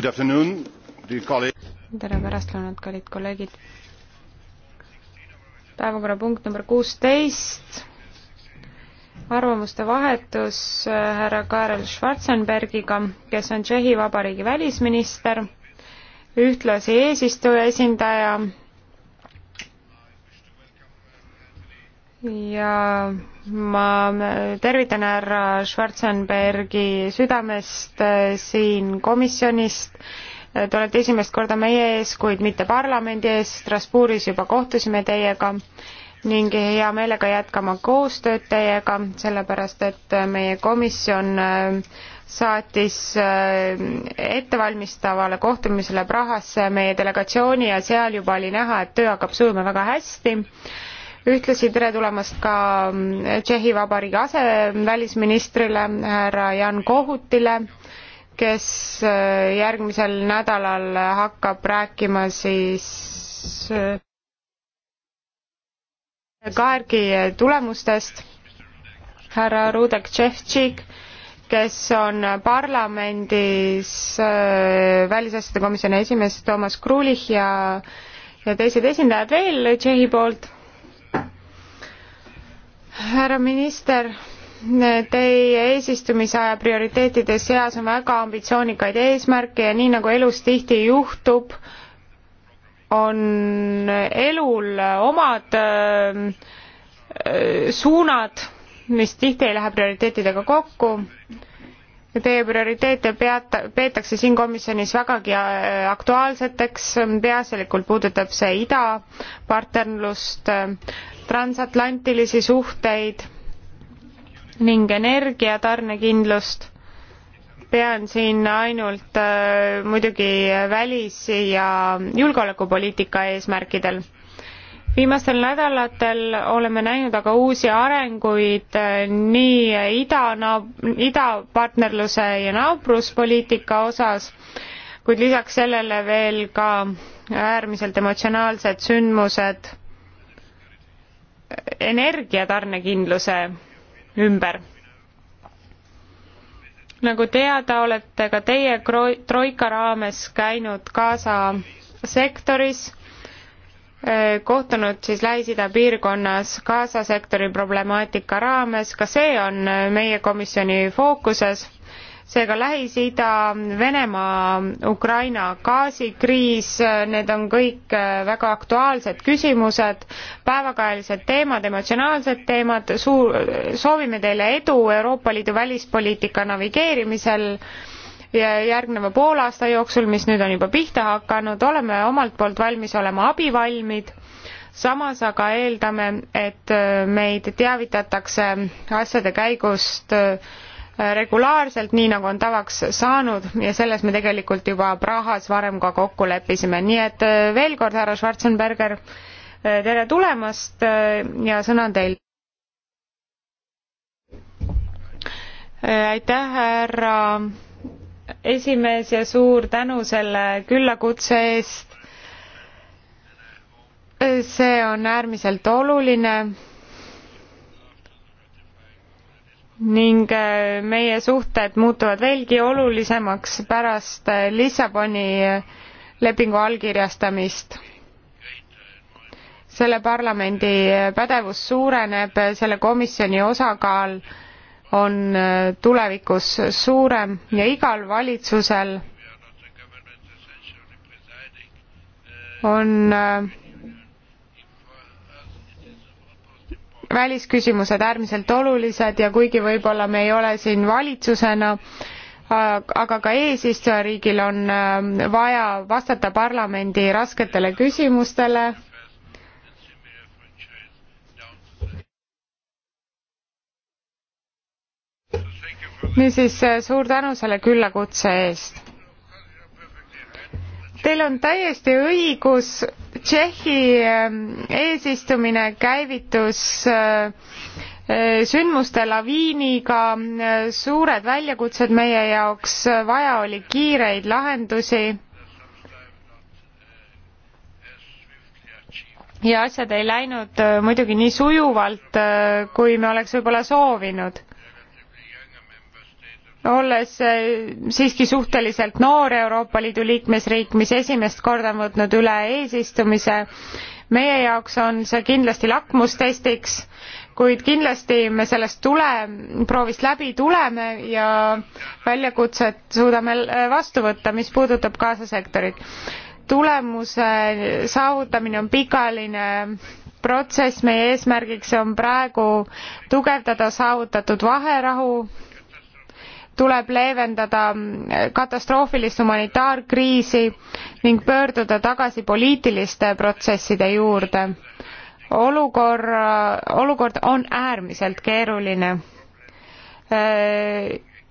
tere pärastlõunat, kallid kolleegid. päevakorrapunkt number kuusteist, arvamuste vahetus härra Karel Schwarzenbergiga, kes on Tšehhi Vabariigi välisminister, ühtlasi eesistuja esindaja ja ma tervitan härra Schwarzenbergi südamest äh, siin komisjonist. Äh, te olete esimest korda meie ees, kuid mitte parlamendi ees. Strasbourgis juba kohtusime teiega ning hea meelega jätkama koostööd teiega, sellepärast et äh, meie komisjon saatis ettevalmistavale kohtumisele Prahasse meie delegatsiooni ja seal juba oli näha, et töö hakkab sujuma väga hästi ühtlasi tere tulemast ka mm, Tšehhi Vabariigi asevälisministrile härra Jan Kohutile, kes äh, järgmisel nädalal hakkab rääkima siis äh, Kaergi tulemustest. härra Rudek Tšehtšik kes on parlamendis äh, välisasjade komisjoni esimees Toomas Krulich ja, ja teised esindajad veel Tšehhi poolt härra minister teie eesistumisaja prioriteetide seas on väga ambitsioonikaid eesmärke ja nii nagu elus tihti juhtub, on elul omad äh, suunad, mis tihti ei lähe prioriteetidega kokku Teie prioriteete peata, peetakse siin komisjonis vägagi äh, aktuaalseteks, peaasjalikult puudutab see idapartnerlust, äh, transatlantilisi suhteid ning energiatarnekindlust. pean siin ainult äh, muidugi välis- ja julgeolekupoliitika eesmärkidel viimastel nädalatel oleme näinud aga uusi arenguid eh, nii ida, idapartnerluse ja naabruspoliitika osas, kuid lisaks sellele veel ka äärmiselt emotsionaalsed sündmused energiatarnekindluse ümber. nagu teada, olete ka teie troika raames käinud Gaza sektoris Äh, kohtunud siis Lähis-Ida piirkonnas Gaza sektori problemaatika raames, ka see on äh, meie komisjoni fookuses. seega Lähis-Ida, Venemaa, Ukraina gaasikriis, äh, need on kõik väga aktuaalsed küsimused, päevakajalised teemad, emotsionaalsed teemad, suu-, soovime teile edu Euroopa Liidu välispoliitika navigeerimisel järgneva poole aasta jooksul, mis nüüd on juba pihta hakanud, oleme omalt poolt valmis olema abivalmid, samas aga eeldame, et äh, meid teavitatakse asjade käigust äh, regulaarselt, nii nagu on tavaks saanud ja selles me tegelikult juba Prahas varem ka kokku leppisime, nii et äh, veel kord, härra Schwarzenberger, tere tulemast ja sõna on teil. aitäh, härra esimees ja suur tänu selle küllakutse eest. see on äärmiselt oluline ning äh, meie suhted muutuvad veelgi olulisemaks pärast äh, Lissaboni äh, lepingu allkirjastamist. selle parlamendi pädevus suureneb, selle komisjoni osakaal äh, on äh, tulevikus suurem ja igal valitsusel on äh, välisküsimused äärmiselt olulised ja kuigi võib-olla me ei ole siin valitsusena, äh, aga ka eesistujariigil on vaja vastata parlamendi rasketele küsimustele niisiis, eh, suur tänu selle küllakutse eest. Teil on täiesti õigus, Tšehhi ehm, eesistumine käivitus eh, eh, sündmuste laviiniga, suured väljakutsed meie jaoks, vaja oli kiireid lahendusi. ja asjad ei läinud muidugi nii sujuvalt, kui me oleks võib-olla soovinud olles äh, siiski suhteliselt noor Euroopa Liidu liikmesriik, mis esimest korda on võtnud üle eesistumise, meie jaoks on see kindlasti lakmustestiks, kuid kindlasti me sellest tule, proovist läbi tuleme ja väljakutset suudame äh, vastu võtta, mis puudutab kaasasektorit. tulemuse saavutamine on pikaajaline protsess, meie eesmärgiks on praegu tugevdada saavutatud vaherahu tuleb leevendada katastroofilist humanitaarkriisi ning pöörduda tagasi poliitiliste protsesside juurde. olukorra, olukord on äärmiselt keeruline äh,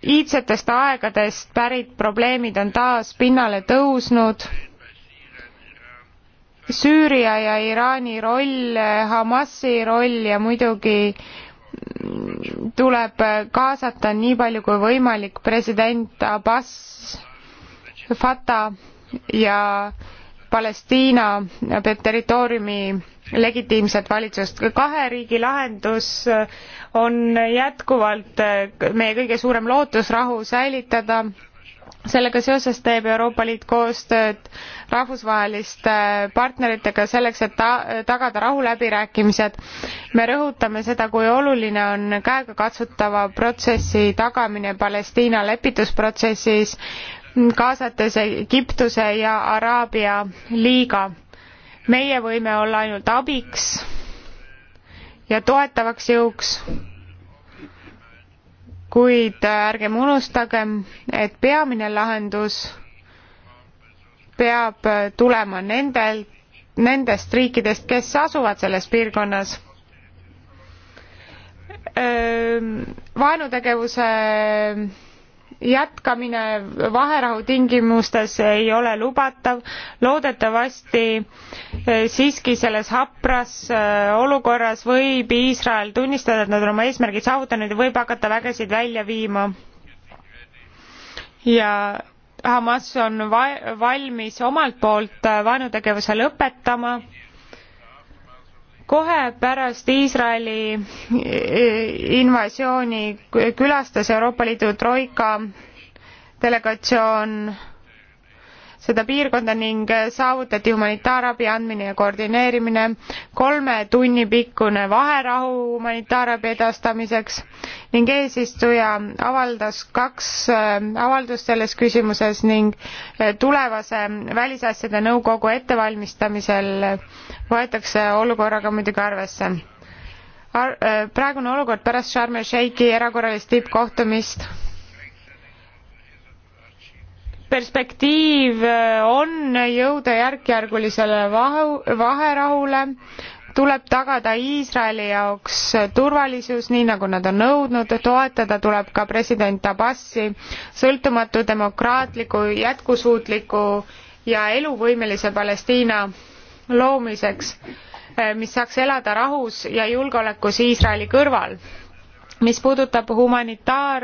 iidsetest aegadest pärit probleemid on taas pinnale tõusnud. Süüria ja Iraani roll, Hamasi roll ja muidugi tuleb kaasata nii palju kui võimalik president Abbas, Fatah ja Palestiina territooriumi legitiimset valitsust. kahe riigi lahendus on jätkuvalt meie kõige suurem lootus rahu säilitada sellega seoses teeb Euroopa Liit koostööd rahvusvaheliste partneritega selleks, et ta-, tagada rahuläbirääkimised. me rõhutame seda, kui oluline on käegakatsutava protsessi tagamine Palestiina lepitusprotsessis, kaasates Egiptuse ja Araabia liiga. meie võime olla ainult abiks ja toetavaks jõuks kuid ärgem unustagem, et peamine lahendus peab tulema nendelt, nendest riikidest, kes asuvad selles piirkonnas. vaenutegevuse jätkamine vaherahu tingimustes ei ole lubatav loodetavasti eh, siiski selles hapras eh, olukorras võib iisrael tunnistada et nad on oma eesmärgid saavutanud ja võib hakata vägesid välja viima ja hamas on va- valmis omalt poolt eh, vaenutegevuse lõpetama kohe pärast Iisraeli eh, invasiooni külastas Euroopa Liidu troika delegatsioon seda piirkonda ning saavutati humanitaarabi andmine ja koordineerimine, kolme tunni pikkune vaherahu humanitaarabi edastamiseks ning eesistuja avaldas kaks eh, avaldust selles küsimuses ning eh, tulevase välisasjade nõukogu ettevalmistamisel võetakse olukorraga muidugi arvesse Ar. Äh, praegune olukord pärast Sharm el Sheikhi erakorralist tippkohtumist perspektiiv äh, on jõuda järk-järgulisele vahe, vaherahule, tuleb tagada Iisraeli jaoks turvalisus, nii nagu nad on nõudnud, toetada tuleb ka president Abbasi sõltumatu, demokraatliku, jätkusuutliku ja eluvõimelise Palestiina loomiseks, eh, mis saaks elada rahus ja julgeolekus Iisraeli kõrval. mis puudutab humanitaar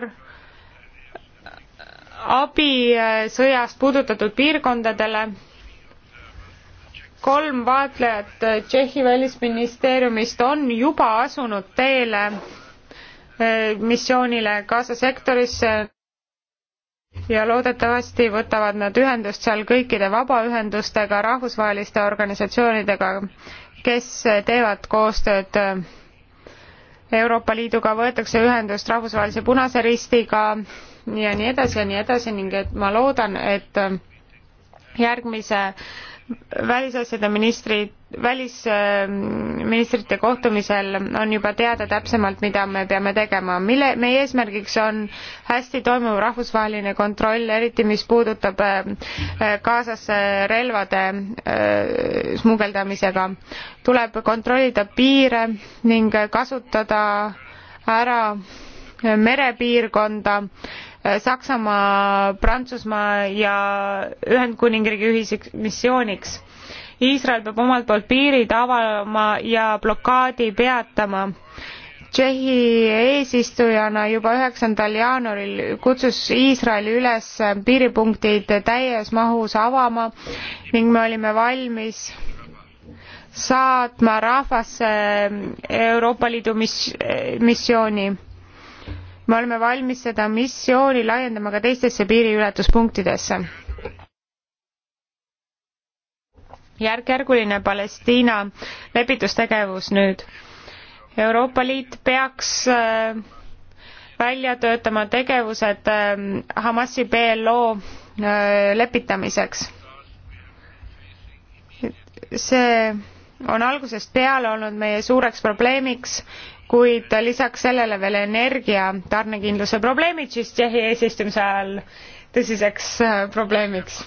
abi eh, sõjast puudutatud piirkondadele, kolm vaatlejat eh, Tšehhi välisministeeriumist on juba asunud teele missioonile Gaza sektorisse ja loodetavasti võtavad nad ühendust seal kõikide vabaühendustega, rahvusvaheliste organisatsioonidega, kes teevad koostööd Euroopa Liiduga, võetakse ühendust Rahvusvahelise Punase Ristiga ja nii edasi ja nii edasi ning et ma loodan, et järgmise välisasjade ministrid välisministrite kohtumisel on juba teada täpsemalt, mida me peame tegema, mille, meie eesmärgiks on hästi toimuv rahvusvaheline kontroll, eriti mis puudutab äh, Gazasse relvade äh, smugeldamisega. tuleb kontrollida piire ning kasutada ära merepiirkonda äh, Saksamaa, Prantsusmaa ja Ühendkuningriigi ühiseks missiooniks Iisrael peab omalt poolt piirid avama ja blokaadi peatama. Tšehhi eesistujana juba üheksandal jaanuaril kutsus Iisraeli üles piiripunktid täies mahus avama ning me olime valmis saatma rahvasse Euroopa Liidu mis-, missiooni. me oleme valmis seda missiooni laiendama ka teistesse piiriületuspunktidesse järk-järguline Palestiina lepitustegevus nüüd. Euroopa Liit peaks äh, välja töötama tegevused äh, Hamasi PLO äh, lepitamiseks. see on algusest peale olnud meie suureks probleemiks, kuid lisaks sellele veel energia tarnekindluse probleemid siis Tšehhi eesistumise ajal tõsiseks probleemiks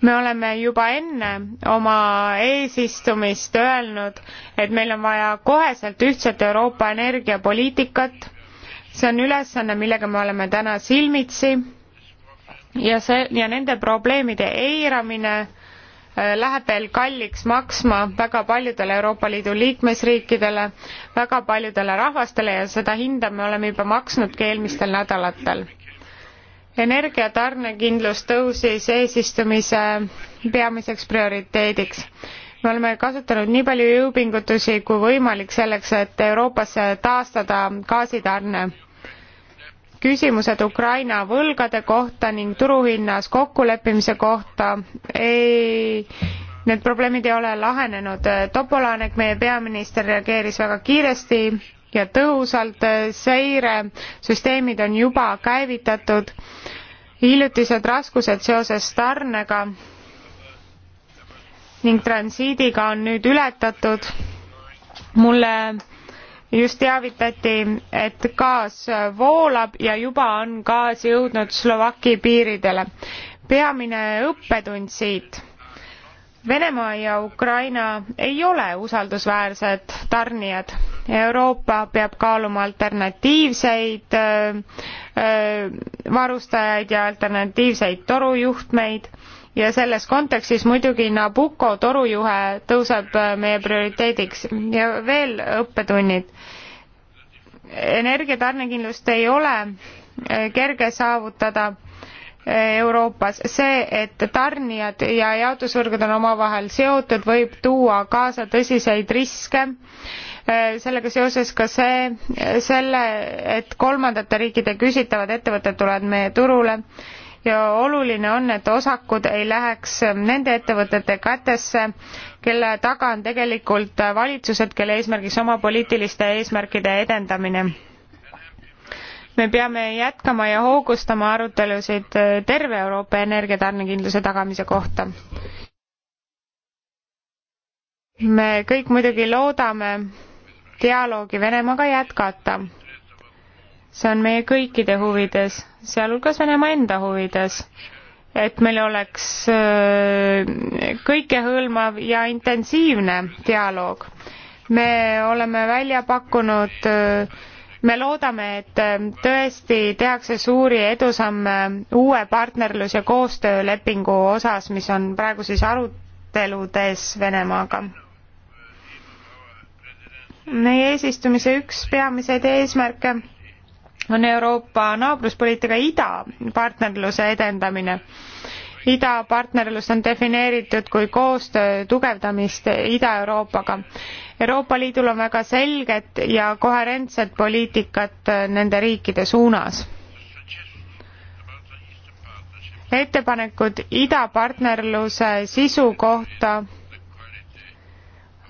me oleme juba enne oma eesistumist öelnud, et meil on vaja koheselt ühtset Euroopa energiapoliitikat. see on ülesanne, millega me oleme täna silmitsi ja see ja nende probleemide eiramine äh, läheb veel kalliks maksma väga paljudele Euroopa Liidu liikmesriikidele, väga paljudele rahvastele ja seda hinda me oleme juba maksnudki eelmistel nädalatel energiatarnekindlus tõusis eesistumise peamiseks prioriteediks. me oleme kasutanud nii palju jõupingutusi kui võimalik selleks, et Euroopasse taastada gaasitarne. küsimused Ukraina võlgade kohta ning turuhinnas kokkuleppimise kohta ei Need probleemid ei ole lahenenud. Topolanek, meie peaminister, reageeris väga kiiresti ja tõhusalt, äh, seiresüsteemid on juba käivitatud, hiljutised raskused seoses tarnega ning transiidiga on nüüd ületatud. mulle just teavitati, et gaas voolab ja juba on gaas jõudnud Slovaki piiridele. peamine õppetund siit. Venemaa ja Ukraina ei ole usaldusväärsed tarnijad Euroopa peab kaaluma alternatiivseid varustajaid ja alternatiivseid torujuhtmeid ja selles kontekstis muidugi Nabucco torujuhe tõuseb meie prioriteediks ja veel õppetunnid. energiatarnekindlust ei ole kerge saavutada Euroopas. see, et tarnijad ja jaotusvõrgud on omavahel seotud, võib tuua kaasa tõsiseid riske Äh, sellega seoses ka see, selle, et kolmandate riikide küsitavad ettevõtted tulevad meie turule ja oluline on, et osakud ei läheks nende ettevõtete kätesse, kelle taga on tegelikult valitsused, kelle eesmärgiks oma poliitiliste eesmärkide edendamine. me peame jätkama ja hoogustama arutelusid terve Euroopa energiatarnekindluse tagamise kohta. me kõik muidugi loodame, dialoogi Venemaaga jätkata. see on meie kõikide huvides, sealhulgas Venemaa enda huvides, et meil oleks äh, kõikehõlmav ja intensiivne dialoog. me oleme välja pakkunud äh, me loodame, et äh, tõesti tehakse suuri edusamme uue partnerlus- ja koostöölepingu osas, mis on praegu siis aruteludes Venemaaga meie eesistumise üks peamiseid eesmärke on Euroopa naabruspoliitika idapartnerluse edendamine. idapartnerlus on defineeritud kui koostöö tugevdamist Ida-Euroopaga. Euroopa Liidul on väga selged ja koherentsed poliitikad nende riikide suunas. ettepanekud idapartnerluse sisu kohta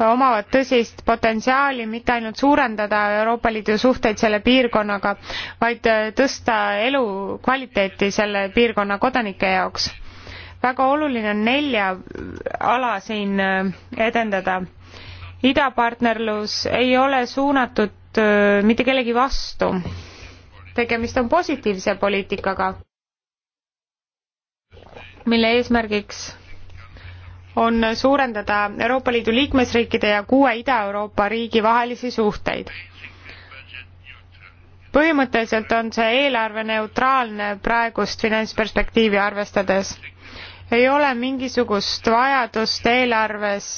omavad tõsist potentsiaali mitte ainult suurendada Euroopa Liidu suhteid selle piirkonnaga, vaid äh, tõsta elukvaliteeti selle piirkonna kodanike jaoks. väga oluline on nelja ala siin äh, edendada. idapartnerlus ei ole suunatud äh, mitte kellegi vastu. tegemist on positiivse poliitikaga, mille eesmärgiks on suurendada Euroopa Liidu liikmesriikide ja kuue Ida-Euroopa riigi vahelisi suhteid. põhimõtteliselt on see eelarve neutraalne praegust finantsperspektiivi arvestades. ei ole mingisugust vajadust eelarves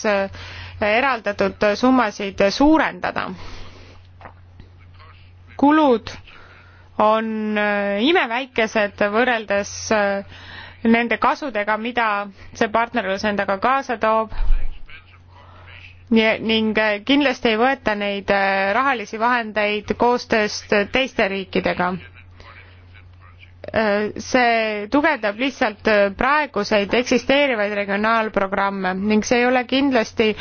eraldatud summasid suurendada. kulud on imeväikesed võrreldes nende kasudega, mida see partnerlus endaga kaasa toob. ning äh, kindlasti ei võeta neid äh, rahalisi vahendeid koostööst teiste riikidega. Äh, see tugevdab lihtsalt praeguseid eksisteerivaid regionaalprogramme ning see ei ole kindlasti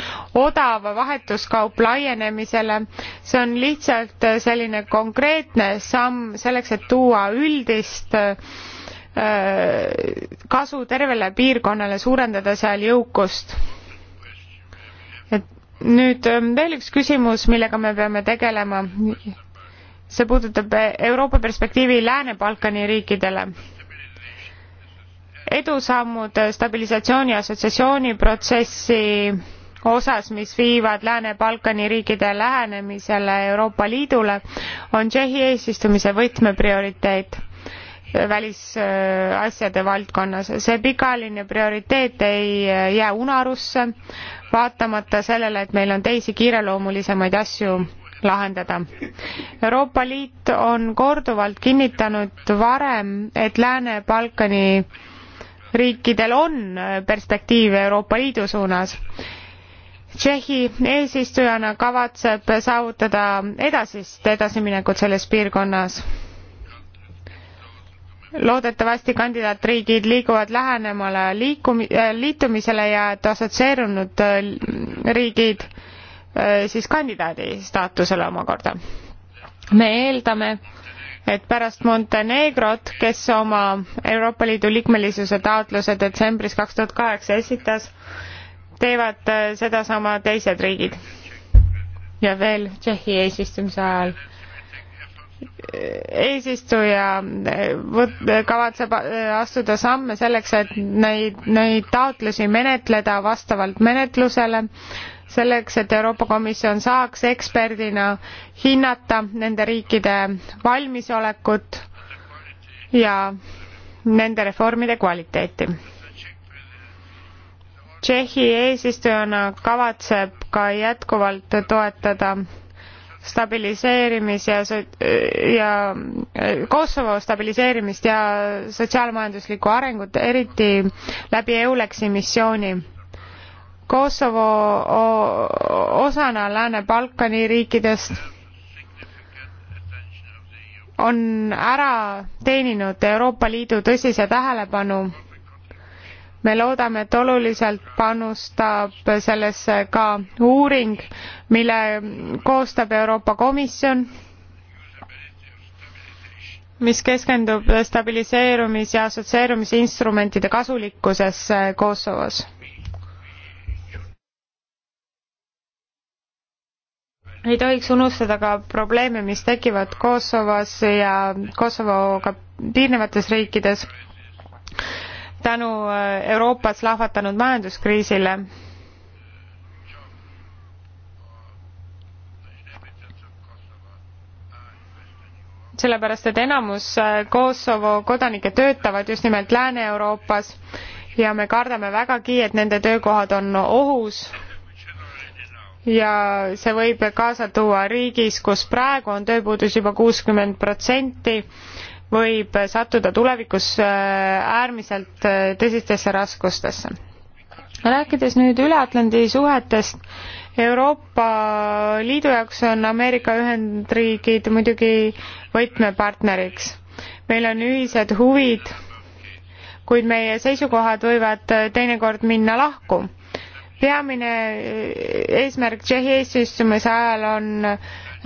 odav vahetuskaup laienemisele, see on lihtsalt selline konkreetne samm selleks, et tuua üldist Äh, kasu tervele piirkonnale, suurendada seal jõukust. et nüüd ähm, veel üks küsimus, millega me peame tegelema. see puudutab äh, Euroopa perspektiivi Lääne-Balkani riikidele. edusammud äh, stabilisatsiooni assotsiatsiooni protsessi osas, mis viivad Lääne-Balkani riikide lähenemisele Euroopa Liidule, on Tšehhi eesistumise võtmeprioriteet välisasjade valdkonnas. see pikaajaline prioriteet ei jää unarusse, vaatamata sellele, et meil on teisi kiireloomulisemaid asju lahendada. Euroopa Liit on korduvalt kinnitanud varem, et Lääne-Balkani riikidel on perspektiiv Euroopa Liidu suunas tšehhi eesistujana kavatseb saavutada edasist edasiminekut selles piirkonnas loodetavasti kandidaatriigid liiguvad lähenemale liikumi- äh, liitumisele ja et assotsieerunud äh, riigid äh, siis kandidaadi staatusele omakorda me eeldame et pärast montenegrot kes oma euroopa liidu liikmelisuse taotluse detsembris 2008 esitas teevad sedasama teised riigid ja veel tšehhi eesistumise ajal eesistuja eh, võt-, kavatseb eh, astuda samme selleks, et neid, neid taotlusi menetleda vastavalt menetlusele, selleks, et Euroopa Komisjon saaks eksperdina hinnata nende riikide valmisolekut ja nende reformide kvaliteeti. Tšehhi eesistujana kavatseb ka jätkuvalt toetada stabiliseerimis ja so- ja äh, Kosovo stabiliseerimist ja sotsiaalmajanduslikku arengut, eriti läbi EULEX-i missiooni. Kosovo osana Lääne-Balkani riikidest on ära teeninud Euroopa Liidu tõsise tähelepanu me loodame, et oluliselt panustab sellesse ka uuring, mille koostab Euroopa Komisjon, mis keskendub stabiliseerumis- ja assotsieerumisinstrumentide kasulikkusesse Kosovos. ei tohiks unustada ka probleeme, mis tekivad Kosovos ja Kosovoga piirnevates riikides tänu äh, Euroopas lahvatanud majanduskriisile. sellepärast, et enamus äh, Kosovo kodanikke töötavad just nimelt Lääne-Euroopas ja me kardame vägagi, et nende töökohad on ohus ja see võib kaasa tuua riigis, kus praegu on tööpuudus juba kuuskümmend protsenti võib sattuda tulevikus äh, äärmiselt äh, tõsistesse raskustesse. rääkides nüüd Üle-Atlandi suhetest, Euroopa Liidu jaoks on Ameerika Ühendriigid muidugi võtmepartneriks. meil on ühised huvid, kuid meie seisukohad võivad äh, teinekord minna lahku. peamine eesmärk Tšehhi eesistumise ajal on äh,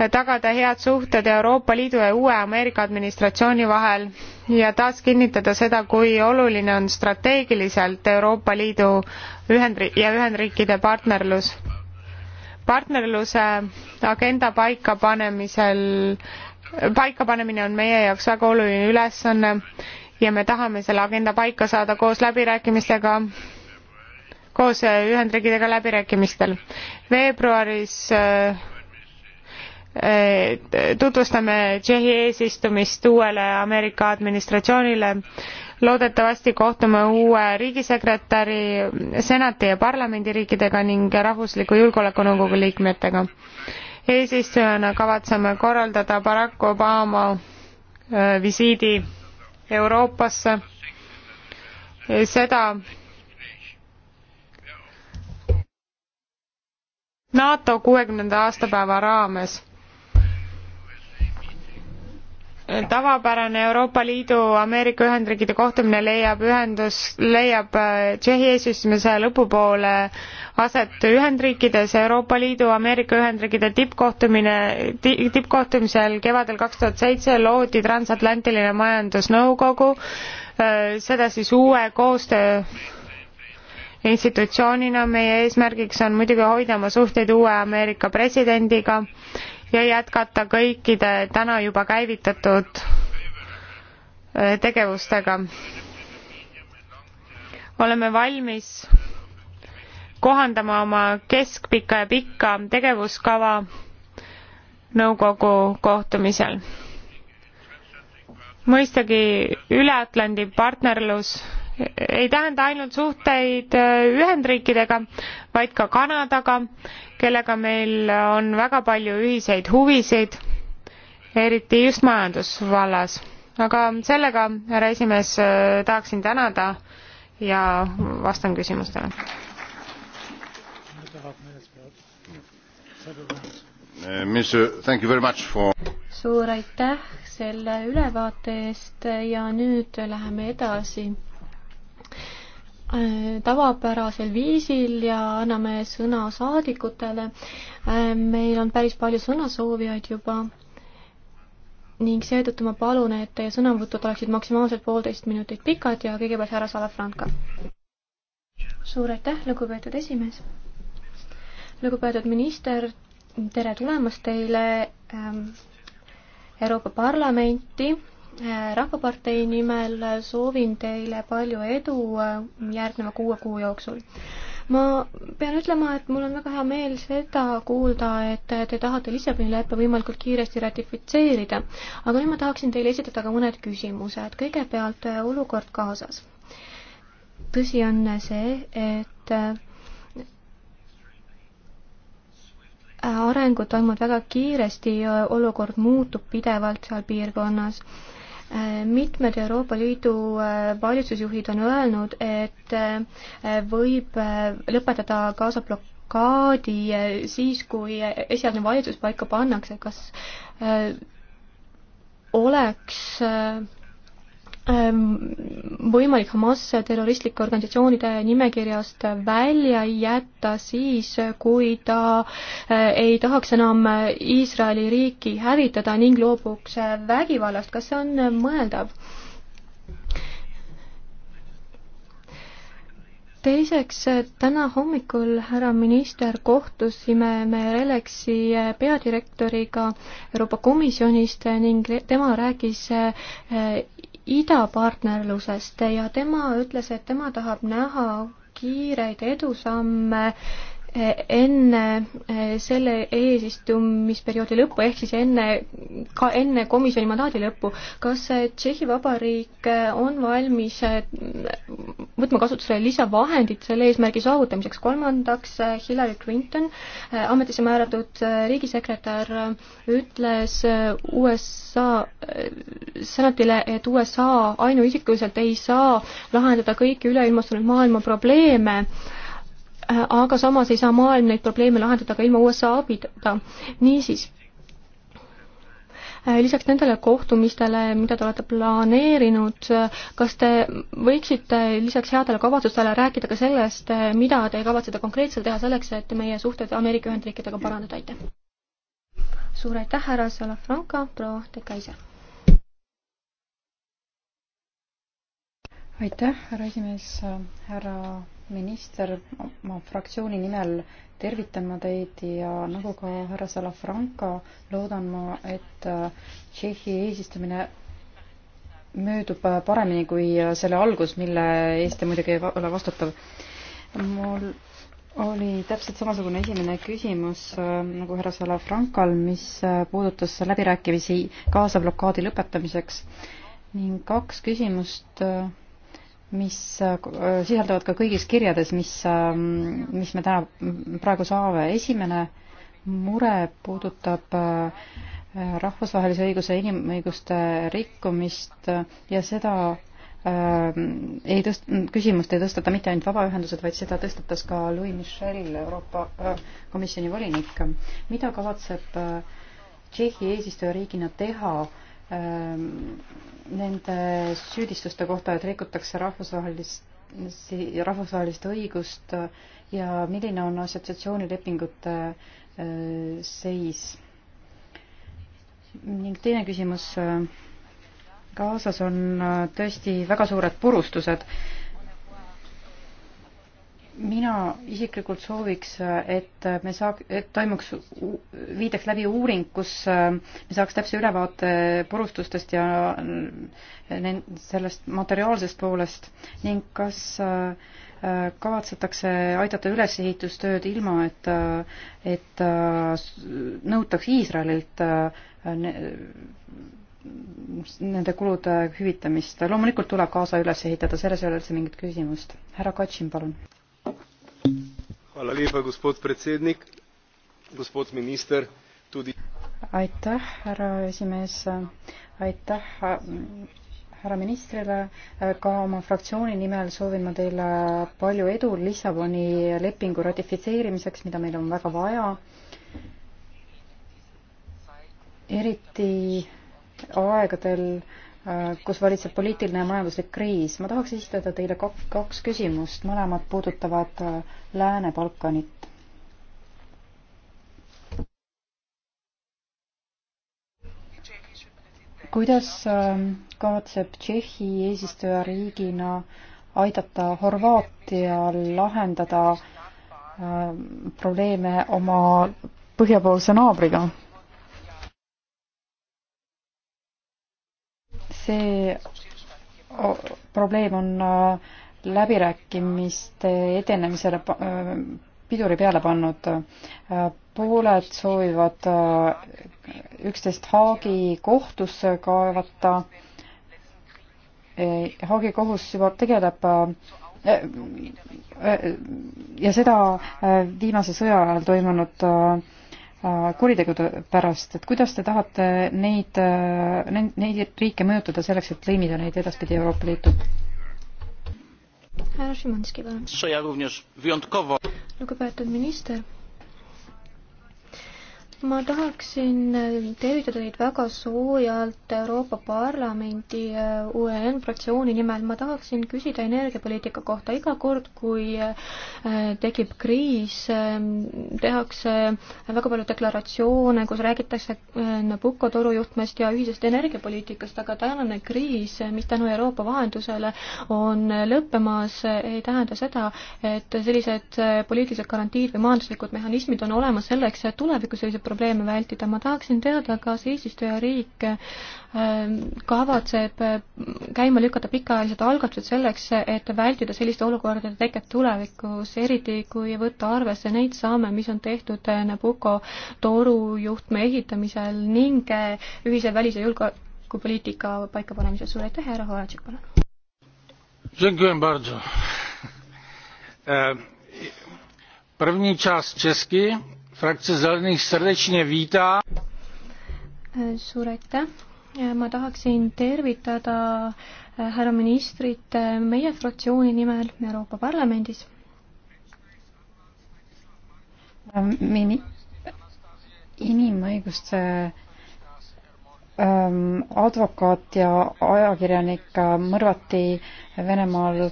tagada head suhted Euroopa Liidu ja uue Ameerika administratsiooni vahel ja taas kinnitada seda, kui oluline on strateegiliselt Euroopa Liidu ühendri- ja Ühendriikide partnerlus. partnerluse agenda paikapanemisel, paikapanemine on meie jaoks väga oluline ülesanne ja me tahame selle agenda paika saada koos läbirääkimistega koos Ühendriikidega läbirääkimistel. veebruaris äh, tutvustame Tšehhi eesistumist uuele Ameerika administratsioonile. loodetavasti kohtume uue riigisekretäri, senati ja parlamendiriikidega ning rahvusliku julgeolekunõukogu liikmetega. eesistujana kavatseme korraldada Barack Obama äh, visiidi Euroopasse. seda NATO kuuekümnenda aastapäeva raames tavapärane Euroopa Liidu Ameerika Ühendriikide kohtumine leiab ühendus, leiab äh, Tšehhi eesistumise lõpupoole aset Ühendriikides, Euroopa Liidu Ameerika Ühendriikide tippkohtumine, tippkohtumisel kevadel kaks tuhat seitse loodi Transatlantiline Majandusnõukogu, äh, seda siis uue koostöö institutsioonina meie eesmärgiks on muidugi hoida oma suhteid uue Ameerika presidendiga ja jätkata kõikide täna juba käivitatud äh, tegevustega. oleme valmis kohandama oma keskpika ja pikka tegevuskava nõukogu kohtumisel. mõistagi Üle-Atlandi partnerlus ei tähenda ainult suhteid äh, Ühendriikidega, vaid ka Kanadaga, kellega meil on väga palju ühiseid huvisid, eriti just majandusvallas. aga sellega, härra esimees, äh, tahaksin tänada ja vastan küsimustele. Äh, suur aitäh selle ülevaate eest ja nüüd läheme edasi Äh, tavapärasel viisil ja anname sõna saadikutele. Äh, meil on päris palju sõnasoovijaid juba ning seetõttu ma palun, et teie sõnavõtud oleksid maksimaalselt poolteist minutit pikad ja kõigepealt härra Salafranca. suur aitäh, lugupeetud esimees. lugupeetud minister, tere tulemast teile ähm, Euroopa Parlamenti Äh, Rahvapartei nimel soovin teile palju edu äh, järgneva kuue kuu jooksul. ma pean ütlema, et mul on väga hea meel seda kuulda, et te tahate Lissaboni leppe võimalikult kiiresti ratifitseerida, aga nüüd ma tahaksin teile esitada ka mõned küsimused. kõigepealt äh, olukord Gazas. tõsi on see, et arengud toimuvad väga kiiresti ja olukord muutub pidevalt seal piirkonnas mitmed Euroopa Liidu äh, valitsusjuhid on öelnud, et äh, võib äh, lõpetada Gaza blokaadi siis, kui esialgne valitsus paika pannakse, kas oleks Ehm, võimalik Hamas terroristlike organisatsioonide nimekirjast välja jätta siis, kui ta eh, ei tahaks enam Iisraeli riiki hävitada ning loobuks vägivallast, kas see on mõeldav? teiseks, täna hommikul, härra minister, kohtusime me Relexi peadirektoriga Euroopa Komisjonist ning tema rääkis eh, idapartnerlusest ja tema ütles, et tema tahab näha kiireid edusamme enne eh, selle eesistumisperioodi lõppu, ehk siis enne, ka enne komisjoni mandaadi lõppu, kas eh, Tšehhi Vabariik eh, on valmis võtma kasutusele lisavahendid selle eesmärgi saavutamiseks? kolmandaks, Hillary Clinton, ametisse määratud riigisekretär, ütles USA senatile, et USA ainuisikuliselt ei saa lahendada kõiki üleilmastunud maailma probleeme aga samas ei saa maailm neid probleeme lahendada ka ilma USA abita. niisiis, äh, lisaks nendele kohtumistele, mida te olete planeerinud, äh, kas te võiksite lisaks headele kavatsustele rääkida ka sellest, äh, mida te kavatsete konkreetselt teha selleks, et meie suhted Ameerika Ühendriikidega parandada, aitäh? suur aitäh, härra Salafranca, proua Dekaiser! aitäh, härra esimees, härra minister, oma fraktsiooni nimel tervitan ma teid ja nagu ka härra Salafranca, loodan ma, et äh, Tšehhi eesistumine möödub äh, paremini kui äh, selle algus, mille eest te muidugi ei ole vastutav. mul oli täpselt samasugune esimene küsimus nagu härra Salafrankal, mis puudutas läbirääkimisi Gaza blokaadi lõpetamiseks ning kaks küsimust mis äh, sisalduvad ka kõigis kirjades, mis, ähm, mis me täna praegu saame. esimene mure puudutab äh, rahvusvahelise õiguse inimõiguste rikkumist ja seda ähm, ei tõst-, küsimust ei tõstata mitte ainult vabaühendused, vaid seda tõstatas ka Louis Michel, Euroopa äh, Komisjoni volinik. mida kavatseb Tšehhi eesistujariigina teha Ehm, nende süüdistuste kohta, et rikutakse rahvusvahelist rahvusvahelist õigust ja milline on assotsiatsioonilepingute ehm, seis. ning teine küsimus. Gazas ehm, on tõesti väga suured purustused mina isiklikult sooviks, et me saaks, et toimuks, viidaks läbi uuring, kus äh, me saaks täpse ülevaate purustustest ja äh, sellest materiaalsest poolest ning kas äh, kavatsetakse aidata ülesehitustööd ilma, et, et nõutaks Iisraelilt nende kulude hüvitamist. loomulikult tuleb Gaza üles ehitada, selles ei ole üldse mingit küsimust. härra Katšin, palun Lepa, gospod predsednik gospod minister tudi aitäh härra esimees aitäh härra ministrile ka oma fraktsiooni nimel soovin ma teile palju edu Lissaboni lepingu ratifitseerimiseks mida meil on väga vaja eriti aegadel kus valitseb poliitiline ja majanduslik kriis. ma tahaks esitada teile kaks küsimust, mõlemad puudutavad äh, Lääne-Balkanit. kuidas ähm, kavatseb Tšehhi eesistujariigina aidata Horvaatial lahendada äh, probleeme oma põhjapoolse naabriga? see probleem on äh, läbirääkimiste edenemisele äh, piduri peale pannud. Äh, pooled soovivad üksteist Haagi kohtusse kaevata. Haagi kohus juba tegeleb ja seda viimase sõja ajal toimunud Äh, kuritegude pärast, et kuidas te tahate neid, äh, neid, neid riike mõjutada selleks, et lõimida neid edaspidi Euroopa Liitu? härra Šimanski, palun. lugupeetud minister ma tahaksin tervitada teid väga soojalt Euroopa Parlamendi äh, UN fraktsiooni nimel. ma tahaksin küsida energiapoliitika kohta. iga kord, kui äh, tekib kriis, ähm, tehakse väga palju deklaratsioone, kus räägitakse äh, Nabucco torujuhtmest ja ühisest energiapoliitikast, aga tänane kriis, mis tänu Euroopa vahendusele on lõppemas, ei tähenda seda, et sellised poliitilised garantiid või majanduslikud mehhanismid on olemas selleks, et tulevikus sellise probleeme vältida. ma tahaksin teada, kas eesistujariik ähm, kavatseb äh, käima lükata pikaajalised algatused selleks, et vältida selliste olukordade teket tulevikus, eriti kui võtta arvesse neid samme, mis on tehtud äh, Nabucco torujuhtme ehitamisel ning äh, ühise välis- ja julgeolekupoliitika paikapanemisel. suur aitäh, härra Horatšik, palun! Dziękuję bardzo. E, První část česky frakcja Zelenych serdecznie wita. Suur aitäh. ma tahaksin tervitada eh, härra ministrit eh, meie fraktsiooni nimel Euroopa Parlamendis. Mini-, inimõiguste ähm, advokaat ja ajakirjanik eh, mõrvati Venemaal äh,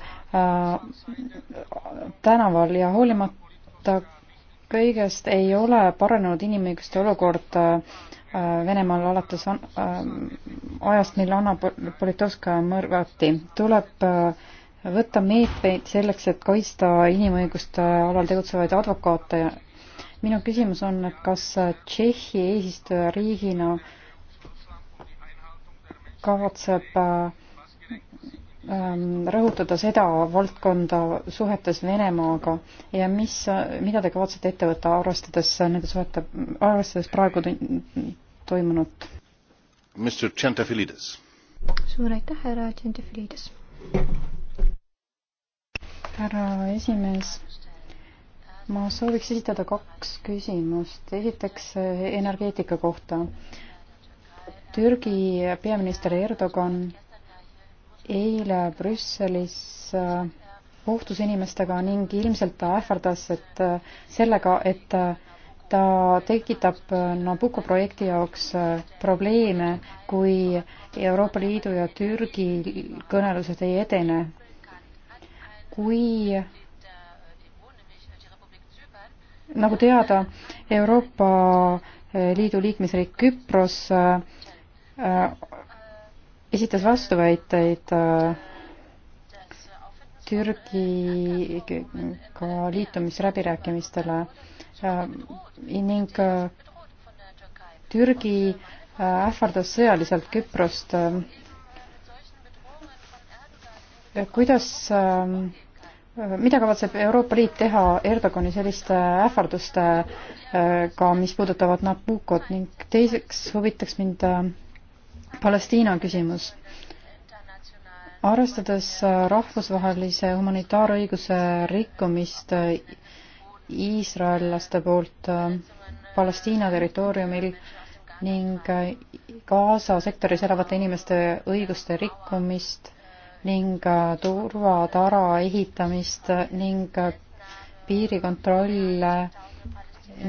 tänaval ja hoolimata kõigest ei ole paranenud inimõiguste olukord äh, Venemaal alates äh, ajast, mil Anna Politovskaja mõrvati. tuleb äh, võtta meetmeid selleks, et kaitsta inimõiguste alal tegutsevaid advokaate. minu küsimus on, et kas Tšehhi eesistujariigina kavatseb äh, Ähm, rõhutada seda valdkonda suhetes Venemaaga ja mis, mida te kavatsete ette võtta, arvestades nende suhete, arvestades praegu toimunut? suur aitäh, härra Tšentefilides. härra esimees, ma sooviks esitada kaks küsimust. esiteks eh, energeetika kohta. Türgi peaminister Erdogan eile Brüsselis kohtus äh, inimestega ning ilmselt ta ähvardas, et äh, sellega, et äh, ta tekitab Nabucco projekti jaoks probleeme, kui Euroopa Liidu ja Türgi kõnelused ei edene. kui nagu teada, Euroopa Liidu liikmesriik Küpros esitas vastuväiteid äh, Türgiga liitumisläbirääkimistele äh, ning äh, Türgi ähvardas sõjaliselt Küprost. kuidas, mida kavatseb Euroopa Liit teha Erdogani selliste ähvardustega, mis puudutavad Nabucot ning teiseks huvitaks mind Palestiina küsimus. arvestades äh, rahvusvahelise humanitaarõiguse rikkumist äh, iisraellaste poolt äh, Palestiina territooriumil ning Gaza sektoris elavate inimeste õiguste rikkumist ning turvatara ehitamist ning piirikontrolle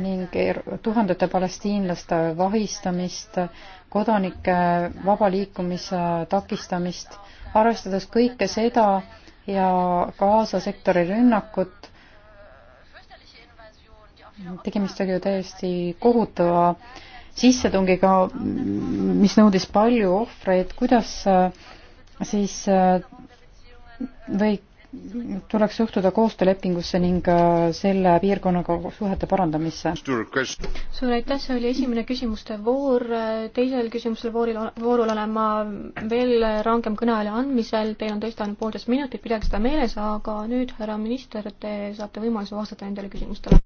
ning er-, tuhandete palestiinlaste vahistamist kodanike vaba liikumise takistamist, arvestades kõike seda ja Gaza sektori rünnakut, tegemist oli ju täiesti kohutava sissetungiga, mis nõudis palju ohvreid, kuidas äh, siis äh, või tuleks suhtuda koostöölepingusse ning äh, selle piirkonnaga suhete parandamisse. suur aitäh, see oli esimene küsimuste voor, teisel küsimusel vooril, voorul olen ma veel rangem kõneaja andmisel, teil on tõesti ainult poolteist minutit, pidage seda meeles, aga nüüd, härra minister, te saate võimaluse vastata nendele küsimustele.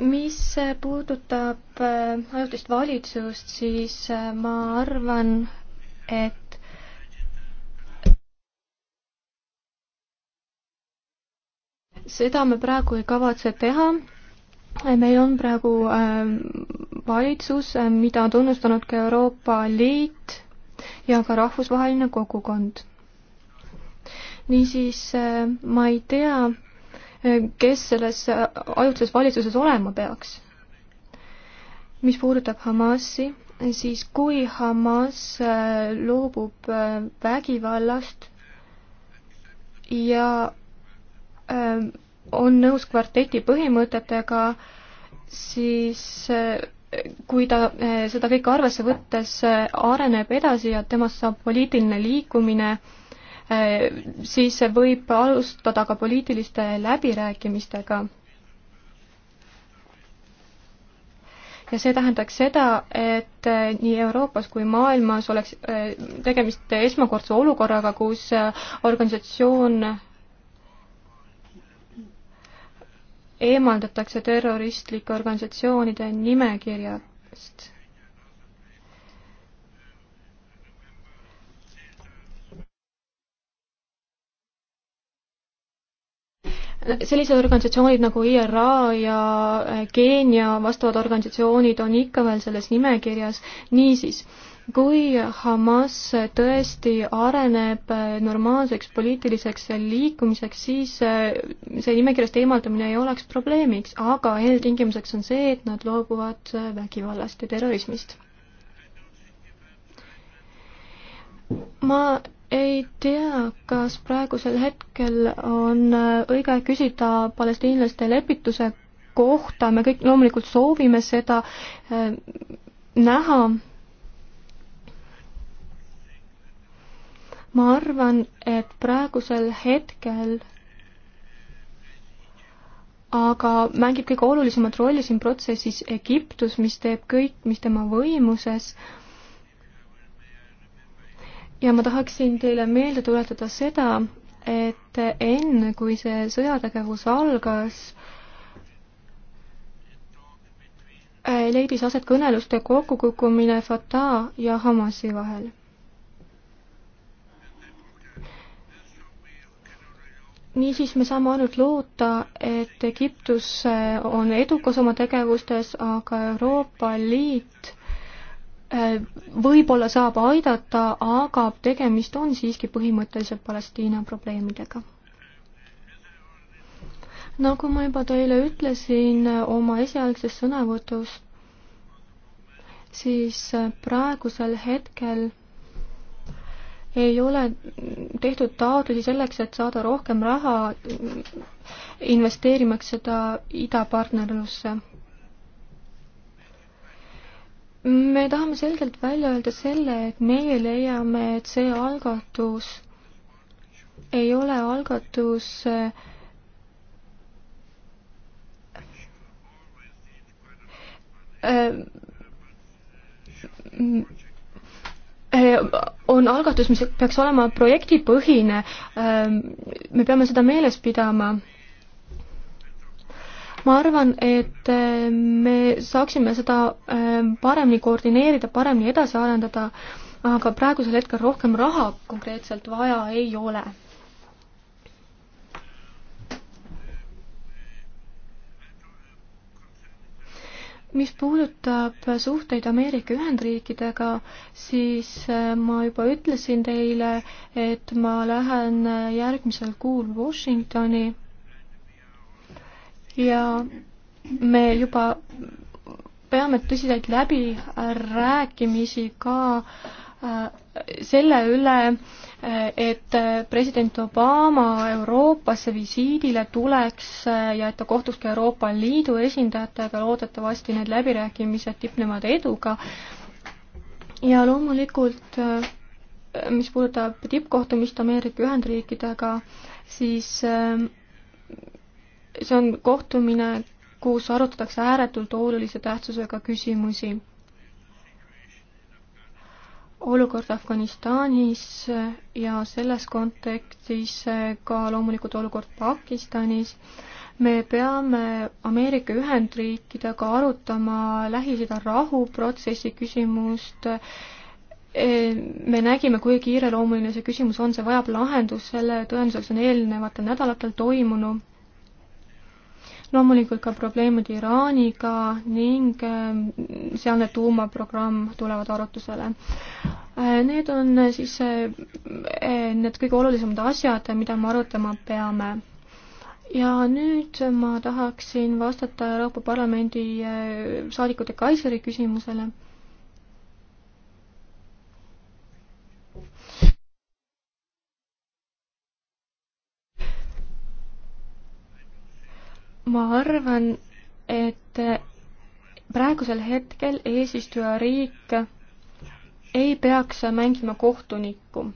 mis puudutab äh, ajutist valitsust, siis äh, ma arvan, et seda me praegu ei kavatse teha. meil on praegu äh, valitsus, mida on tunnustanud ka Euroopa Liit ja ka rahvusvaheline kogukond. niisiis ma ei tea, kes selles ajutises valitsuses olema peaks. mis puudutab Hamasi, siis kui Hamas äh, loobub äh, vägivallast ja äh, on nõus kvarteti põhimõtetega, siis kui ta seda kõike arvesse võttes areneb edasi ja temast saab poliitiline liikumine, Äh, siis võib alustada ka poliitiliste läbirääkimistega. ja see tähendaks seda, et äh, nii Euroopas kui maailmas oleks äh, tegemist esmakordse olukorraga, kus organisatsioon eemaldatakse terroristlike organisatsioonide nimekirjast sellised organisatsioonid nagu IRA ja äh, Keenia vastavad organisatsioonid on ikka veel selles nimekirjas, niisiis kui Hamas tõesti areneb äh, normaalseks poliitiliseks liikumiseks, siis äh, see nimekirjast eemaldamine ei oleks probleemiks, aga eeltingimuseks on see, et nad loobuvad vägivallast ja terrorismist. ma ei tea, kas praegusel hetkel on äh, õige küsida palestiinlaste lepituse kohta, me kõik loomulikult soovime seda äh, näha. ma arvan, et praegusel hetkel aga mängib kõige olulisemat rolli siin protsessis Egiptus, mis teeb kõik, mis tema võimuses äh, ja ma tahaksin teile meelde tuletada seda, et enne, kui see sõjategevus algas, leidis aset kõneluste kokkukukkumine Fatah ja Hamasi vahel. niisiis me saame ainult loota, et Egiptus on edukas oma tegevustes, aga Euroopa Liit Äh, võib-olla saab aidata, aga tegemist on siiski põhimõtteliselt Palestiina probleemidega. nagu ma juba teile ütlesin oma esialgses sõnavõtus, siis äh, praegusel hetkel ei ole tehtud taotlusi selleks, et saada rohkem raha investeerimaks seda idapartnerlusse me tahame selgelt välja öelda selle, et meie leiame, et see algatus ei ole algatus äh, äh, on algatus, mis peaks olema projektipõhine. Äh, me peame seda meeles pidama ma arvan, et äh, me saaksime seda äh, paremini koordineerida, paremini edasi arendada, aga praegusel hetkel rohkem raha konkreetselt vaja ei ole. mis puudutab suhteid Ameerika Ühendriikidega, siis äh, ma juba ütlesin teile, et ma lähen järgmisel kuul Washingtoni ja me juba peame tõsiselt läbirääkimisi ka äh, selle üle, äh, et president Obama Euroopasse visiidile tuleks äh, ja et ta kohtuks ka Euroopa Liidu esindajatega, loodetavasti need läbirääkimised tipnevad eduga. ja loomulikult, mis puudutab tippkohtumist Ameerika Ühendriikidega, siis äh, see on kohtumine, kus arutatakse ääretult olulise tähtsusega küsimusi. olukord Afganistanis ja selles kontekstis ka loomulikult olukord Pakistanis. me peame Ameerika Ühendriikidega arutama Lähis-Ida rahuprotsessi küsimust me nägime, kui kiireloomuline see küsimus on, see vajab lahendust, selle tõenduseks on eelnevatel nädalatel toimunu loomulikult ka probleemid Iraaniga ning ehm, sealne tuumaprogramm tulevad arutusele. Äh, need on siis äh, äh, need kõige olulisemad asjad, mida me arutama peame ja nüüd ma tahaksin vastata Euroopa Parlamendi saadikute Kaiseri küsimusele ma arvan, et praegusel hetkel eesistujariik ei peaks mängima kohtunikku.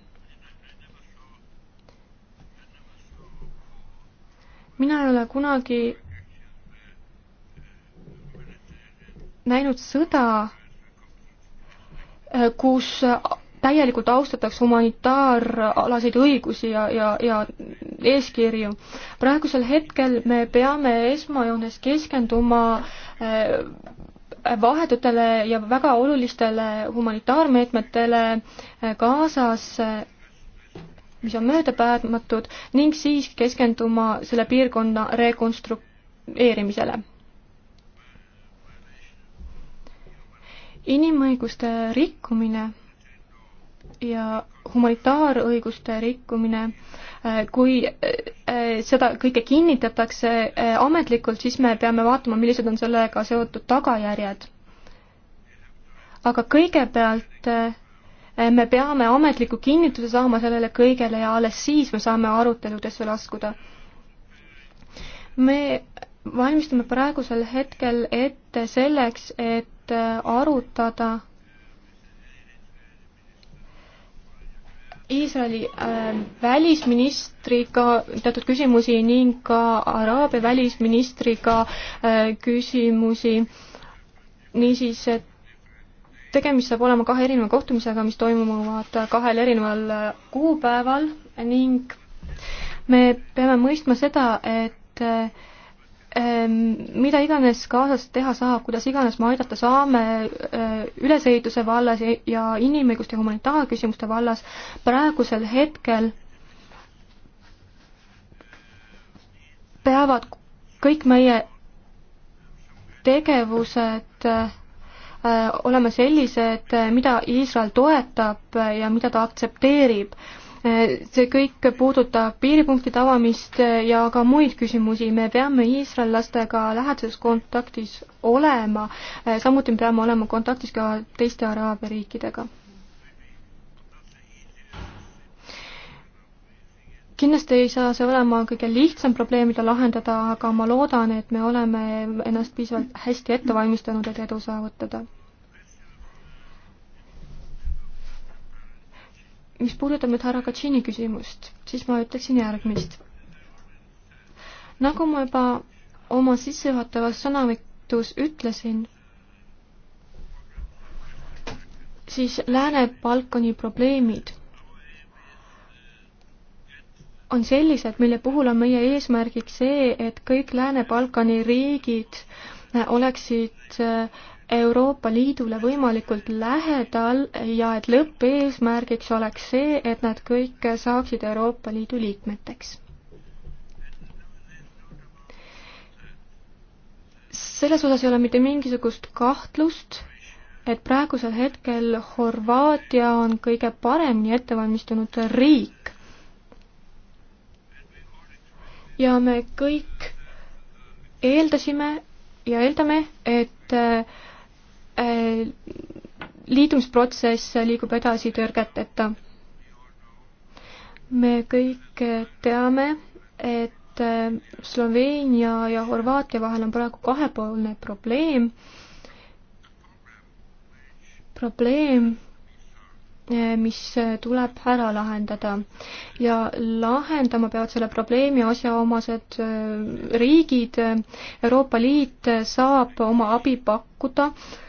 mina ei ole kunagi näinud sõda, kus täielikult austataks humanitaaralaseid õigusi ja, ja, ja eeskirju. praegusel hetkel me peame esmajoones keskenduma äh, vahetutele ja väga olulistele humanitaarmeetmetele Gazas, äh, äh, mis on möödapäädmatud, ning siis keskenduma selle piirkonna rekonstrueerimisele inimõiguste rikkumine ja humanitaarõiguste rikkumine, äh, kui äh, seda kõike kinnitatakse äh, ametlikult, siis me peame vaatama, millised on sellega seotud tagajärjed. aga kõigepealt me peame ametliku kinnituse saama sellele kõigele ja alles siis me saame aruteludesse laskuda. me valmistume praegusel hetkel ette selleks, et arutada Iisraeli äh, välisministriga teatud küsimusi ning ka Araabia välisministriga äh, küsimusi. niisiis, tegemist saab olema kahe erineva kohtumisega, mis toimuvad kahel erineval äh, kuupäeval ning me peame mõistma seda, et äh, Ehm, mida iganes Gazas teha saab, kuidas iganes me aidata saame ehm, ülesehituse vallas ja inimõiguste ja humanitaarküsimuste vallas, praegusel hetkel peavad kõik meie tegevused ehm, olema sellised, mida Iisrael toetab ja mida ta aktsepteerib see kõik puudutab piiripunktide avamist ja ka muid küsimusi. me peame iisraellastega lähedases kontaktis olema, samuti peame olema kontaktis ka teiste araabia riikidega. kindlasti ei saa see olema kõige lihtsam probleem, mida lahendada, aga ma loodan, et me oleme ennast piisavalt hästi ette valmistanud, et edu saavutada mis puudutab nüüd härra Katsini küsimust, siis ma ütleksin järgmist. nagu ma juba oma sissejuhatavas sõnavõtus ütlesin, siis Lääne-Balkani probleemid on sellised, mille puhul on meie eesmärgiks see, et kõik Lääne-Balkani riigid oleksid äh, Euroopa Liidule võimalikult lähedal ja et lõppeesmärgiks oleks see, et nad kõik saaksid Euroopa Liidu liikmeteks. selles osas ei ole mitte mingisugust kahtlust, et praegusel hetkel Horvaatia on kõige paremini ettevalmistunud riik. ja me kõik eeldasime ja eeldame, et äh, Äh, liidumisprotsess liigub edasi tõrgeteta. me kõik teame, et äh, Sloveenia ja Horvaatia vahel on praegu kahepoolne probleem, probleem, äh, mis tuleb ära lahendada ja lahendama peavad selle probleemi asjaomased riigid. Euroopa Liit saab oma abi pakkuda äh,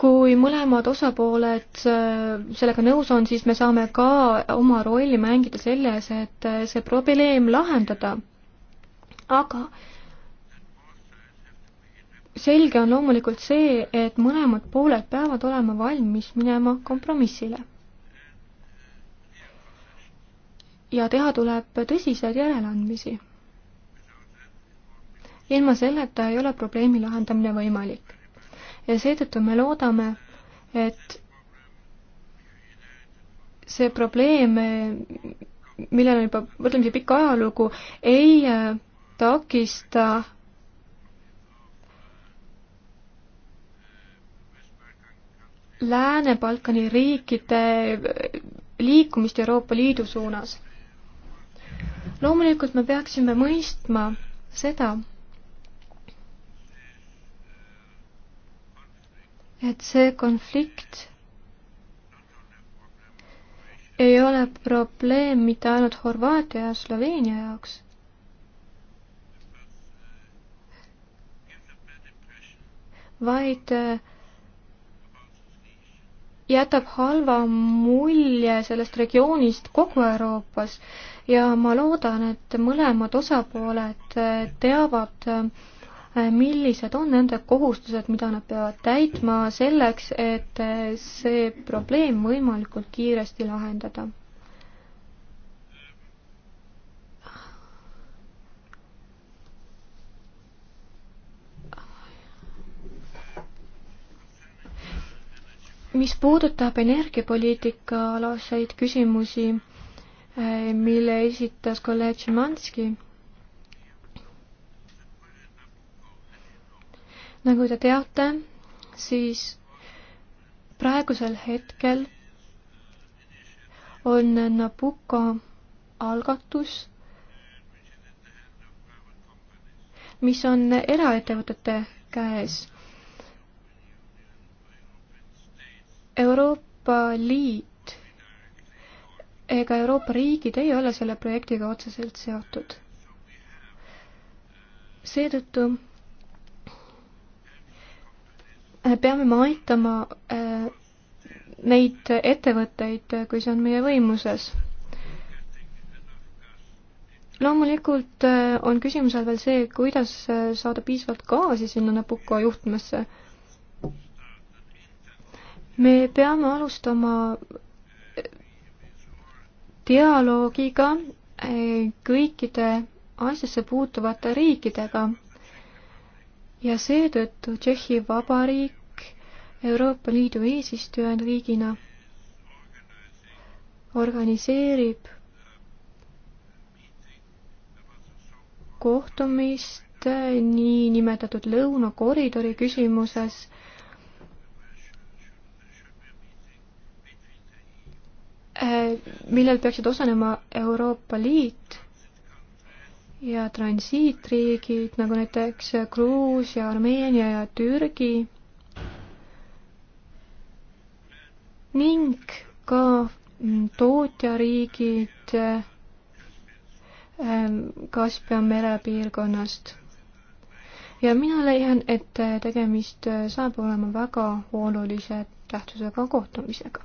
kui mõlemad osapooled äh, sellega nõus on, siis me saame ka oma rolli mängida selles, et äh, see probleem lahendada. aga selge on loomulikult see, et mõlemad pooled peavad olema valmis minema kompromissile. ja teha tuleb tõsiseid järeleandmisi. ilma selleta ei ole probleemi lahendamine võimalik ja seetõttu me loodame, et see probleem, millel on juba võrdlemisi pikk ajalugu, ei äh, takista Lääne-Balkani riikide liikumist Euroopa Liidu suunas. loomulikult me peaksime mõistma seda, et see konflikt ei ole probleem mitte ainult Horvaatia ja Sloveenia jaoks. vaid äh, jätab halva mulje sellest regioonist kogu Euroopas ja ma loodan, et mõlemad osapooled äh, teavad äh, Äh, millised on nende kohustused, mida nad peavad täitma selleks, et äh, see probleem võimalikult kiiresti lahendada. mis puudutab energiapoliitika alaseid küsimusi, äh, mille esitas kolleeg Šimanski nagu te teate, siis praegusel hetkel on Nabucco algatus, mis on eraettevõtete käes. Euroopa Liit ega Euroopa riigid ei ole selle projektiga otseselt seotud. seetõttu peame me aitama äh, neid ettevõtteid, äh, kui see on meie võimuses. loomulikult äh, on küsimus all veel see, kuidas saada piisavalt gaasi sinna Nabucco juhtmesse. me peame alustama dialoogiga kõikide asjasse puutuvate riikidega ja seetõttu Tšehhi Vabariik Euroopa Liidu eesistujariigina organiseerib kohtumist niinimetatud lõunakoridori küsimuses äh, millel peaksid osanema Euroopa Liit ja transiitriigid nagu näiteks Gruusia, Armeenia ja Türgi ning ka mm, tootjariigid ähm, Kaspia mere piirkonnast. ja mina leian, et tegemist saab olema väga olulise tähtsusega kohtumisega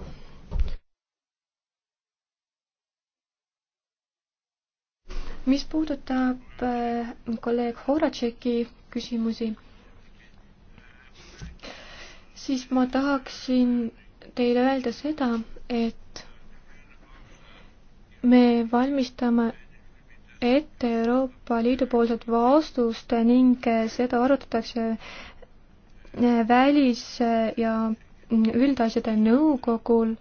mis puudutab äh, kolleeg Horatšeki küsimusi, siis ma tahaksin teile öelda seda, et me valmistame ette Euroopa Liidu poolset vastust ning seda arutatakse äh, välis- ja üldasjade nõukogul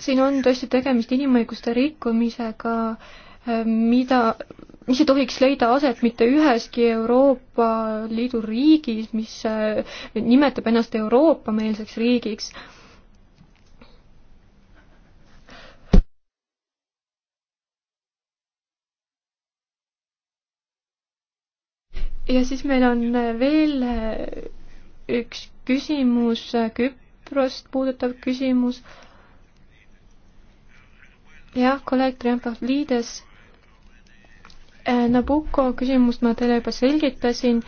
siin on tõesti tegemist inimõiguste rikkumisega, mida, mis ei tohiks leida aset mitte üheski Euroopa Liidu riigis, mis äh, nimetab ennast Euroopa-meelseks riigiks. ja siis meil on veel äh, üks küsimus, äh, Küprost puudutav küsimus äh, jah, kolleeg Trempov Liides. Äh, Nabucco küsimust ma teile juba selgitasin.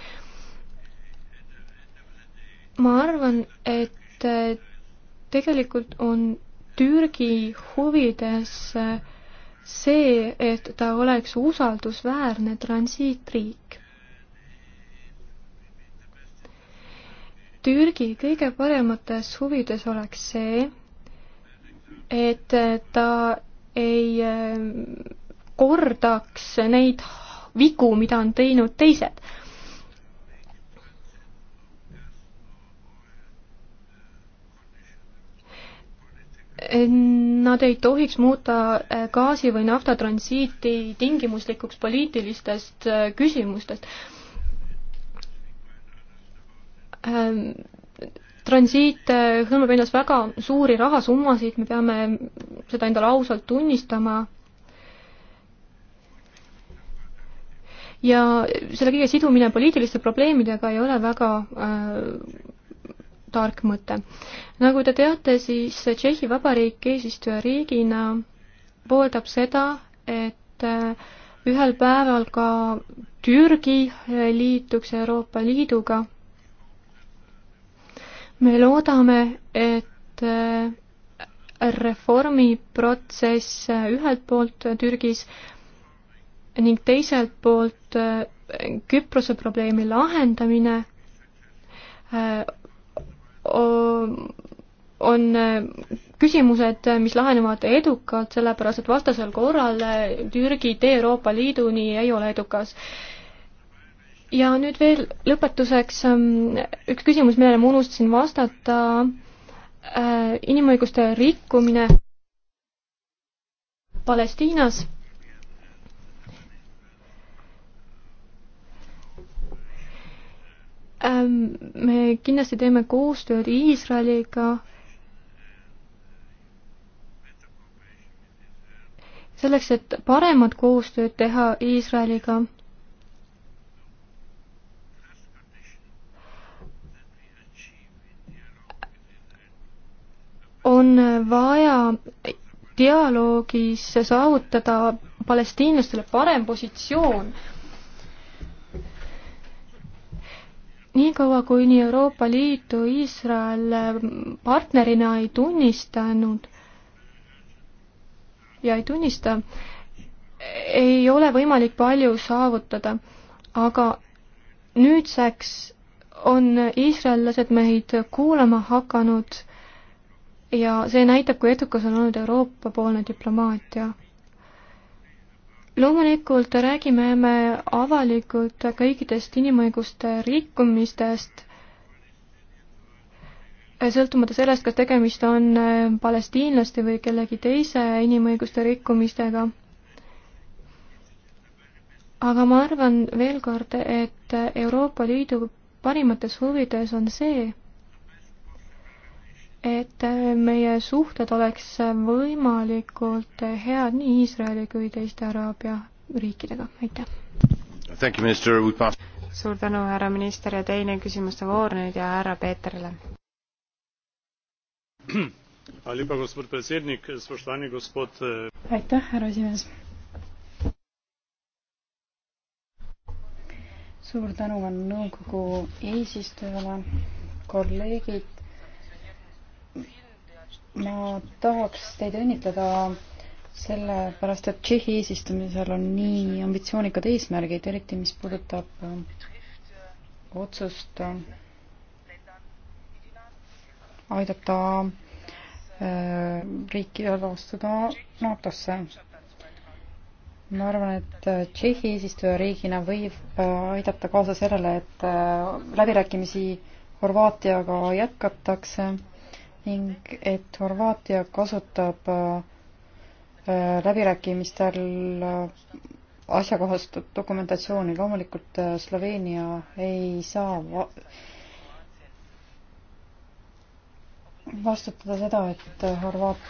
ma arvan, et äh, tegelikult on Türgi huvides äh, see, et ta oleks usaldusväärne transiitriik. Türgi kõige paremates huvides oleks see, et ta ei ähm, kordaks neid vigu, mida on teinud teised. Nad ei tohiks muuta äh, gaasi või nafta transiiti tingimuslikuks poliitilistest äh, küsimustest ähm, transiit äh, hõlmab endas väga suuri rahasummasid, me peame seda endale ausalt tunnistama. ja selle kõige sidumine poliitiliste probleemidega ei ole väga äh, tark mõte. nagu te teate, siis Tšehhi Vabariik eesistujariigina pooldab seda, et äh, ühel päeval ka Türgi äh, liituks Euroopa Liiduga me loodame, et äh, reformiprotsess äh, ühelt poolt äh, Türgis ning teiselt poolt Küprose probleemi lahendamine on küsimused, mis lahenevad edukalt, sellepärast et vastasel korral Türgi tee Euroopa Liiduni ei ole edukas ja nüüd veel lõpetuseks ähm, üks küsimus, millele ma unustasin vastata. Äh, inimõiguste rikkumine Palestiinas. Ähm, me kindlasti teeme koostööd Iisraeliga selleks, et paremat koostööd teha Iisraeliga on vaja dialoogis saavutada palestiinlastele parem positsioon. niikaua, kui nii Euroopa Liitu Iisrael partnerina ei tunnistanud ja ei tunnista, ei ole võimalik palju saavutada, aga nüüdseks on iisraellased meid kuulama hakanud ja see näitab, kui edukas on olnud Euroopa-poolne diplomaatia. loomulikult räägime me avalikult kõikidest inimõiguste rikkumistest, sõltumata sellest, kas tegemist on äh, palestiinlaste või kellegi teise inimõiguste rikkumistega aga ma arvan veel kord, et Euroopa Liidu parimates huvides on see, et äh, meie suhted oleks võimalikult head nii Iisraeli kui teiste Araabia riikidega, aitäh! suur tänu, härra minister ja teine küsimuste voor nüüd ja härra Peeterile. Eh, aitäh, härra esimees! suur tänu on nõukogu eesistujale, kolleegid ma tahaks teid õnnitleda sellepärast, et Tšehhi eesistumisel on nii ambitsioonikad eesmärgid, eriti mis puudutab äh, otsust äh, aidata äh, riikidel astuda NATO-sse. ma arvan, et Tšehhi eesistujariigina võib aidata kaasa sellele, et läbirääkimisi Horvaatiaga jätkatakse ning et Horvaatia kasutab äh, läbirääkimistel äh, asjakohast dokumentatsiooni. loomulikult äh, Sloveenia ei saa va vastutada seda, et Horvaatia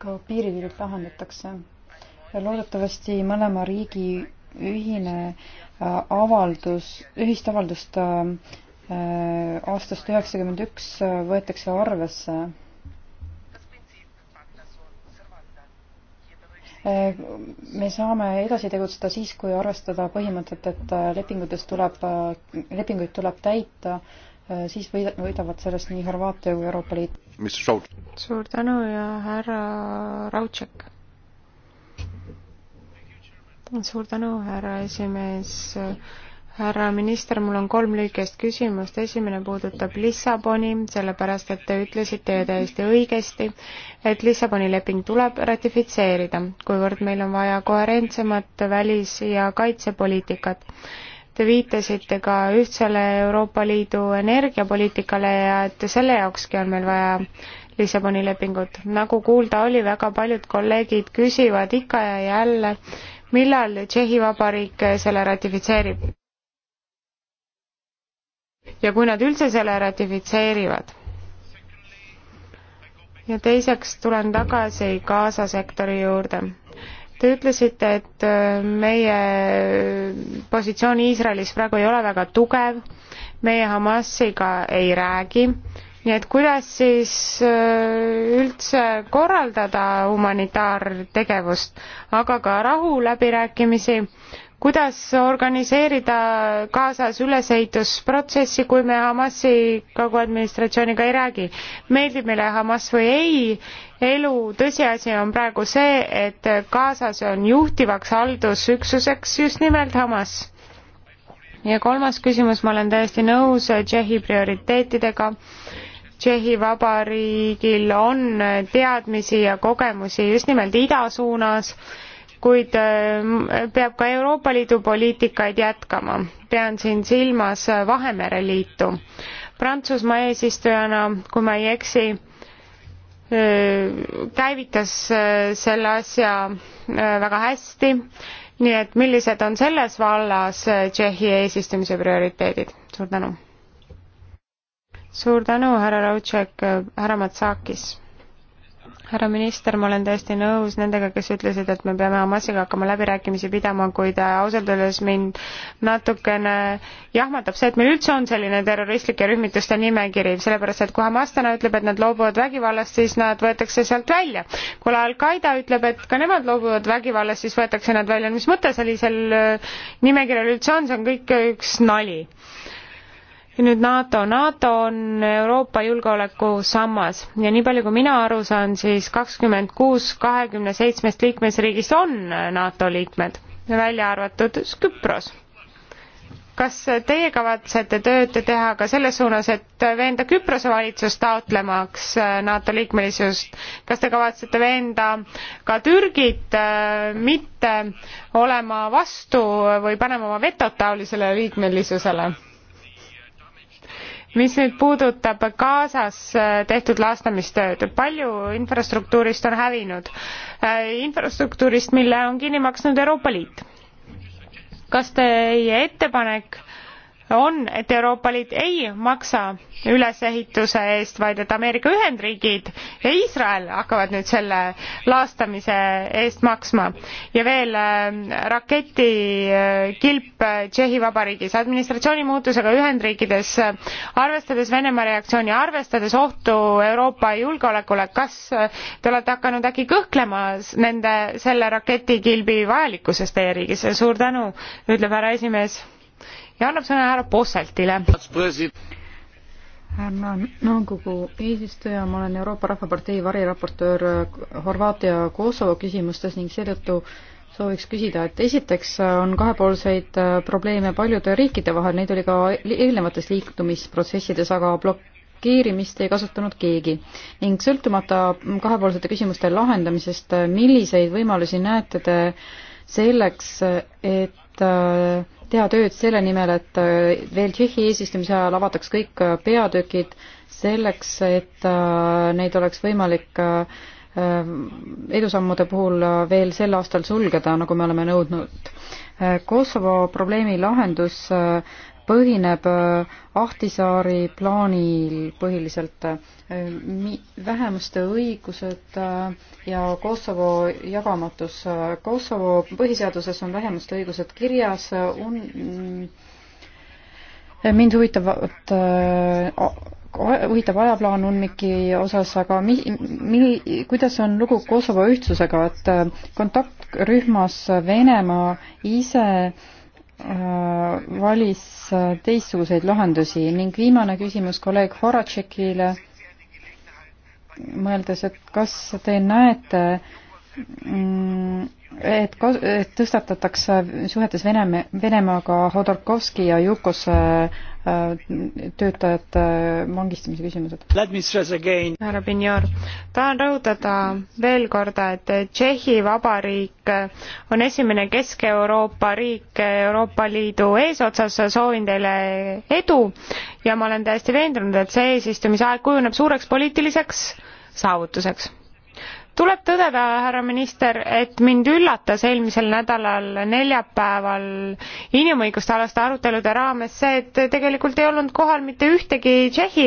ka piiripiirid lahendatakse. loodetavasti mõlema riigi ühine avaldus, ühisavaldust äh, äh, aastast üheksakümmend üks äh, võetakse arvesse. me saame edasi tegutseda siis, kui arvestada põhimõtet, et lepingutes tuleb, lepinguid tuleb täita, siis võidavad sellest nii Horvaatia kui Euroopa Liit. suur tänu ja härra Raudšek suur tänu, härra esimees. härra minister, mul on kolm lühikest küsimust. esimene puudutab Lissaboni, sellepärast et te ütlesite ju täiesti õigesti, et Lissaboni leping tuleb ratifitseerida, kuivõrd meil on vaja koherentsemat välis- ja kaitsepoliitikat. Te viitasite ka ühtsele Euroopa Liidu energiapoliitikale ja et selle jaokski on meil vaja Lissaboni lepingut. nagu kuulda oli, väga paljud kolleegid küsivad ikka ja jälle, millal Tšehhi Vabariik selle ratifitseerib? ja kui nad üldse selle ratifitseerivad? ja teiseks tulen tagasi Gaza sektori juurde. Te ütlesite, et äh, meie positsioon Iisraelis praegu ei ole väga tugev, meie Hamasiga ei räägi nii et kuidas siis äh, üldse korraldada humanitaartegevust, aga ka rahuläbirääkimisi, kuidas organiseerida kaasas ülesehitusprotsessi, kui me Hamasi kogu administratsiooniga ei räägi. meeldib meile Hamas või ei, elu tõsiasi on praegu see, et kaasas on juhtivaks haldusüksuseks just nimelt Hamas ja kolmas küsimus, ma olen täiesti nõus Tšehhi prioriteetidega äh, Tšehhi Vabariigil on teadmisi ja kogemusi just nimelt ida suunas, kuid äh, peab ka Euroopa Liidu poliitikaid jätkama. pean siin silmas Vahemere Liitu. Prantsusmaa eesistujana, kui ma ei eksi, äh, käivitas äh, selle asja väga hästi, nii et millised on selles vallas Tšehhi eesistumise prioriteedid? suur tänu suur tänu, härra Raudšek, härra Matsakis. härra minister, ma olen täiesti nõus nendega, kes ütlesid, et me peame Hamasiga hakkama läbirääkimisi pidama, kuid ausalt öeldes mind natukene jahmatab see, et meil üldse on selline terroristlike rühmituste nimekiri, sellepärast et kui Hamas täna ütleb, et nad loobuvad vägivallast, siis nad võetakse sealt välja. kui Al-Qaeda ütleb, et ka nemad loobuvad vägivallast, siis võetakse nad välja, mis mõte sellisel nimekirjal üldse on, see on kõik üks nali ja nüüd NATO. NATO on Euroopa julgeolekusammas ja nii palju, kui mina aru saan, siis kakskümmend kuus kahekümne seitsmest liikmesriigist on NATO liikmed, välja arvatud Küpros. kas teie kavatsete tööd teha ka selles suunas, et veenda Küprose valitsust taotlemaks NATO liikmelisust, kas te kavatsete veenda ka Türgit äh, mitte olema vastu või panema oma vetot taolisele liikmelisusele? mis nüüd puudutab Gazas äh, tehtud laastamistööd, palju infrastruktuurist on hävinud? Äh, infrastruktuurist, mille on kinni maksnud Euroopa Liit. kas teie ettepanek on, et Euroopa Liit ei maksa ülesehituse eest, vaid et Ameerika Ühendriigid ja Iisrael hakkavad nüüd selle laastamise eest maksma. ja veel äh, raketikilp äh, äh, Tšehhi Vabariigis. administratsiooni muutusega Ühendriikides, arvestades Venemaa reaktsiooni, arvestades ohtu Euroopa julgeolekule, kas te olete hakanud äkki kõhklema nende, selle raketikilbi vajalikkusest teie riigis? suur tänu, ütleb härra esimees ja annab sõna härra Posseltile. härra nõukogu no, eesistuja, ma olen Euroopa Rahvapartei variraportöör Horvaatia Kosovo küsimustes ning seetõttu sooviks küsida, et esiteks on kahepoolseid probleeme paljude riikide vahel, neid oli ka eelnevates liitumisprotsessides, aga blokeerimist ei kasutanud keegi. ning sõltumata kahepoolsete küsimuste lahendamisest, milliseid võimalusi näete te selleks, et äh, teha tööd selle nimel, et äh, veel Tšehhi eesistumise ajal avataks kõik äh, peatükid selleks, et äh, neid oleks võimalik edusammude puhul veel sel aastal sulgeda, nagu me oleme nõudnud. Kosovo probleemi lahendus põhineb äh, Ahtisaari plaanil põhiliselt äh, vähemuste õigused äh, ja Kosovo jagamatus. Kosovo põhiseaduses on vähemuste õigused kirjas, on mm, mind huvitavad huvitab ajaplaan UNMIK-i osas, aga mi-, mi-, kuidas on lugu Kosovo ühtsusega, et kontaktrühmas Venemaa ise äh, Äh, valis äh, teistsuguseid lahendusi ning viimane küsimus kolleeg Horatšekile, mõeldes, et kas te näete mm, et kas-, et tõstatatakse suhetes Veneme-, Venemaaga Hodorkovski ja Jukose äh, töötajate äh, vangistamise küsimused. härra Pinjor, tahan rõhutada veel korda, et Tšehhi Vabariik äh, on esimene Kesk-Euroopa riik Euroopa Liidu eesotsas, soovin teile edu ja ma olen täiesti veendunud, et see eesistumisaeg kujuneb suureks poliitiliseks saavutuseks tuleb tõdeda, härra minister, et mind üllatas eelmisel nädalal neljapäeval inimõiguste alaste arutelude raames see, et tegelikult ei olnud kohal mitte ühtegi Tšehhi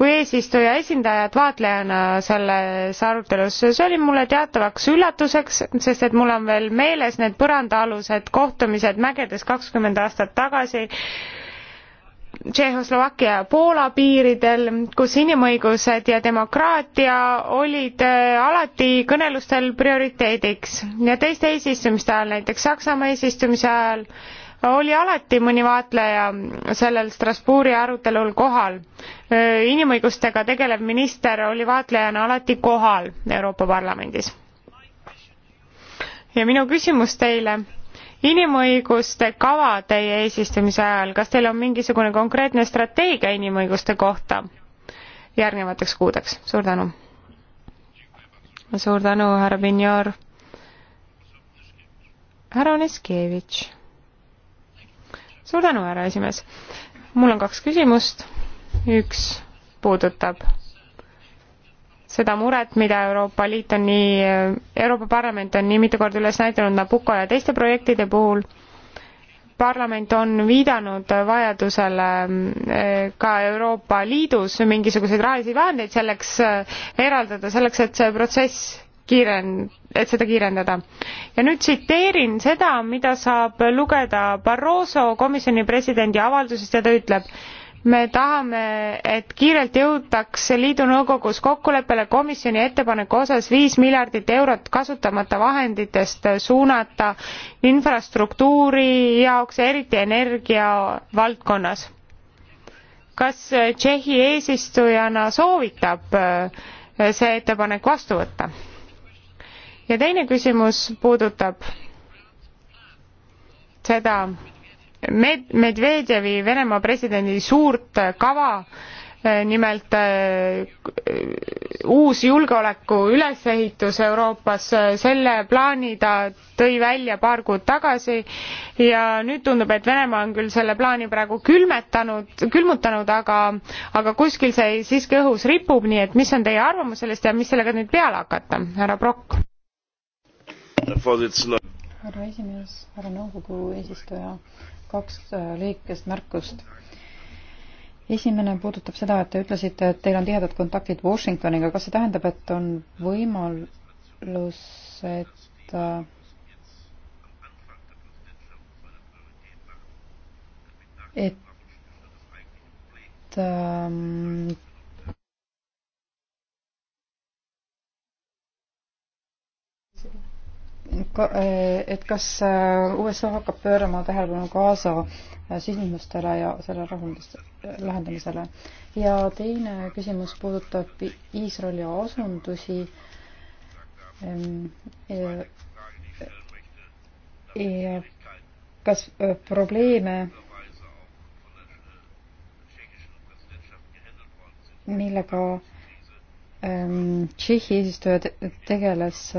kui eesistuja esindajat vaatlejana selles arutelus. see oli mulle teatavaks üllatuseks, sest et mul on veel meeles need põrandaalused kohtumised mägedes kakskümmend aastat tagasi Tšehhoslovakkia ja Poola piiridel, kus inimõigused ja demokraatia olid äh, alati kõnelustel prioriteediks ja teiste eesistumiste ajal, näiteks Saksamaa eesistumise ajal, oli alati mõni vaatleja sellel Strasbourgi arutelul kohal. Äh, inimõigustega tegelev minister oli vaatlejana alati kohal Euroopa Parlamendis. ja minu küsimus teile inimõiguste kava teie eesistumise ajal, kas teil on mingisugune konkreetne strateegia inimõiguste kohta järgnevateks kuudeks? suur tänu. suur tänu, härra Pinjor. härra Oneskevitš. suur tänu, härra esimees. mul on kaks küsimust. üks puudutab seda muret, mida Euroopa Liit on nii, Euroopa Parlament on nii mitu korda üles näidanud Nabucco ja teiste projektide puhul. parlament on viidanud vajadusele eh, ka Euroopa Liidus mingisuguseid rahalisi vahendeid selleks eh, eraldada, selleks et see protsess kiiren-, et seda kiirendada. ja nüüd tsiteerin seda, mida saab lugeda Barroso komisjoni presidendi avaldusest ja ta ütleb, me tahame, et kiirelt jõutaks liidu nõukogus kokkuleppele komisjoni ettepaneku osas viis miljardit eurot kasutamata vahenditest suunata infrastruktuuri jaoks, eriti energia valdkonnas. kas Tšehhi eesistujana soovitab äh, see ettepanek vastu võtta? ja teine küsimus puudutab seda, Med-, Medvedjevi Venemaa presidendi suurt kava, eh, nimelt eh, uus julgeoleku ülesehitus Euroopas, eh, selle plaani ta tõi välja paar kuud tagasi ja nüüd tundub, et Venemaa on küll selle plaani praegu külmetanud, külmutanud, aga, aga kuskil see siiski õhus ripub, nii et mis on teie arvamus sellest ja mis sellega nüüd peale hakata, härra Prokk? härra esimees, härra nõukogu eesistuja kaks äh, lühikest märkust. esimene puudutab seda, et te ütlesite, et teil on tihedad kontaktid Washingtoniga, kas see tähendab, et on võimalus, et äh, et ähm, Eh, et kas eh, USA hakkab pöörama tähelepanu Gaza eh, sündmustele ja selle lahendamisele. ja teine küsimus puudutab Iisraeli asundusi. Ehm, kas probleeme, millega ehm, Tšehhi eesistuja tegeles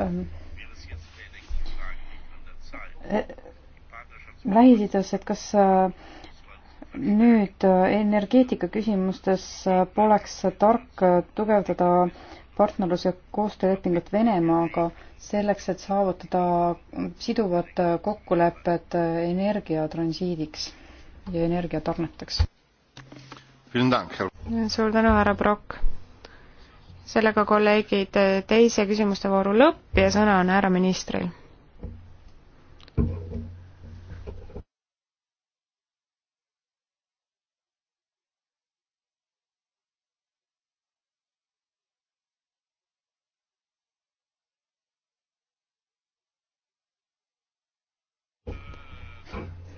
Ähm, äh, Lähis-Idas, et kas äh, nüüd äh, energeetika küsimustes poleks tark tugevdada partnerlus- ja koostöölepingut Venemaaga selleks, et saavutada siduvad kokkulepped energiatransiidiks ja energiatarneteks? suur tänu, härra Brock! sellega, kolleegid, teise küsimuste vooru lõpp ja sõna on härra ministril.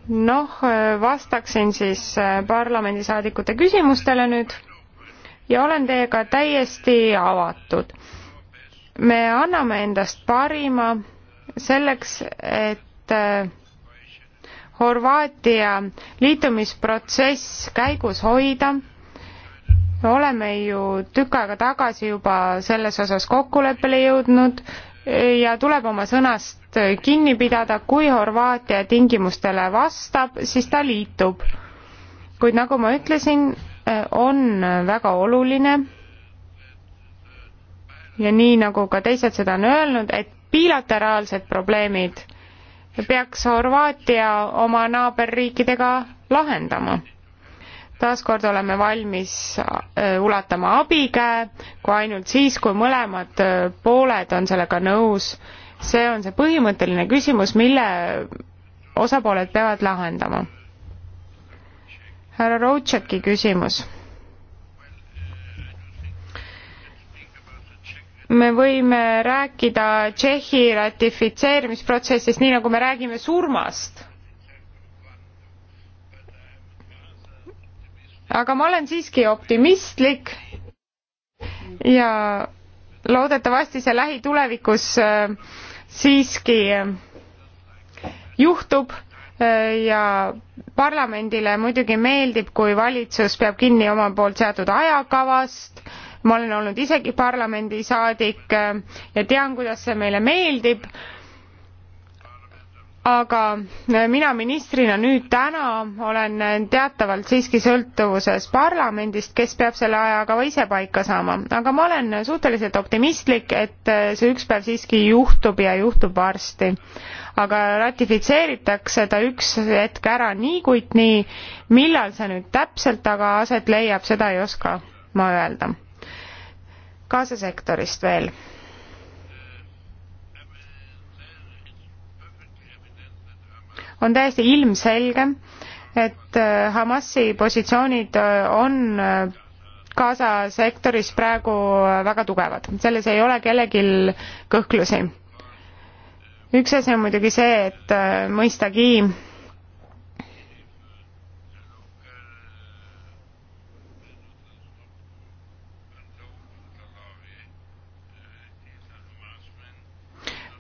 noh, vastaksin siis parlamendisaadikute küsimustele nüüd ja olen teiega täiesti avatud. me anname endast parima selleks, et äh, Horvaatia liitumisprotsess käigus hoida. me oleme ju tükk aega tagasi juba selles osas kokkuleppele jõudnud ja tuleb oma sõnast kinni pidada, kui Horvaatia tingimustele vastab, siis ta liitub. kuid nagu ma ütlesin, on väga oluline ja nii nagu ka teised seda on öelnud, et bilateraalsed probleemid peaks Horvaatia oma naaberriikidega lahendama. taaskord oleme valmis äh, ulatama abikäe, kui ainult siis, kui mõlemad äh, pooled on sellega nõus. see on see põhimõtteline küsimus, mille osapooled peavad lahendama härra Rootšeki küsimus. me võime rääkida Tšehhi ratifitseerimisprotsessist nii, nagu me räägime surmast. aga ma olen siiski optimistlik ja loodetavasti see lähitulevikus äh, siiski äh, juhtub ja parlamendile muidugi meeldib, kui valitsus peab kinni oma poolt seatud ajakavast, ma olen olnud isegi parlamendisaadik äh, ja tean, kuidas see meile meeldib, aga äh, mina ministrina nüüd täna olen äh, teatavalt siiski sõltuvuses parlamendist, kes peab selle ajakava ise paika saama, aga ma olen suhteliselt optimistlik, et see üks päev siiski juhtub ja juhtub varsti aga ratifitseeritakse ta üks hetk ära niikuinii. millal see nüüd täpselt aga aset leiab, seda ei oska ma öelda. kaasasektorist veel on täiesti ilmselge, et äh, Hamasi positsioonid äh, on Gaza äh, sektoris praegu väga tugevad, selles ei ole kellelgi kõhklusi üks asi on muidugi see, et äh, mõistagi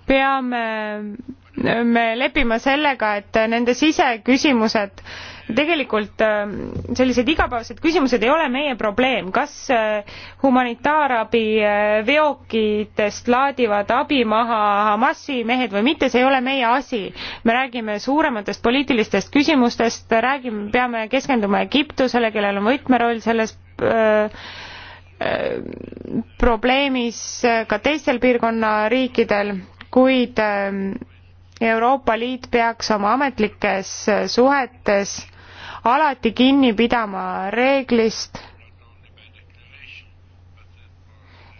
peame äh, me leppima sellega, et nende siseküsimused tegelikult äh, sellised igapäevased küsimused ei ole meie probleem, kas äh, humanitaarabi äh, veokitest laadivad abi maha Hamasi mehed või mitte, see ei ole meie asi. me räägime suurematest poliitilistest küsimustest, räägime, peame keskenduma Egiptusele, kellel on võtmeroll selles öö, probleemis ka teistel piirkonna riikidel, kuid Euroopa Liit peaks oma ametlikes suhetes alati kinni pidama reeglist,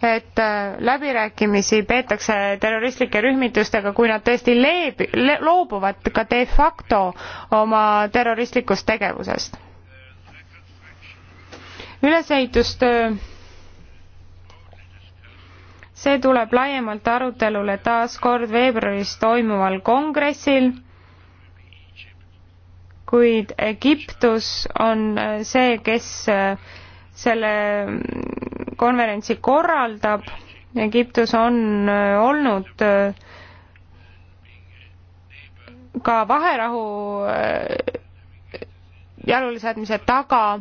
et äh, läbirääkimisi peetakse terroristlike rühmitustega, kui nad tõesti leeb- le,, loobuvad ka de facto oma terroristlikust tegevusest. ülesehitustöö, see tuleb laiemalt arutelule taas kord veebruaris toimuval kongressil kuid Egiptus on äh, see, kes äh, selle konverentsi korraldab. Egiptus on äh, olnud ka vaherahu jaluleseadmise taga.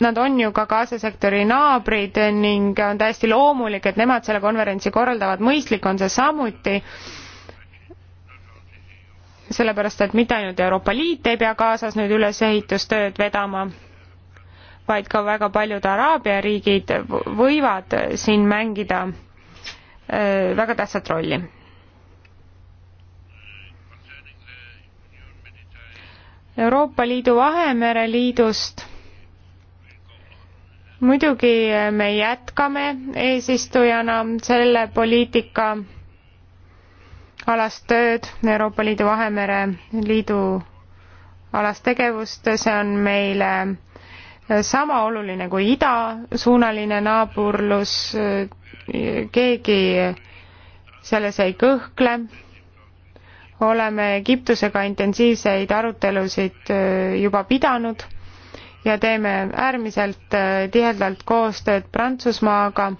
Nad on ju ka Gaza sektori naabrid ning on täiesti loomulik, et nemad selle konverentsi korraldavad, mõistlik on see samuti sellepärast et mitte ainult Euroopa Liit ei pea kaasas nüüd ülesehitustööd vedama, vaid ka väga paljud Araabia riigid võivad siin mängida väga tähtsat rolli. Euroopa Liidu Vahemere Liidust muidugi me jätkame eesistujana selle poliitika alast tööd, Euroopa Liidu Vahemere Liidu alast tegevust, see on meile sama oluline kui idasuunaline naabrlus, keegi selles ei kõhkle, oleme Egiptusega intensiivseid arutelusid äh, juba pidanud ja teeme äärmiselt äh, tihedalt koostööd Prantsusmaaga,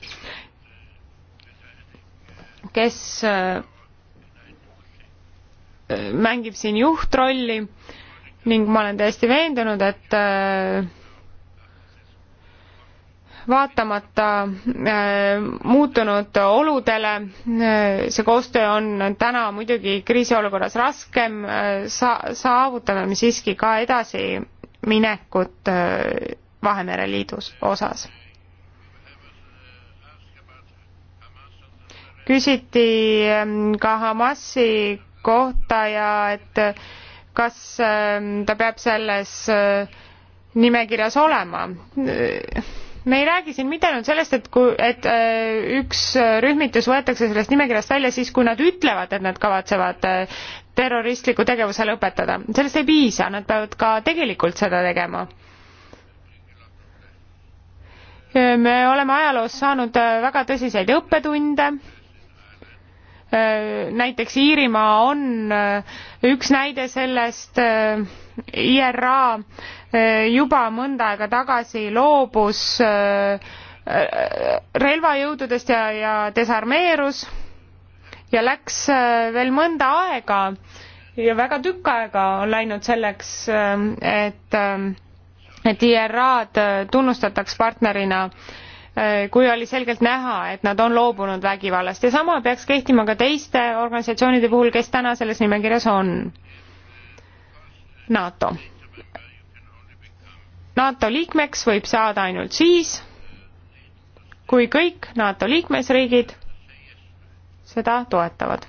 kes äh, mängib siin juhtrolli ning ma olen täiesti veendunud, et äh, vaatamata äh, muutunud oludele, äh, see koostöö on täna muidugi kriisiolukorras raskem, sa-, saavutame me siiski ka edasiminekut Vahemere Liidus osas küsiti ähm, ka Hamasi kohta ja et kas ähm, ta peab selles äh, nimekirjas olema me ei räägi siin mitte ainult sellest, et kui, et äh, üks rühmitus võetakse sellest nimekirjast välja siis, kui nad ütlevad, et nad kavatsevad äh, terroristliku tegevuse lõpetada. sellest ei piisa, nad peavad ka tegelikult seda tegema. me oleme ajaloos saanud väga tõsiseid õppetunde Äh, näiteks Iirimaa on äh, üks näide sellest, äh, IRA juba mõnda aega tagasi loobus relvajõududest ja, ja desarmeerus ja läks veel mõnda aega ja väga tükk aega on läinud selleks, et, et IRA-d tunnustataks partnerina äh, Äh, kui oli selgelt näha, et nad on loobunud vägivallast ja sama peaks kehtima ka teiste organisatsioonide puhul, kes täna selles nimekirjas on. NATO. NATO liikmeks võib saada ainult siis, kui kõik NATO liikmesriigid seda toetavad.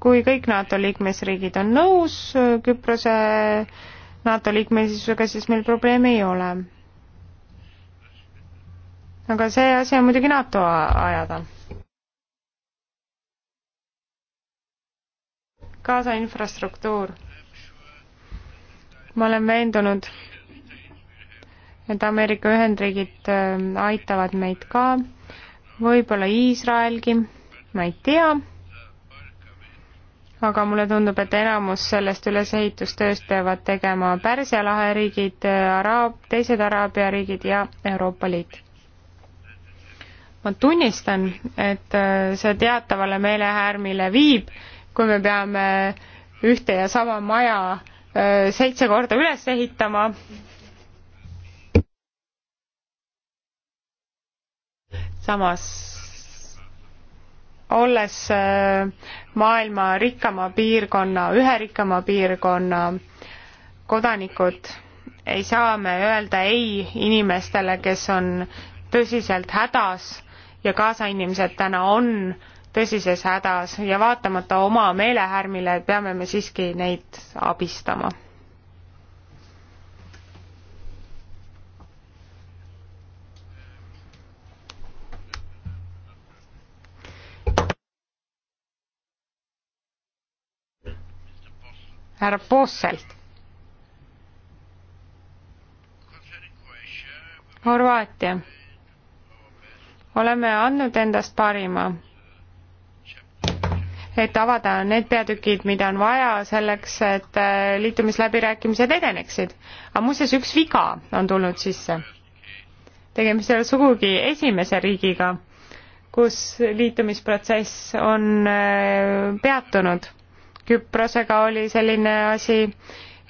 kui kõik NATO liikmesriigid on nõus Küprose NATO liikmelisusega, siis meil probleeme ei ole. aga see asi on muidugi NATO ajada. Gaza infrastruktuur. ma olen veendunud, et Ameerika Ühendriigid äh, aitavad meid ka, võib-olla Iisraelgi, ma ei tea aga mulle tundub, et enamus sellest ülesehitustööst peavad tegema Pärsia lahe riigid, Araab, teised Araabia riigid ja Euroopa Liit. ma tunnistan, et äh, see teatavale meelehärmile viib, kui me peame ühte ja sama maja äh, seitse korda üles ehitama, samas olles äh, maailma rikkama piirkonna, ühe rikkama piirkonna kodanikud, ei saa me öelda ei inimestele, kes on tõsiselt hädas ja kaasainimesed täna on tõsises hädas ja vaatamata oma meelehärmile peame me siiski neid abistama härra Posselt. Horvaatia. oleme andnud endast parima, et avada need peatükid, mida on vaja selleks, et äh, liitumisläbirääkimised edeneksid. aga muuseas, üks viga on tulnud sisse. tegemist ei ole sugugi esimese riigiga, kus liitumisprotsess on äh, peatunud Küprosega oli selline asi,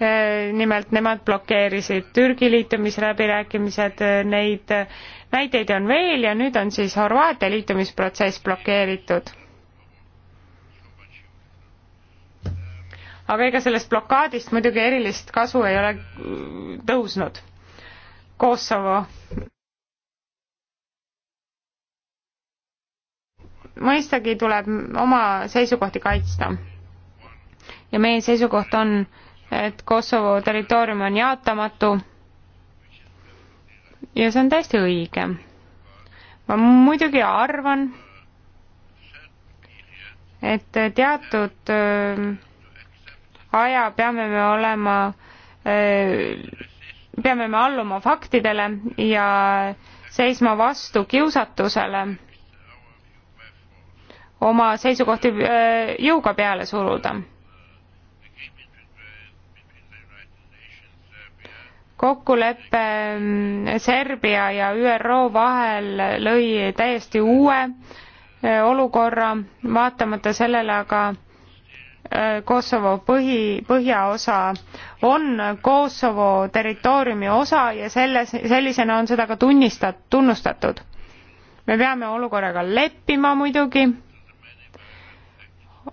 eh, nimelt nemad blokeerisid Türgi liitumisläbirääkimised, eh, neid näiteid on veel ja nüüd on siis Horvaatia liitumisprotsess blokeeritud. aga ega sellest blokaadist muidugi erilist kasu ei ole mm, tõusnud. Kosovo. mõistagi tuleb oma seisukohti kaitsta ja meie seisukoht on, et Kosovo territoorium on jaotamatu ja see on täiesti õige. ma muidugi arvan, et teatud aja peame me olema, peame me alluma faktidele ja seisma vastu kiusatusele oma seisukohti jõuga peale suruda. kokkulepe ähm, Serbia ja ÜRO vahel lõi täiesti uue äh, olukorra, vaatamata sellele aga äh, Kosovo põhi, põhjaosa on Kosovo territooriumi osa ja selles, sellisena on seda ka tunnistat-, tunnustatud. me peame olukorraga leppima muidugi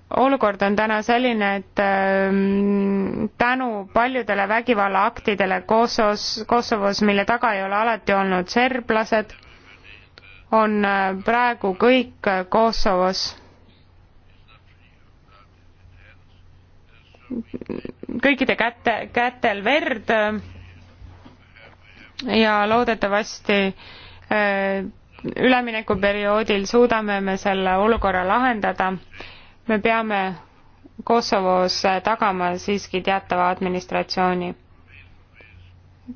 olukord on täna selline, et ähm, tänu paljudele vägivallaaktidele Kosovos, Kosovos, mille taga ei ole alati olnud serblased, on äh, praegu kõik äh, Kosovos kõikide käte, kätel verd äh, ja loodetavasti üleminekuperioodil suudame me selle olukorra lahendada me peame Kosovos tagama siiski teatava administratsiooni.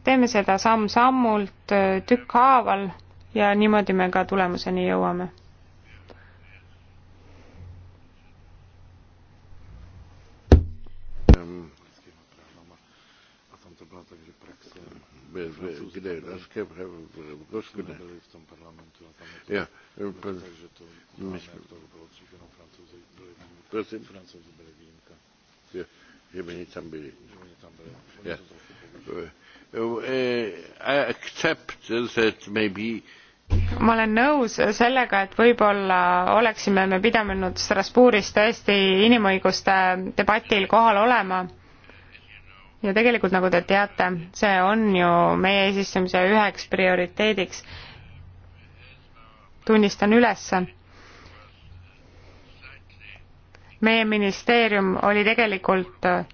teeme seda samm-sammult, tükkhaaval ja niimoodi me ka tulemuseni jõuame. jah, Prosím? Francouzi byli výjimka. Jo, že by oni tam byli. Že by oni tam byli. Yeah. Uh, eh, accept that maybe ma olen nõus sellega, et võib-olla oleksime me pidanud Strasbourgis tõesti inimõiguste debatil kohal olema. ja tegelikult, nagu te teate, see on ju meie eesistumise üheks prioriteediks. tunnistan ülesse meie ministeerium oli tegelikult äh,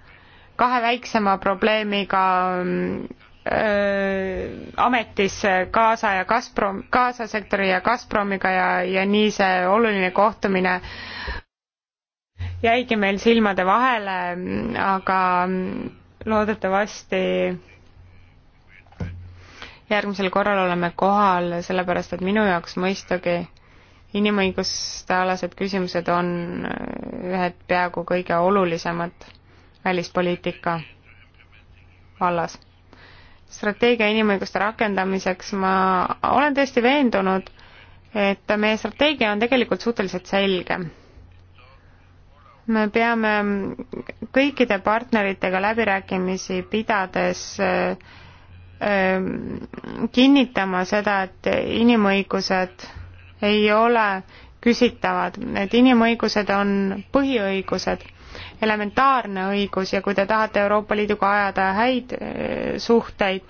kahe väiksema probleemiga mm, äh, ametis äh, Gaza ja Gazprom, Gaza sektori ja Gazpromiga ja, ja nii see oluline kohtumine jäigi meil silmade vahele, mm, aga mm, loodetavasti järgmisel korral oleme kohal, sellepärast et minu jaoks mõistagi inimõiguste alased küsimused on äh, ühed peaaegu kõige olulisemad välispoliitika vallas. strateegia inimõiguste rakendamiseks ma olen tõesti veendunud, et meie strateegia on tegelikult suhteliselt selge. me peame kõikide partneritega läbirääkimisi pidades äh, äh, kinnitama seda, et inimõigused ei ole küsitavad, et inimõigused on põhiõigused, elementaarne õigus ja kui te tahate Euroopa Liiduga ajada häid eh, suhteid,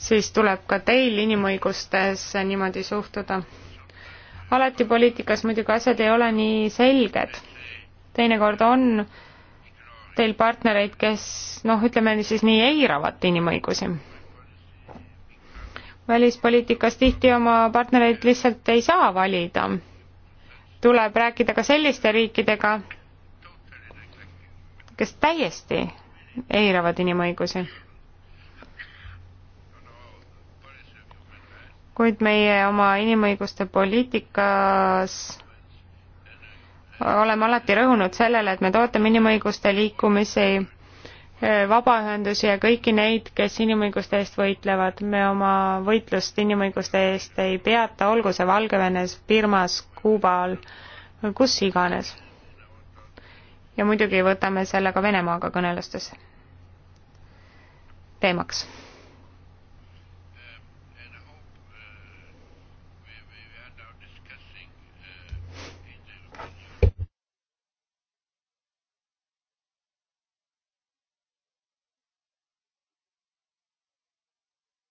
siis tuleb ka teil inimõigustesse niimoodi suhtuda. alati poliitikas muidugi asjad ei ole nii selged. teinekord on teil partnereid, kes noh, ütleme siis nii, eiravad inimõigusi välispoliitikas tihti oma partnereid lihtsalt ei saa valida. tuleb rääkida ka selliste riikidega, kes täiesti eiravad inimõigusi. kuid meie oma inimõiguste poliitikas oleme alati rõhunud sellele, et me toetame inimõiguste liikumisi Eh, vabaühendusi ja kõiki neid, kes inimõiguste eest võitlevad. me oma võitlust inimõiguste eest ei peata, olgu see Valgevenes, Birmas, Kuubal, kus iganes. ja muidugi võtame selle ka Venemaaga kõnelustes teemaks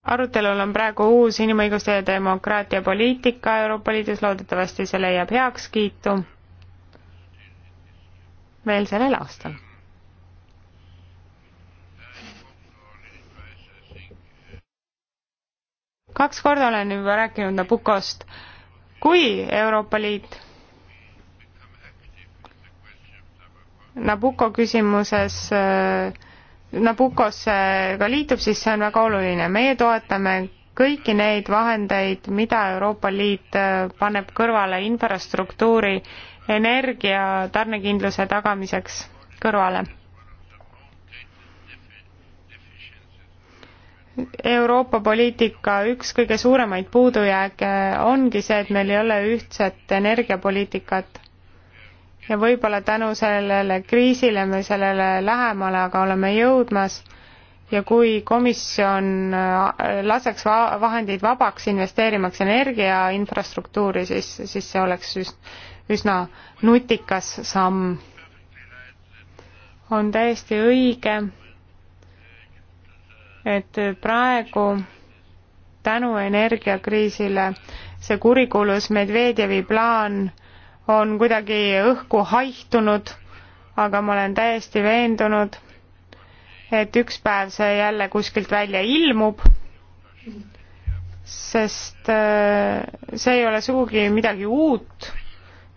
arutelul on praegu uus inimõiguste ja demokraatia poliitika Euroopa Liidus, loodetavasti see leiab heakskiitu veel sellel aastal. kaks korda olen juba rääkinud Nabukost. kui Euroopa Liit Nabucco küsimuses äh, Nabucosega liitub, siis see on väga oluline. meie toetame kõiki neid vahendeid, mida Euroopa Liit äh, paneb kõrvale infrastruktuuri, energia tarnekindluse tagamiseks kõrvale. Euroopa poliitika üks kõige suuremaid puudujääke ongi see, et meil ei ole ühtset energiapoliitikat ja võib-olla tänu sellele kriisile me sellele lähemale aga oleme jõudmas ja kui komisjon äh, laseks va-, vahendid vabaks investeerimaks energia infrastruktuuri, siis, siis see oleks üs-, üsna nutikas samm. on täiesti õige, et praegu tänu energiakriisile see kurikuulus Medvedjevi plaan äh, on kuidagi õhku haihtunud, aga ma olen täiesti veendunud, et üks päev see jälle kuskilt välja ilmub, sest äh, see ei ole sugugi midagi uut,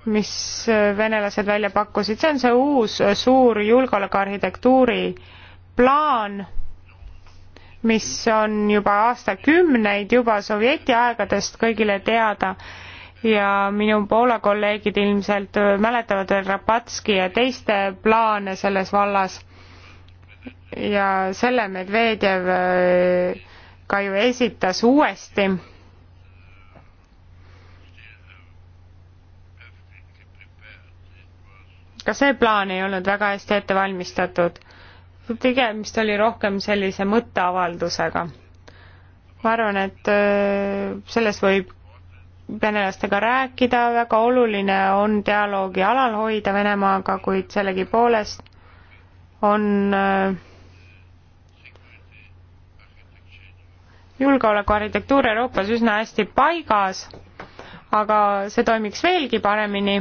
mis äh, venelased välja pakkusid, see on see uus äh, suur julgeolekuarhitektuuri plaan, mis on juba aastakümneid juba Sovjeti aegadest kõigile teada ja minu Poola kolleegid ilmselt mäletavad veel Rapatski ja teiste plaane selles vallas. ja selle Medvedjev äh, ka ju esitas uuesti. ka see plaan ei olnud väga hästi ette valmistatud. tegemist oli rohkem sellise mõtteavaldusega. ma arvan, et äh, sellest võib venelastega rääkida, väga oluline on dialoogi alal hoida Venemaaga, kuid sellegipoolest on äh, julgeolekuarhitektuur Euroopas üsna hästi paigas, aga see toimiks veelgi paremini,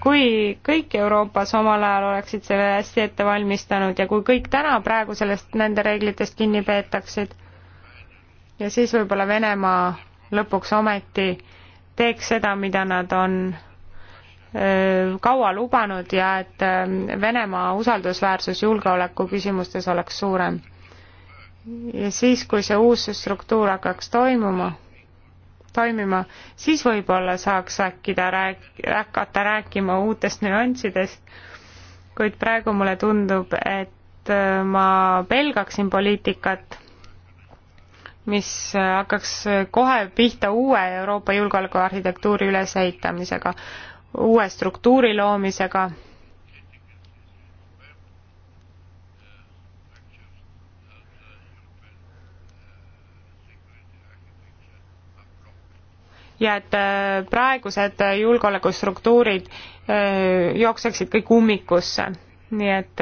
kui kõik Euroopas omal ajal oleksid selle hästi ette valmistanud ja kui kõik täna praegu sellest, nende reeglitest kinni peetaksid ja siis võib-olla Venemaa lõpuks ometi teeks seda, mida nad on kaua lubanud ja et Venemaa usaldusväärsus julgeoleku küsimustes oleks suurem. ja siis, kui see uus struktuur hakkaks toimuma, toimima, siis võib-olla saaks äkki ta rääk-, hakata rääkima uutest nüanssidest, kuid praegu mulle tundub, et ma pelgaksin poliitikat mis äh, hakkaks äh, kohe pihta uue Euroopa julgeolekuarhitektuuri ülesehitamisega, uue struktuuri loomisega ja et äh, praegused julgeolekustruktuurid jookseksid kõik ummikusse, nii et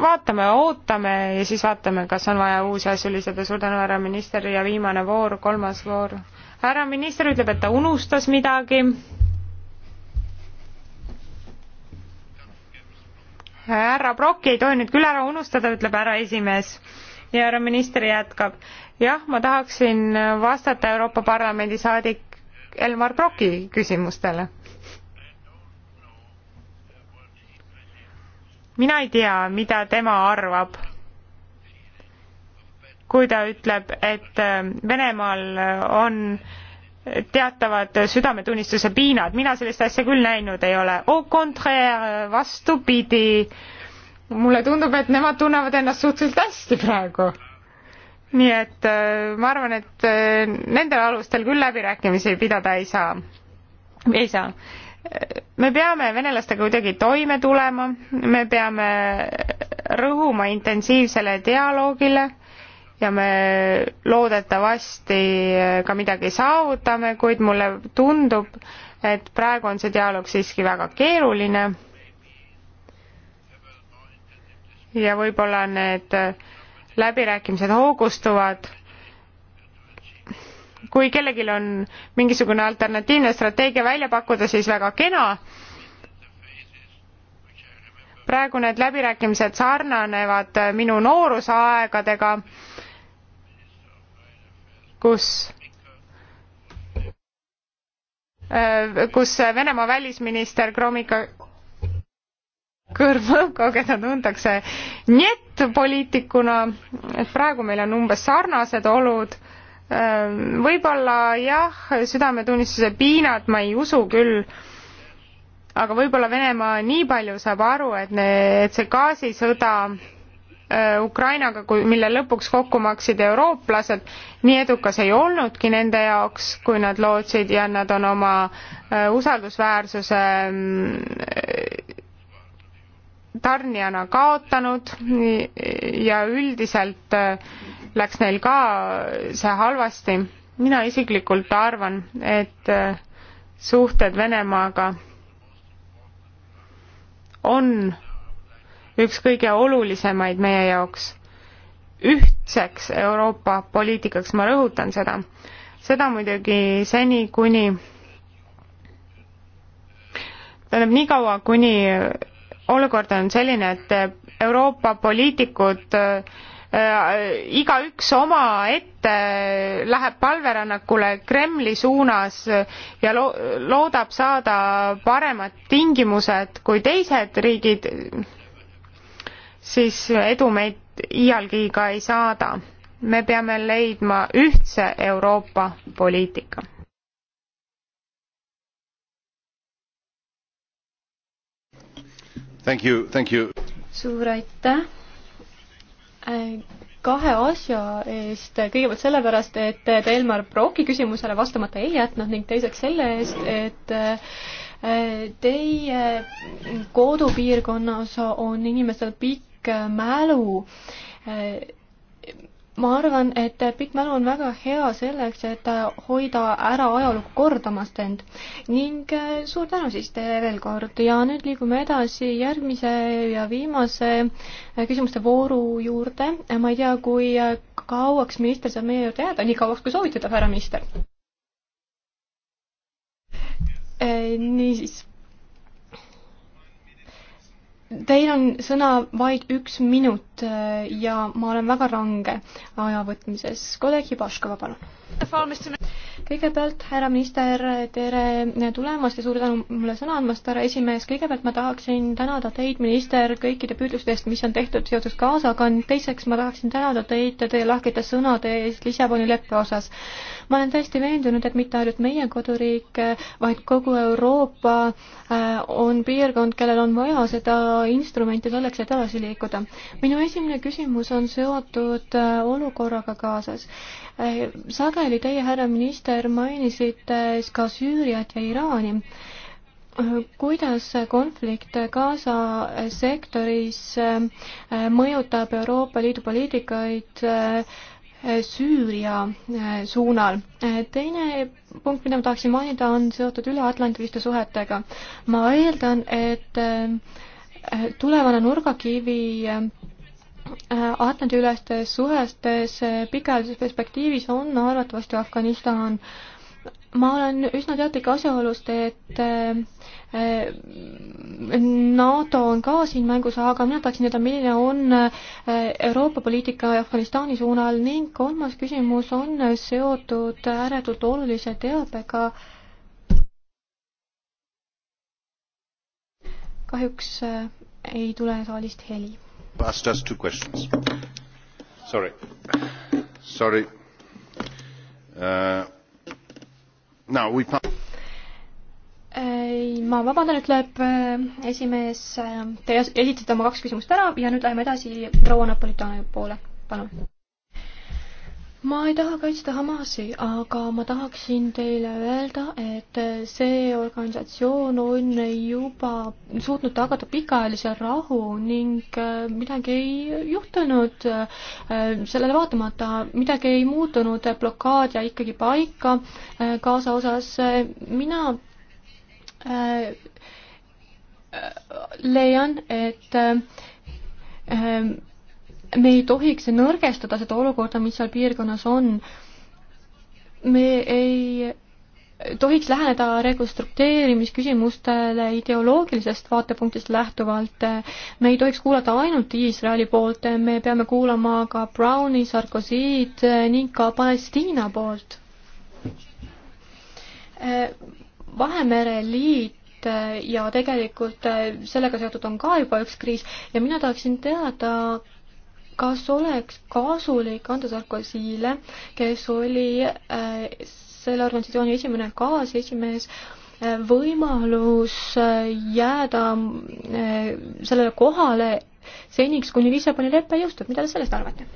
vaatame, ootame ja siis vaatame, kas on vaja uusi asju lisada. suur tänu, härra minister ja viimane voor, kolmas voor. härra minister ütleb, et ta unustas midagi. härra Brocki ei tohi nüüd küll ära unustada, ütleb härra esimees. ja härra minister jätkab. jah, ma tahaksin vastata Euroopa Parlamendi saadik Elmar Brocki küsimustele mina ei tea, mida tema arvab, kui ta ütleb, et äh, Venemaal äh, on teatavad südametunnistuse piinad, mina sellist asja küll näinud ei ole. Au contraire, äh, vastupidi, mulle tundub, et nemad tunnevad ennast suhteliselt hästi praegu. nii et ma arvan, et nendel alustel küll läbirääkimisi pidada ei saa, ei saa me peame venelastega kuidagi toime tulema, me peame rõhuma intensiivsele dialoogile ja me loodetavasti ka midagi saavutame, kuid mulle tundub, et praegu on see dialoog siiski väga keeruline. ja võib-olla need läbirääkimised hoogustuvad kui kellelgi on mingisugune alternatiivne strateegia välja pakkuda, siis väga kena. praegu need läbirääkimised sarnanevad minu noorusaegadega, kus äh, kus Venemaa välisminister Kromika kõrvkogeda tuntakse nii et poliitikuna, et praegu meil on umbes sarnased olud Äh, võib-olla jah, südametunnistuse piinad ma ei usu küll, aga võib-olla Venemaa nii palju saab aru, et ne-, et see gaasisõda äh, Ukrainaga, kui, mille lõpuks kokku maksid eurooplased, nii edukas ei olnudki nende jaoks, kui nad lootsid ja nad on oma äh, usaldusväärsuse mm, tarnijana kaotanud ja üldiselt läks neil ka see halvasti. mina isiklikult arvan, et äh, suhted Venemaaga on üks kõige olulisemaid meie jaoks ühtseks Euroopa poliitikaks, ma rõhutan seda. seda muidugi seni, kuni, tähendab niikaua, kuni olukord on selline, et Euroopa poliitikud äh, Äh, igaüks omaette läheb palverännakule Kremli suunas ja lo loodab saada paremad tingimused kui teised riigid, siis edu meid iialgi ka ei saada. me peame leidma ühtse Euroopa poliitika. suur aitäh! kahe asja eest, kõigepealt sellepärast, et te Elmar Broki küsimusele vastamata ei jätnud ning teiseks selle eest, et teie kodupiirkonnas on inimestel pikk mälu ma arvan, et pikk mälu on väga hea selleks, et hoida ära ajalugu kordamast end. ning eh, suur tänu siis teile veel kord ja nüüd liigume edasi järgmise ja viimase eh, küsimuste vooru juurde. ma ei tea, kui eh, kauaks minister saab meie juurde jääda, nii kauaks kui soovite, härra minister. niisiis. Teil on sõna vaid üks minut olnud äh, ja ma olen väga range aja võtmises. kolleeg Hibaškova, palun. kõigepealt, härra minister, tere tulemast ja suur tänu mulle sõna andmast, härra esimees. kõigepealt ma tahaksin tänada teid, minister, kõikide püüdluste eest, mis on tehtud seoses Gazaga. teiseks ma tahaksin tänada teid teie lahkete sõnade eest Lissaboni leppe osas. ma olen täiesti veendunud, et mitte ainult meie koduriik, vaid kogu Euroopa äh, on piirkond, kellel on vaja seda instrumenti selleks, et edasi liikuda. minu esimene küsimus on seotud äh, olukorraga kaasas. Äh, sageli teie, härra minister, mainisite ka Süüriat ja Iraani. Äh, kuidas konflikt Gaza sektoris mõjutab Euroopa Liidu poliitikaid Süüria suunal. teine punkt, mida ma tahaksin mainida, on seotud üleatlantiliste suhetega. ma eeldan, et tulevane nurgakivi Atlandi-ülestes suhestes pikaajalises perspektiivis on arvatavasti Afganistan. ma olen üsna teadlik asjaolust, et äh, NATO on ka siin mängus, aga mina tahaksin teada, milline on äh, Euroopa poliitika Afganistani suunal ning kolmas küsimus on seotud ääretult olulise teabega. kahjuks äh, ei tule saalist heli asked us two questions. Sorry. Sorry. Uh, now we ma vabandan, ütleb äh, esimees, äh, te esitasite oma kaks küsimust ära ja nüüd läheme edasi proua Napolitano poole, palun ma ei taha kaitsta Hamasi, aga ma tahaksin teile öelda, et see organisatsioon on juba suutnud tagada pikaajalise rahu ning äh, midagi ei juhtunud äh, sellele vaatamata, midagi ei muutunud, blokaad jäi ikkagi paika Gaza äh, osas. mina leian, et me ei tohiks nõrgestada seda olukorda, mis seal piirkonnas on. me ei tohiks läheneda rekonstrukteerimisküsimustele ideoloogilisest vaatepunktist lähtuvalt. me ei tohiks kuulata ainult Iisraeli poolt, me peame kuulama ka Browni, Sarkozyd ning ka Palestiina poolt. Vahemere liit ja tegelikult sellega seotud on ka juba üks kriis ja mina tahaksin teada, kas oleks kasulik Ando Sarkozyle, kes oli äh, selle organisatsiooni esimene kaasesimees, äh, võimalus äh, jääda sellele kohale seniks, kuni Lissaboni lepe jõustub, mida te sellest arvate?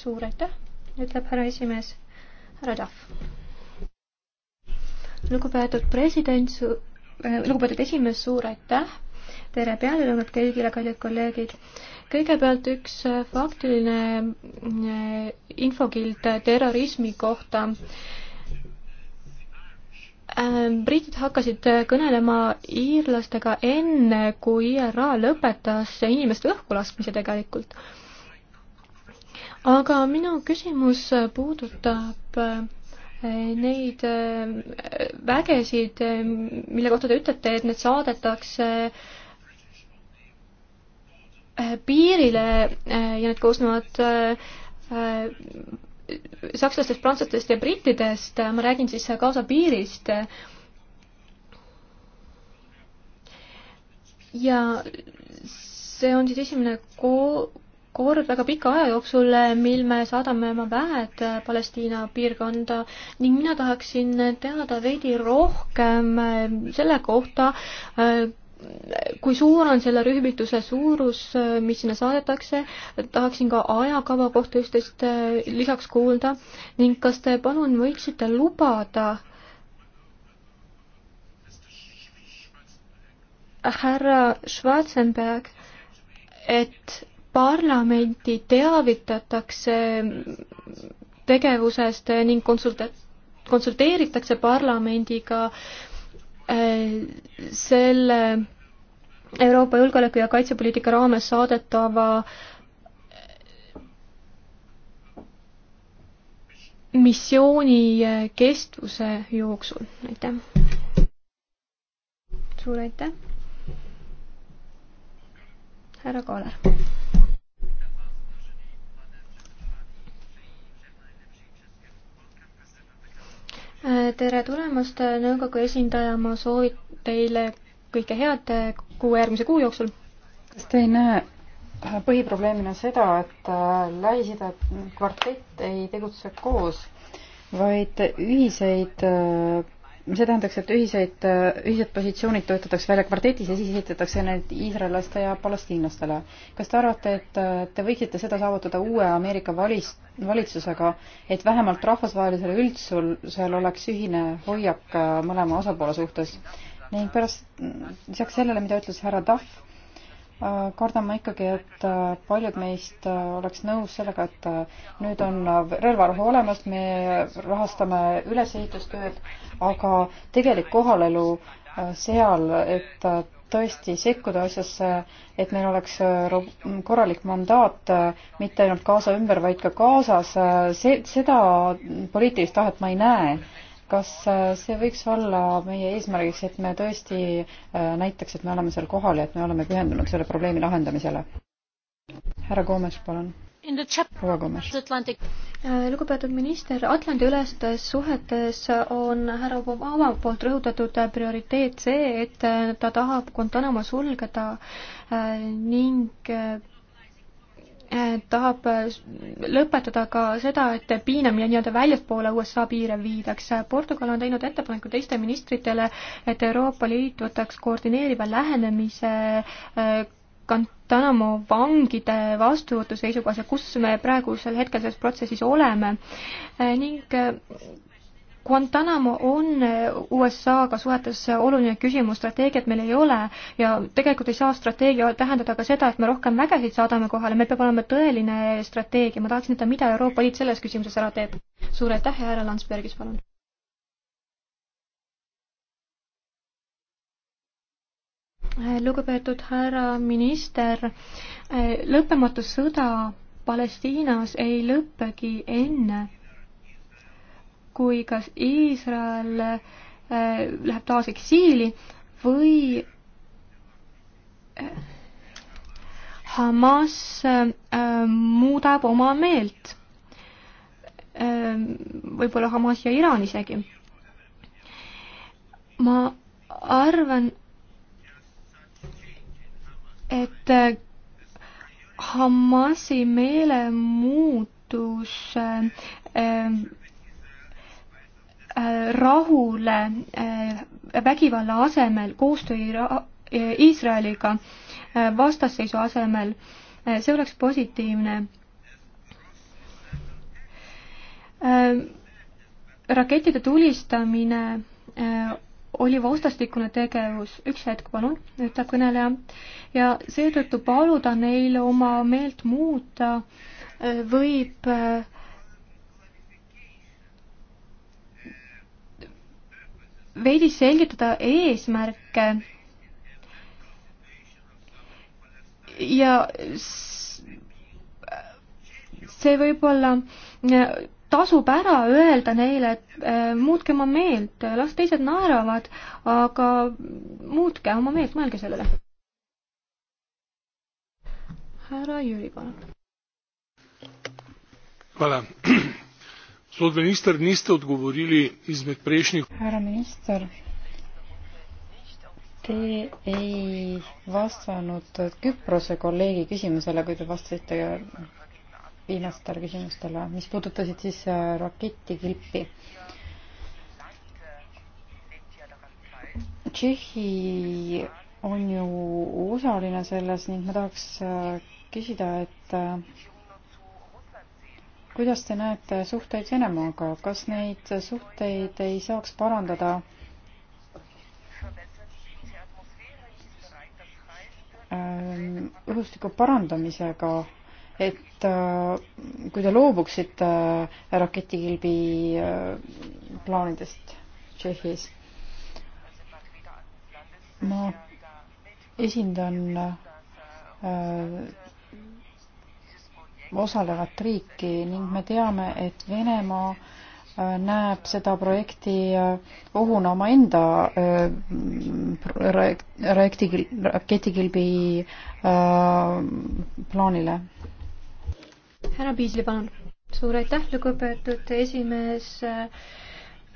suur aitäh, ütleb härra esimees, härra Tahv. lugupeetud president, lugupeetud esimees, suur aitäh tere pealelõunat kõigile, kallid kolleegid! kõigepealt üks äh, faktiline äh, infokild terrorismi kohta. Ähm, britid hakkasid äh, kõnelema iirlastega enne, kui IRA lõpetas inimeste õhkulaskmise tegelikult. aga minu küsimus puudutab neid äh, vägesid, äh, mille kohta te ütlete, et need saadetakse äh, piirile ja need koosnevad sakslastest, prantslastest ja brittidest, ma räägin siis Gaza piirist. ja see on siis esimene ko-, kord väga pika aja jooksul, eh, mil me saadame oma väed eh, Palestiina piirkonda ning mina tahaksin teada veidi rohkem eh, selle kohta, kui suur on selle rühmituse suurus, mis sinna saadetakse, tahaksin ka ajakava kohta üht-teist lisaks kuulda ning kas te palun võiksite lubada härra Schwarzenberg, et parlamenti teavitatakse tegevusest ning konsulta-, konsulteeritakse parlamendiga äh, selle Euroopa julgeoleku- ja kaitsepoliitika raames saadetava äh, missiooni äh, kestvuse jooksul, aitäh. suur aitäh. härra Kaaler. tere tulemast, äh, nõukogu esindaja, ma soovin teile kõike head äh, kuu järgmise kuu jooksul. kas te ei näe äh, põhiprobleemina seda, et Lähis-Ida kvartett ei tegutse koos, vaid ühiseid see tähendaks, et ühiseid, ühised positsioonid töötatakse välja kvartetis ja siis esitatakse need iisraellaste ja palestiinlastele. kas te arvate, et äh, te võiksite seda saavutada uue Ameerika valis-, valitsusega, et vähemalt rahvusvahelisel üldsusel oleks ühine hoiak äh, mõlema osapoole suhtes? ning pärast, lisaks sellele, mida ütles härra Tahv, Äh, kardan ma ikkagi, et äh, paljud meist äh, oleks nõus sellega, et nüüd on relvarahu olemas, me rahastame ülesehitustööd, aga tegelik kohalelu seal, et tõesti sekkuda asjasse, et meil oleks korralik mandaat mitte ainult Gaza ümber, vaid ka Gazas, see, seda poliitilist tahet ma ei näe kas äh, see võiks olla meie eesmärgiks, et me tõesti äh, näitaks, et me oleme seal kohal ja et me oleme pühendunud selle probleemi lahendamisele? härra Koomes, palun. proua Koomes. Äh, lugupeetud minister, Atlandi ülestes suhetes on härra Obama poolt rõhutatud prioriteet see, et ta tahab Guantanamo sulgeda ning Eh, tahab eh, lõpetada ka seda, et piinamine nii-öelda väljaspoole USA piire viidakse. Portugal on teinud ettepaneku teiste ministritele, et Euroopa Liit võtaks koordineeriva lähenemise eh, Guantanamo vangide vastuvõtu seisukohas ja kus me praegusel hetkel selles protsessis oleme ning Guantanamo on eh, USA-ga suhetes oluline küsimus, strateegiat meil ei ole ja tegelikult ei saa strateegia tähendada ka seda, et me rohkem vägesid saadame kohale, meil peab olema tõeline strateegia, ma tahaksin teada, mida Euroopa Liit selles küsimuses ära teeb. suur aitäh ja härra Landsbergis, palun. Eh, lugupeetud härra minister, eh, lõppematu sõda Palestiinas ei lõppegi enne kui kas Iisrael äh, läheb taas eksiili või äh, Hamas äh, muudab oma meelt. võib-olla Hamas ja Iraan isegi. ma arvan, et Hamasi meelemuutus äh, Äh, rahule äh, vägivalla asemel, koostöö äh, Iisraeliga vastasseisu asemel, see oleks positiivne. rakettide tulistamine oli vastastikune tegevus, üks hetk palun, ütleb kõneleja, ja seetõttu paluda neil oma meelt muuta võib äh, veidi selgitada eesmärke ja see võib-olla äh, tasub ära öelda neile, et äh, muutke oma meelt, las teised naeravad, aga muutke oma meelt, mõelge sellele. härra Jüri, palun. Gospod minister, niste odgovorili izmed prejšnjih. härra minister, te ei vastanud Küprose kolleegi küsimusele, kui te vastasite viimastele küsimustele, mis puudutasid siis äh, raketikilpi. Tšehhi on ju osaline selles ning ma tahaks äh, küsida, et äh, kuidas te näete suhteid Venemaaga, kas neid suhteid ei saaks parandada äh, õhustiku parandamisega, et äh, kui te loobuksite äh, raketikilbi plaanidest Tšehhis? ma esindan osalevat riiki ning me teame, et Venemaa äh, näeb seda projekti äh, ohuna omaenda äh, projekti, raketikilbi plaanile. härra Piisli, palun. suur aitäh, lugupeetud esimees äh,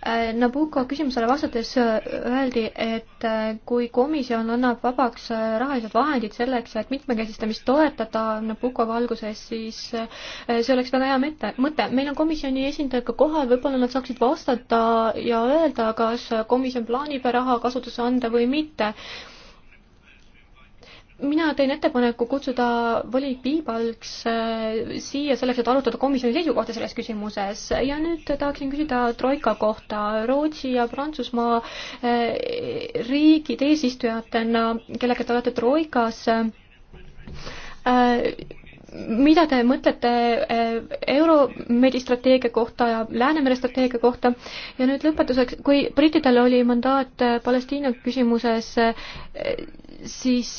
Äh, Nabucco küsimusele vastates äh, öeldi, et äh, kui komisjon annab vabaks rahalised vahendid selleks, et mitmekesistamist toetada Nabucco valguses, siis see oleks väga hea mõte, mõte. meil on komisjoni esindajad ka kohal, võib-olla nad saaksid vastata ja öelda, kas komisjon plaanib raha kasutusse anda või mitte mina teen ettepaneku kutsuda volinik Piibalks äh, siia selleks, et arutada komisjoni seisukohta selles küsimuses ja nüüd tahaksin küsida Troika kohta. Rootsi ja Prantsusmaa äh, riigid eesistujatena, kellega te olete Troikas, äh, mida te mõtlete Euromedi strateegia kohta ja Läänemere strateegia kohta ja nüüd lõpetuseks, kui brittidel oli mandaat Palestiina küsimuses, siis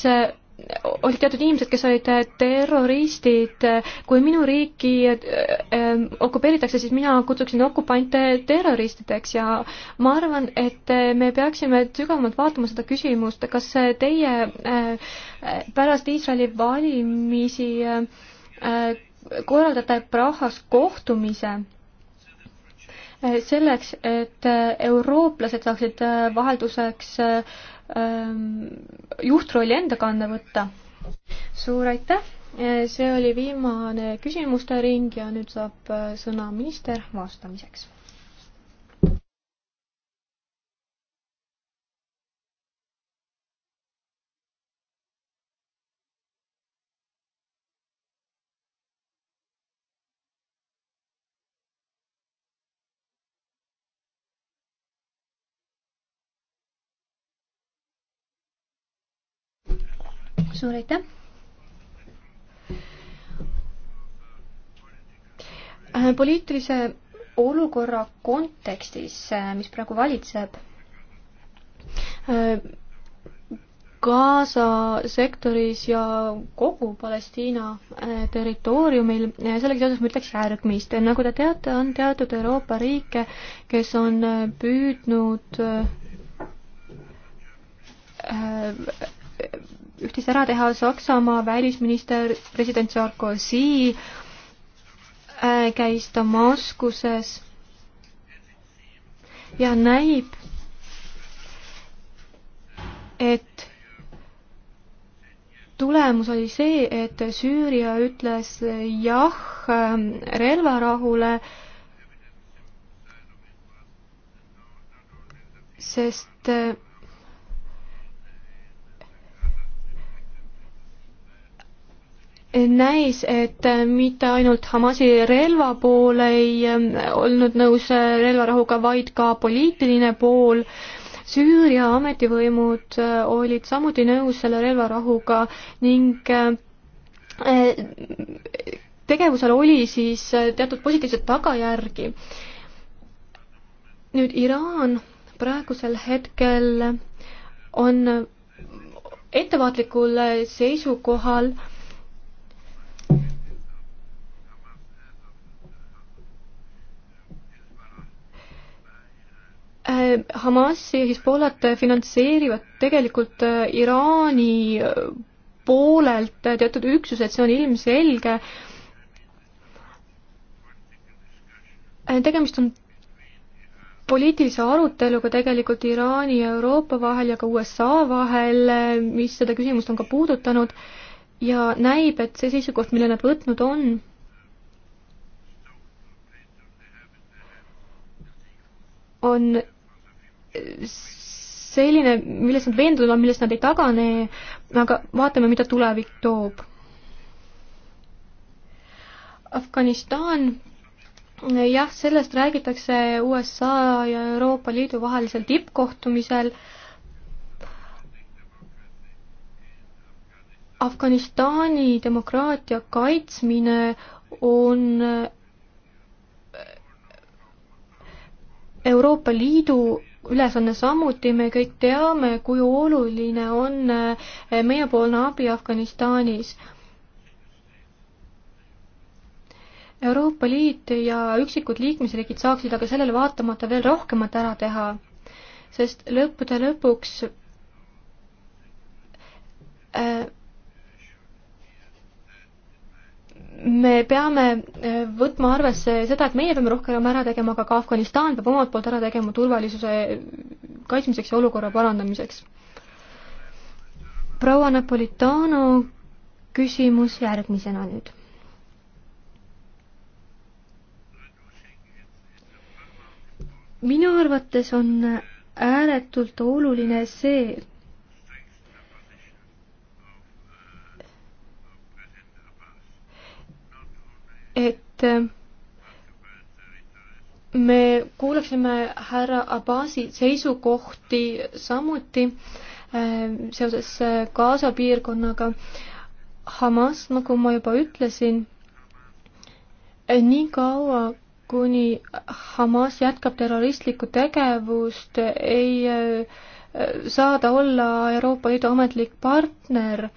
olid teatud inimesed, kes olid äh, terroristid. kui minu riiki äh, äh, okupeeritakse, siis mina kutsuksin okupante terroristideks ja ma arvan, et me peaksime sügavamalt vaatama seda küsimust, kas teie pärast Iisraeli valimisi korraldate Prahas kohtumise selleks, et eurooplased saaksid vahelduseks äh, Ähm, juhtrolli enda kanda võtta. suur aitäh, äh, see oli viimane küsimuste ring ja nüüd saab äh, sõna minister vastamiseks suur aitäh. Äh, poliitilise olukorra kontekstis, äh, mis praegu valitseb, äh, Gaza sektoris ja kogu Palestiina territooriumil, sellega seoses ma ütleks järgmist. nagu te teate, on teatud Euroopa riike, kes on püüdnud üht-teist ära teha, Saksamaa välisminister, president Sarkozy äh, käis Damaskuses ja näib, et tulemus oli see, et Süüria ütles jah ähm, relvarahule, sest äh, näis, et äh, mitte ainult Hamasi relva pool ei ähm, olnud nõus äh, relvarahuga, vaid ka poliitiline pool. Süüria ametivõimud äh, olid samuti nõus selle relvarahuga ning tegevusel oli siis teatud positiivseid tagajärgi. nüüd Iraan praegusel hetkel on ettevaatlikul seisukohal äh, Äh, Hamasi ja Hezbollat finantseerivad tegelikult äh, Iraani äh, poolelt teatud üksused, see on ilmselge. tegemist on poliitilise aruteluga tegelikult Iraani ja Euroopa vahel ja ka USA vahel, mis seda küsimust on ka puudutanud ja näib, et see seisukoht, mille nad võtnud on, on selline, milles nad veendunud on, millest nad ei tagane, aga vaatame, mida tulevik toob. Afganistan, jah, sellest räägitakse USA ja Euroopa Liidu vahelisel tippkohtumisel. Afganistani demokraatia kaitsmine on Euroopa Liidu ülesanne samuti, me kõik teame, kui oluline on eh, meiepoolne abi Afganistanis. Euroopa Liit ja üksikud liikmesriigid saaksid aga sellele vaatamata veel rohkemat ära teha, sest lõppude lõpuks äh, me peame äh, võtma arvesse seda, et meie peame rohkem ära tegema, aga ka Afganistan peab omalt poolt ära tegema turvalisuse äh, kaitsmiseks ja olukorra parandamiseks. proua Napolitano küsimus järgmisena nüüd. minu arvates on ääretult oluline see, et me kuulaksime härra Abasi seisukohti samuti äh, seoses äh, Gaza piirkonnaga. Hamas, nagu ma juba ütlesin, äh, nii kaua, kuni Hamas jätkab terroristlikku tegevust, ei saa ta olla Euroopa Liidu ametlik partner äh,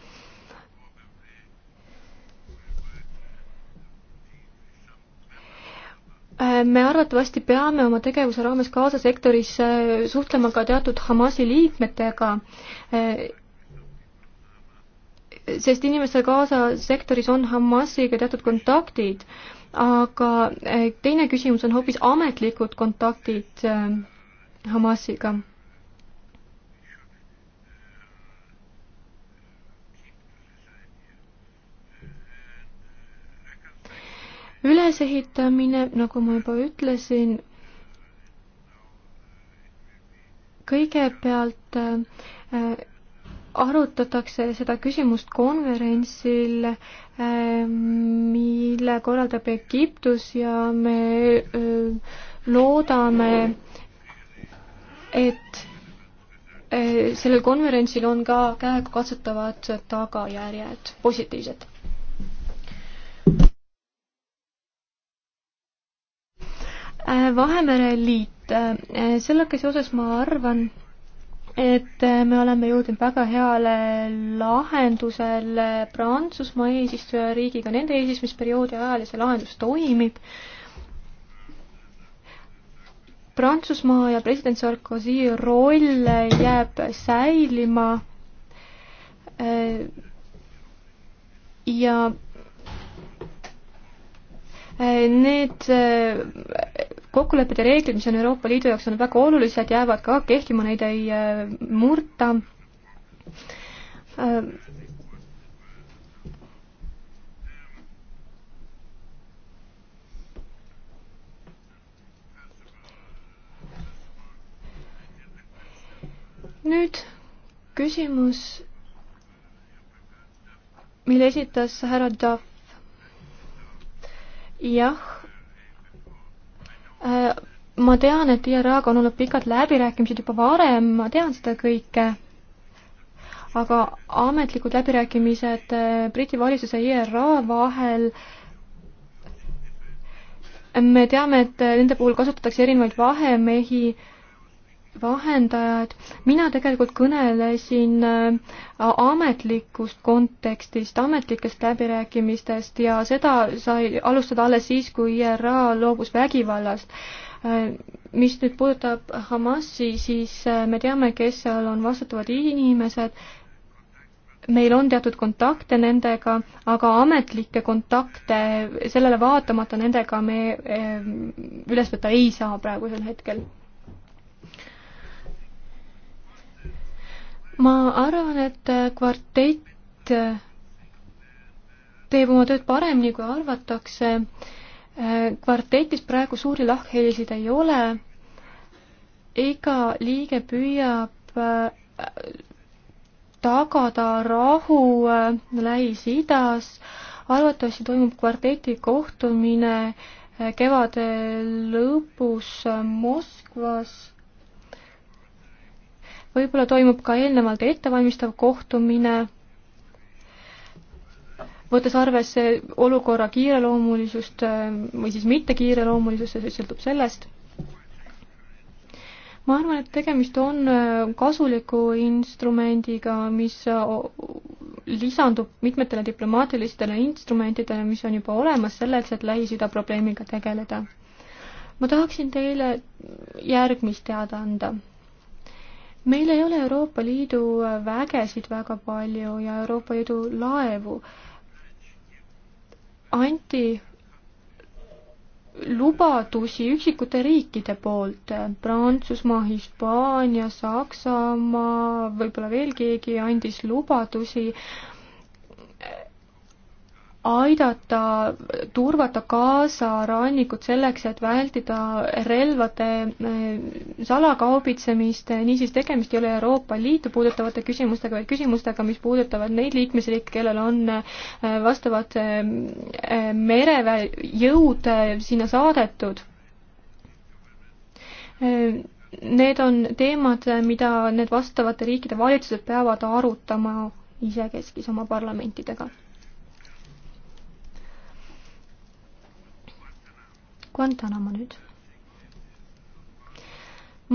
Äh, me arvatavasti peame oma tegevuse raames Gaza sektoris äh, suhtlema ka teatud Hamasi liikmetega, äh, sest inimestel Gaza sektoris on Hamasiga teatud kontaktid, aga teine küsimus on hoopis ametlikud kontaktid Hamasiga ülesehitamine, nagu ma juba ütlesin, kõigepealt äh, arutatakse seda küsimust konverentsil, äh, mille korraldab Egiptus ja me äh, loodame, et sellel konverentsil on ka käegakatsutavad tagajärjed, positiivsed Äh, Vahemere liit, äh, sellekese osas ma arvan, et äh, me oleme jõudnud väga heale lahendusele Prantsusmaa eesistujariigiga, nende eesistumisperioodi ajal ja see lahendus toimib. Prantsusmaa ja president Sarkozy roll jääb säilima ja need kokkulepped ja reeglid, mis on Euroopa Liidu jaoks, on väga olulised, jäävad ka kehtima, neid ei äh, murta. Äh, nüüd küsimus, mille esitas härra Duff. jah Äh, ma tean, et IRA-ga on olnud pikad läbirääkimised juba varem, ma tean seda kõike, aga ametlikud läbirääkimised äh, Briti valitsuse ja IRA vahel äh, me teame, et nende puhul kasutatakse erinevaid vahemehi äh, vahendajad, mina tegelikult kõnelesin äh, ametlikust kontekstist, ametlikest läbirääkimistest ja seda sai alustada alles siis, kui IRA loobus vägivallast. Äh, mis nüüd puudutab Hamasi, siis äh, me teame, kes seal on vastutavad inimesed, meil on teatud kontakte nendega, aga ametlikke kontakte sellele vaatamata nendega me üles võtta ei saa praegusel hetkel ma arvan, et kvartett teeb oma tööd paremini, kui arvatakse. kvartetis praegu suuri lahkhelisid ei ole. iga liige püüab äh, tagada rahu äh, Lähis-Idas. arvatavasti toimub kvarteti kohtumine äh, kevade lõpus Moskvas võib-olla toimub ka eelnevalt ettevalmistav kohtumine, võttes arvesse olukorra kiireloomulisust äh, või siis mitte kiireloomulisust, see sõltub sellest. ma arvan, et tegemist on äh, kasuliku instrumendiga, mis äh, lisandub mitmetele diplomaatilistele instrumentidele, mis on juba olemas selleks, et Lähis-Ida probleemiga tegeleda. ma tahaksin teile järgmist teada anda meil ei ole Euroopa Liidu vägesid väga palju ja Euroopa Liidu laevu. anti lubadusi üksikute riikide poolt, Prantsusmaa, Hispaania, Saksamaa, võib-olla veel keegi andis lubadusi äh, aidata turvata kaasa rannikud selleks, et vältida relvade äh, salakaubitsemist, niisiis tegemist ei ole Euroopa Liitu puudutavate küsimustega, vaid küsimustega, mis puudutavad neid liikmesriike, kellel on äh, vastavad äh, mereväe jõud sinna saadetud need on teemad, mida need vastavate riikide valitsused peavad arutama isekeskis oma parlamentidega. Guantanamo nüüd.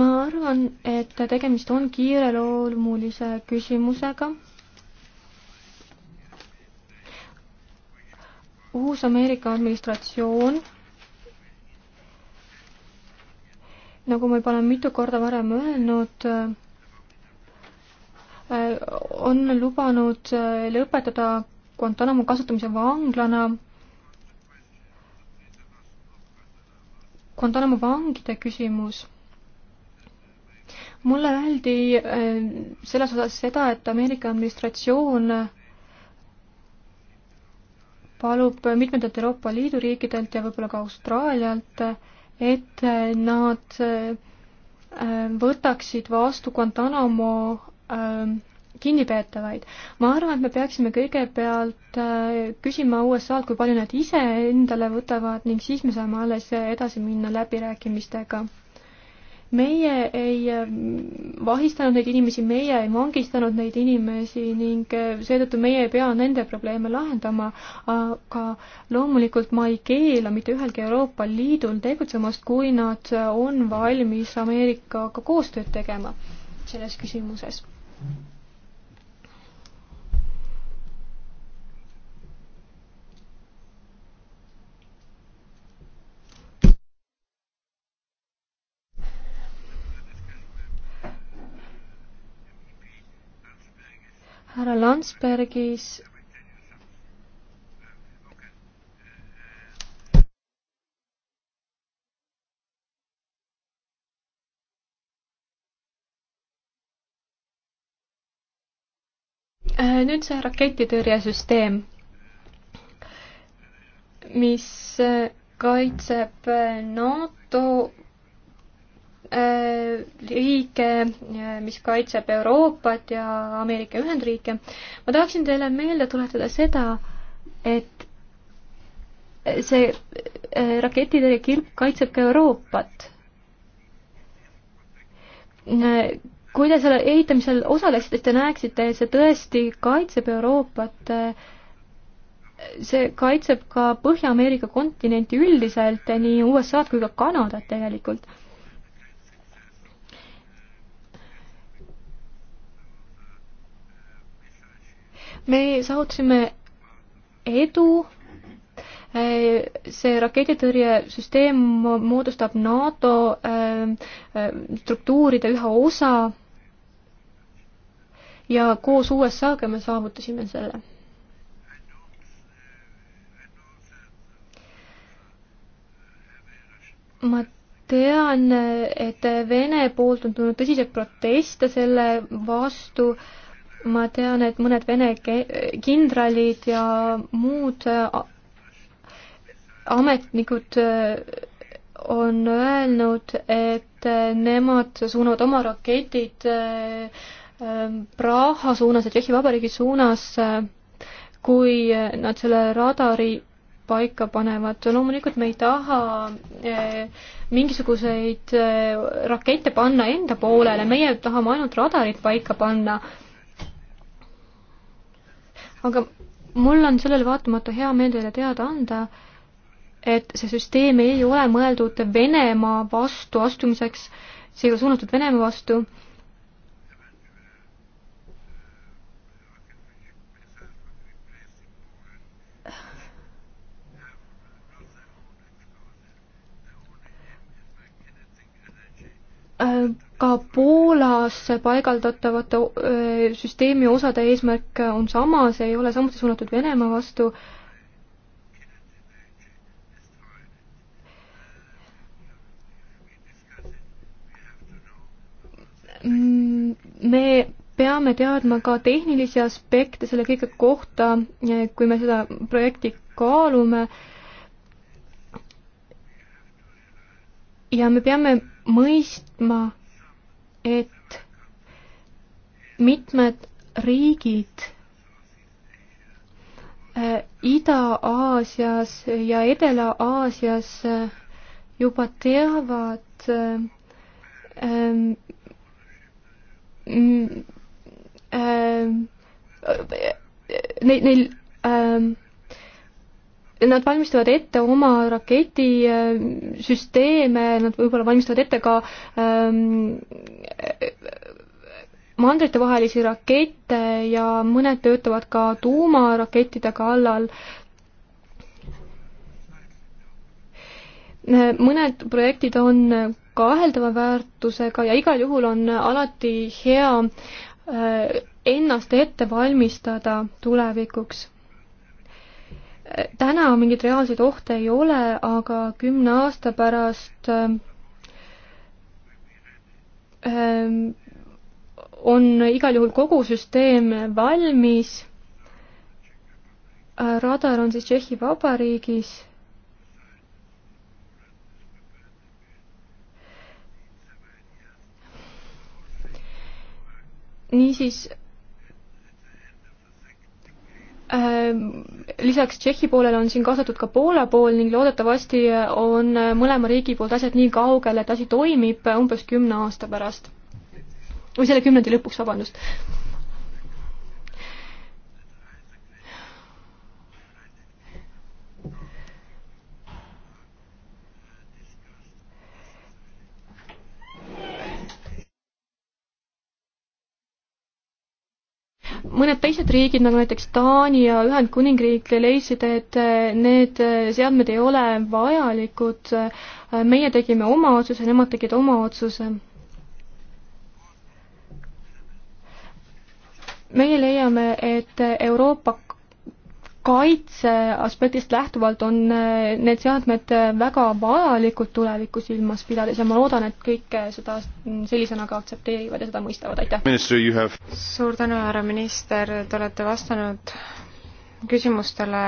ma arvan, et tegemist on kiireloomulise küsimusega. uus Ameerika administratsioon, nagu ma juba olen mitu korda varem öelnud, äh, on lubanud äh, lõpetada Guantanamo kasutamise vanglana Guantanamo vangide küsimus. mulle öeldi äh, selles osas seda, et Ameerika administratsioon palub mitmendalt Euroopa Liidu riikidelt ja võib-olla ka Austraalialt, et nad äh, võtaksid vastu Guantanamo äh, kinnipeetavaid. ma arvan, et me peaksime kõigepealt äh, küsima USA-lt, kui palju nad ise endale võtavad ning siis me saame alles edasi minna läbirääkimistega meie ei äh, vahistanud neid inimesi, meie ei vangistanud neid inimesi ning äh, seetõttu meie ei pea nende probleeme lahendama, aga loomulikult ma ei keela mitte ühelgi Euroopa Liidul tegutsemast, kui nad on valmis Ameerikaga koostööd tegema selles küsimuses. härra Landsbergis äh, nüüd see raketitõrjesüsteem, mis äh, kaitseb äh, NATO Äh, riike, äh, mis kaitseb Euroopat ja Ameerika Ühendriike. ma tahaksin teile meelde tuletada seda, et see äh, raketitõrjekilp kaitseb ka Euroopat. kui te selle ehitamisel osaleksite, siis te näeksite, et see tõesti kaitseb Euroopat see kaitseb ka Põhja-Ameerika kontinenti üldiselt, nii USA-d kui ka Kanadat tegelikult me saavutasime edu äh, see raketitõrjesüsteem moodustab NATO äh, äh, struktuuride ühe osa ja koos USA-ga me saavutasime selle. ma tean, et Vene poolt on tulnud tõsiseid proteste selle vastu äh, ma tean, et mõned Vene kindralid ja muud äh, ametnikud äh, on öelnud, et äh, nemad suunavad oma raketid Praha suunas ja Tšehhi Vabariigi suunas, kui nad selle radari paika panevad. loomulikult me ei taha mingisuguseid rakette panna enda poolele, meie tahame ainult radarid paika panna aga mul on sellele vaatamata hea meel teile teada anda, et see süsteem ei ole mõeldud Venemaa vastu astumiseks, seega suunatud Venemaa vastu ka Poolas paigaldatavate süsteemi osade eesmärk on sama, see ei ole samuti suunatud Venemaa vastu. Mm, me peame teadma ka tehnilisi aspekte selle kõige kohta, kui me seda projekti kaalume äh, ja me peame mõistma, et mitmed riigid äh, Ida-Aasias ja Edela-Aasias äh, juba teavad äh, ähm, ähm, mm, ähm, neil, neil ähm, nad valmistavad ette oma raketisüsteeme, nad võib-olla valmistavad ette ka ähm, mandritevahelisi rakette ja mõned töötavad ka tuumarakettide kallal. mõned projektid on kaheldava väärtusega ja igal juhul on alati hea äh, ennast ette valmistada tulevikuks täna mingeid reaalseid ohte ei ole, aga kümne aasta pärast ähm, on igal juhul kogu süsteem valmis. Äh, radar on siis Tšehhi Vabariigis niisiis Ehm, lisaks Tšehhi poolele on siin kaasatud ka Poola pool ning loodetavasti on mõlema riigi poolt asjad nii kaugel, et asi toimib umbes kümne aasta pärast. või selle kümnendi lõpuks, vabandust mõned teised riigid, nagu näiteks Taani ja Ühendkuningriik, leidsid, et eh, need eh, seadmed ei ole vajalikud. Eh, meie tegime oma otsuse, nemad tegid oma otsuse. meie leiame, et Euroopa kaitse aspektist lähtuvalt on äh, need seadmed äh, väga vajalikud tulevikku silmas pidades ja ma loodan, et kõik äh, seda sellisena ka aktsepteerivad ja seda mõistavad, aitäh! Have... suur tänu, härra minister, te olete vastanud küsimustele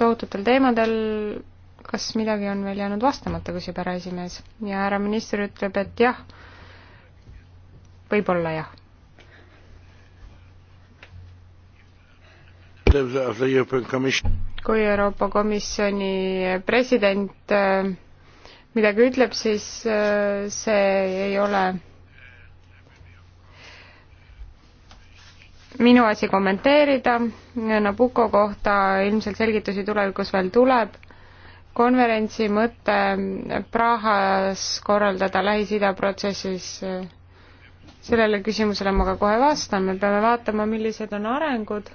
tohututel teemadel, kas midagi on veel jäänud vastamata, küsib härra esimees ja härra minister ütleb, et jah, võib-olla jah kui Euroopa Komisjoni president äh, midagi ütleb, siis äh, see ei ole minu asi kommenteerida. Nabucco kohta ilmselt selgitusi tulevikus veel tuleb. konverentsi mõte Prahas korraldada Lähis-Ida protsessis äh, sellele küsimusele ma ka kohe vastan, me peame vaatama, millised on arengud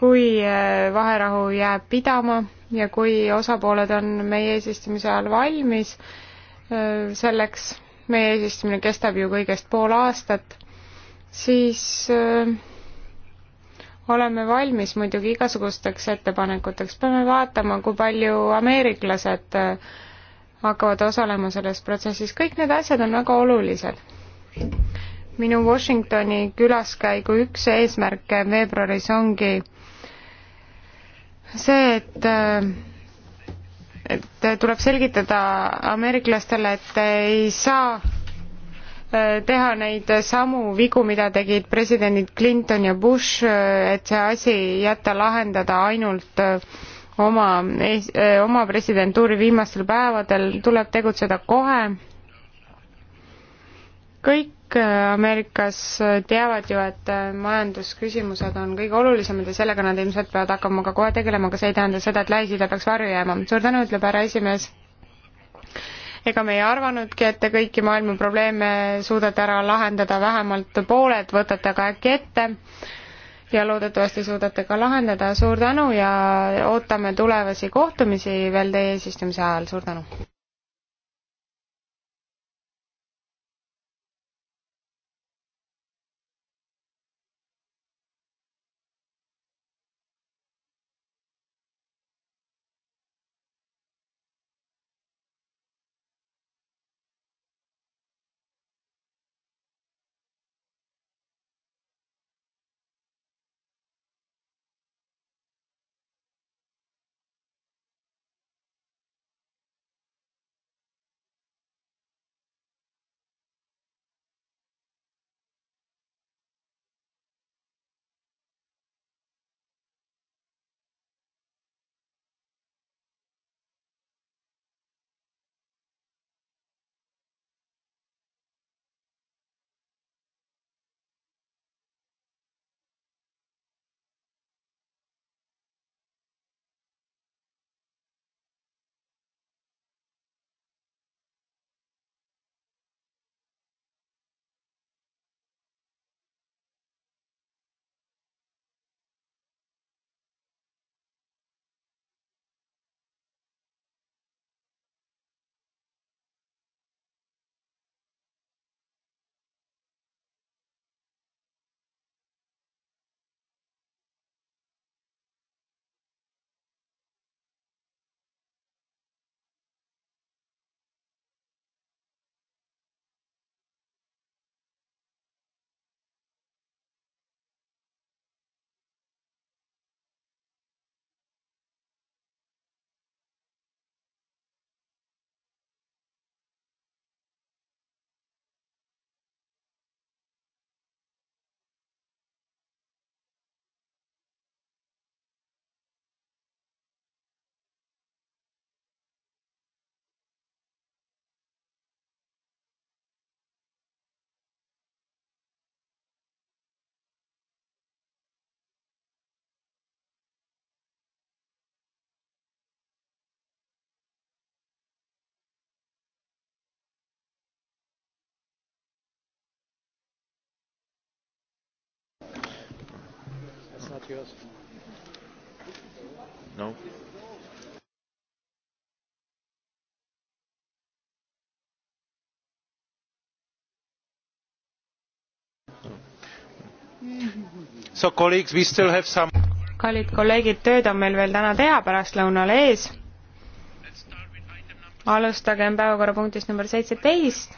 kui äh, vaherahu jääb pidama ja kui osapooled on meie eesistumise ajal valmis äh, selleks, meie eesistumine kestab ju kõigest pool aastat, siis äh, oleme valmis muidugi igasugusteks ettepanekuteks, peame vaatama, kui palju ameeriklased hakkavad osalema selles protsessis, kõik need asjad on väga olulised minu Washingtoni külaskäigu üks eesmärke veebruaris ongi see, et, et tuleb selgitada ameeriklastele, et ei saa eh, teha neid samu vigu, mida tegid presidendid Clinton ja Bush, eh, et see asi jätta lahendada ainult eh, oma, oma presidentuuri viimastel päevadel, tuleb tegutseda kohe kõik äh, Ameerikas äh, teavad ju, et äh, majandusküsimused on kõige olulisemad ja sellega nad ilmselt peavad hakkama ka kohe tegelema, aga see ei tähenda seda, et Lähis-Ida peaks varju jääma. suur tänu, ütleb härra esimees. ega me ei arvanudki, et te kõiki maailma probleeme suudate ära lahendada, vähemalt pooled võtate aga äkki ette ja loodetavasti suudate ka lahendada. suur tänu ja ootame tulevasi kohtumisi veel teie eesistumise ajal, suur tänu! No. So, colleagues, we still have some... kallid kolleegid, tööd on meil veel täna teha pärastlõunal ees. alustagem päevakorrapunktist number seitseteist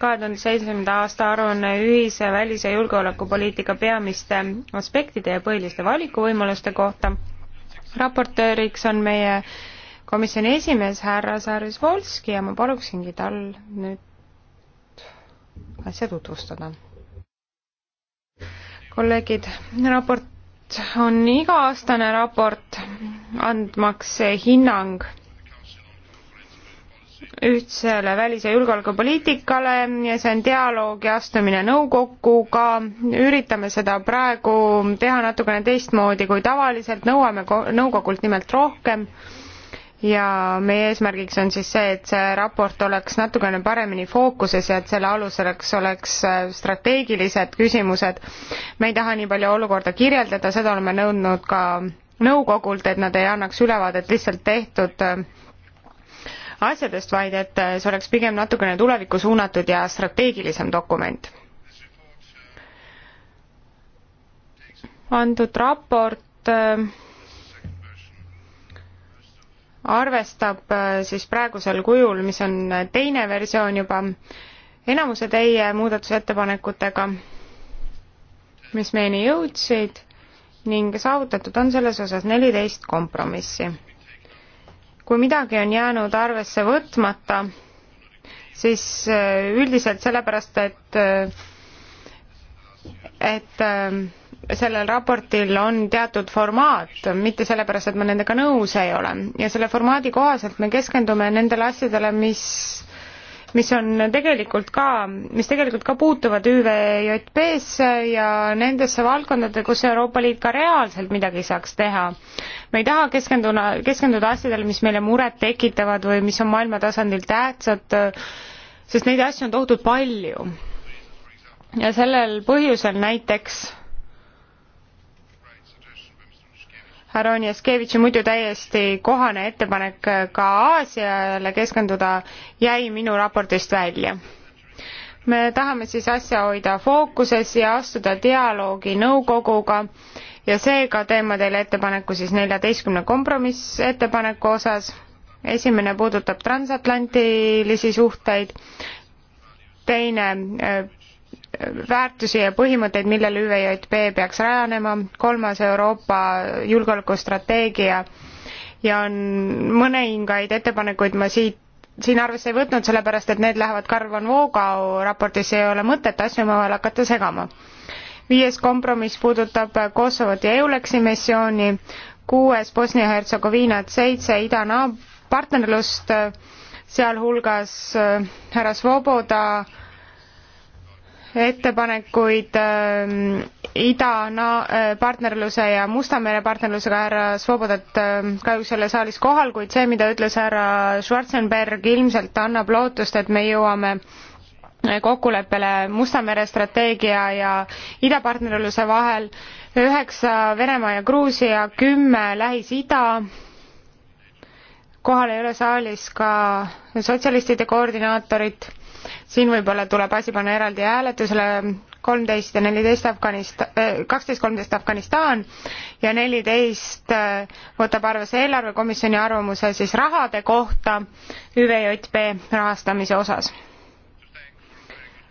kahe tuhande seitsmenda aasta aruanne ühise välis- ja julgeolekupoliitika peamiste aspektide ja põhiliste valikuvõimaluste kohta. raportööriks on meie komisjoni esimees härra Sarjus Volski ja ma paluksingi tal nüüd asja tutvustada. kolleegid, raport on iga-aastane raport andmaks hinnang ühtsele välis- ja julgeolekupoliitikale ja see on dialoogi astumine nõukokkuga, üritame seda praegu teha natukene teistmoodi kui tavaliselt, nõuame nõukogult nimelt rohkem ja meie eesmärgiks on siis see, et see raport oleks natukene paremini fookuses ja et selle aluseks oleks äh, strateegilised küsimused. me ei taha nii palju olukorda kirjeldada, seda oleme nõudnud ka nõukogult, et nad ei annaks ülevaadet lihtsalt tehtud äh, asjadest, vaid et eh, see oleks pigem natukene tulevikku suunatud ja strateegilisem dokument. antud raport eh, arvestab eh, siis praegusel kujul, mis on teine versioon juba, enamuse teie muudatusettepanekutega, mis meieni jõudsid ning saavutatud on selles osas neliteist kompromissi kui midagi on jäänud arvesse võtmata, siis äh, üldiselt sellepärast, et äh, et äh, sellel raportil on teatud formaat, mitte sellepärast, et ma nendega nõus ei ole. ja selle formaadi kohaselt me keskendume nendele asjadele, mis mis on tegelikult ka, mis tegelikult ka puutuvad ÜVJP-sse ja nendesse valdkondade, kus Euroopa Liit ka reaalselt midagi saaks teha. me ei taha keskenduna, keskenduda asjadele, mis meile muret tekitavad või mis on maailma tasandil tähtsad, sest neid asju on tohutult palju. ja sellel põhjusel näiteks härra Onjaskevitši muidu täiesti kohane ettepanek ka Aasiale keskenduda jäi minu raportist välja. me tahame siis asja hoida fookuses ja astuda dialoogi nõukoguga ja seega teeme teile ettepaneku siis neljateistkümne kompromissettepaneku osas. esimene puudutab transatlantilisi suhteid, teine väärtusi ja põhimõtteid, millele ÜVJP peaks rajanema, kolmas Euroopa julgeolekustrateegia ja on mõningaid ettepanekuid ma siit siin arvesse ei võtnud, sellepärast et need lähevad Carvan Voogau raportisse, ei ole mõtet asju omavahel hakata segama. viies kompromiss puudutab Kosovot ja EULEX-i missiooni, kuues Bosnia-Hertsegoviinat, seitse idanaab-, partnerlust, sealhulgas äh, härra Svoboda äh, ettepanekuid ähm, äh, idapartnerluse äh, ja Musta mere partnerlusega härra Svobodat äh, kahjuks ei ole saalis kohal, kuid see, mida ütles härra Schwarzenberg, ilmselt annab lootust, et me jõuame äh, kokkuleppele Musta mere strateegia ja idapartnerluse vahel, üheksa Venemaa ja Gruusia, kümme Lähis-Ida, kohal ei ole saalis ka sotsialistide koordinaatorit siin võib-olla tuleb asi panna eraldi hääletusele, kolmteist ja neliteist Afganist-, äh, kaksteist, kolmteist Afganistan ja neliteist äh, võtab arvesse eelarvekomisjoni arvamuse siis rahade kohta ÜVJP rahastamise osas.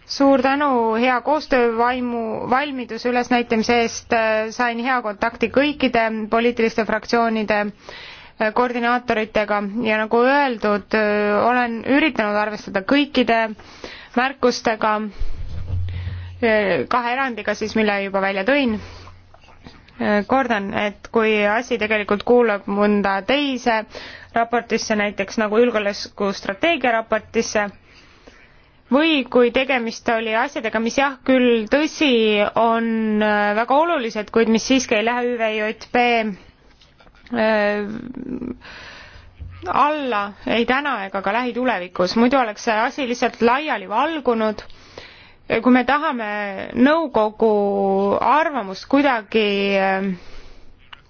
suur tänu hea koostöövaimu, valmiduse ülesnäitamise eest, äh, sain hea kontakti kõikide poliitiliste fraktsioonide koordinaatoritega ja nagu öeldud, olen üritanud arvestada kõikide märkustega, kahe erandiga siis, mille juba välja tõin. kordan, et kui asi tegelikult kuulab mõnda teise raportisse, näiteks nagu julgeolekustrateegia raportisse, või kui tegemist oli asjadega, mis jah, küll tõsi, on väga olulised, kuid mis siiski ei lähe ÜVJP Äh, alla ei täna ega ka lähitulevikus, muidu oleks see asi lihtsalt laiali valgunud. kui me tahame nõukogu arvamust kuidagi äh,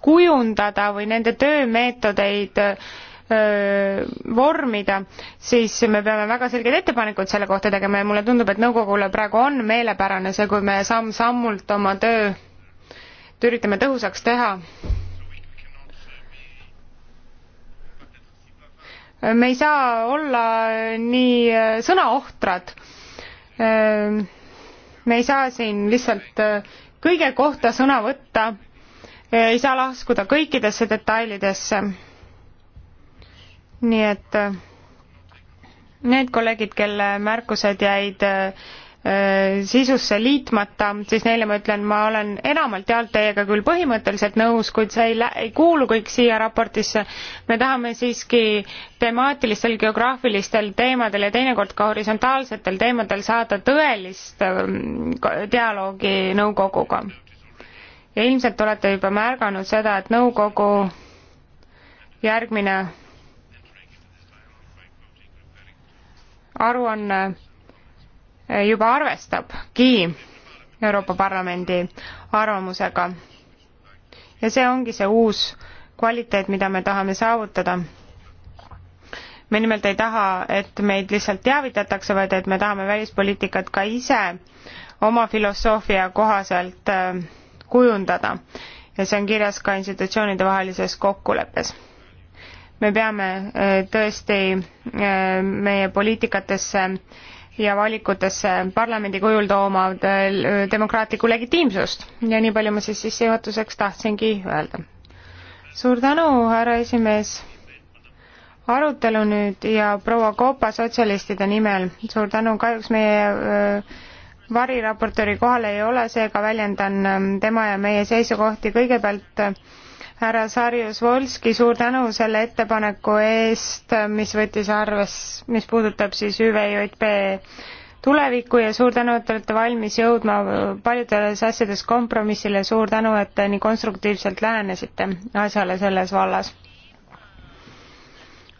kujundada või nende töömeetodeid äh, vormida, siis me peame väga selged ettepanekud selle kohta tegema ja mulle tundub, et nõukogule praegu on meelepärane see, kui me samm-sammult oma töö, üritame tõhusaks teha me ei saa olla nii äh, sõnaohtrad. Äh, me ei saa siin lihtsalt äh, kõige kohta sõna võtta, ei saa laskuda kõikidesse detailidesse. nii et need kolleegid, kelle märkused jäid Äh, sisusse liitmata, siis neile ma ütlen, ma olen enamalt jaolt teiega küll põhimõtteliselt nõus, kuid see ei, lä-, ei kuulu kõik siia raportisse. me tahame siiski temaatilistel, geograafilistel teemadel ja teinekord ka horisontaalsetel teemadel saada tõelist ähm, dialoogi nõukoguga. ja ilmselt olete juba märganud seda, et nõukogu järgmine aruanne on Eh, juba arvestabki Euroopa Parlamendi arvamusega. ja see ongi see uus kvaliteet, mida me tahame saavutada. me nimelt ei taha, et meid lihtsalt teavitatakse, vaid et me tahame välispoliitikat ka ise oma filosoofia kohaselt eh, kujundada ja see on kirjas ka institutsioonide vahelises kokkuleppes. me peame eh, tõesti meie poliitikatesse ja valikutesse parlamendi kujul tooma demokraatlikku legitiimsust ja nii palju ma siis sissejuhatuseks tahtsingi öelda. suur tänu, härra esimees, arutelu nüüd ja proua Koopa sotsialistide nimel, suur tänu, kahjuks meie öö, variraportööri kohal ei ole, seega väljendan tema ja meie seisukohti kõigepealt öö, härra Sarjus Volski, suur tänu selle ettepaneku eest, mis võttis arves, mis puudutab siis ÜVJP tulevikku ja suur tänu, et te olete valmis jõudma paljudes asjades kompromissile, suur tänu, et te nii konstruktiivselt lähenesite asjale selles vallas.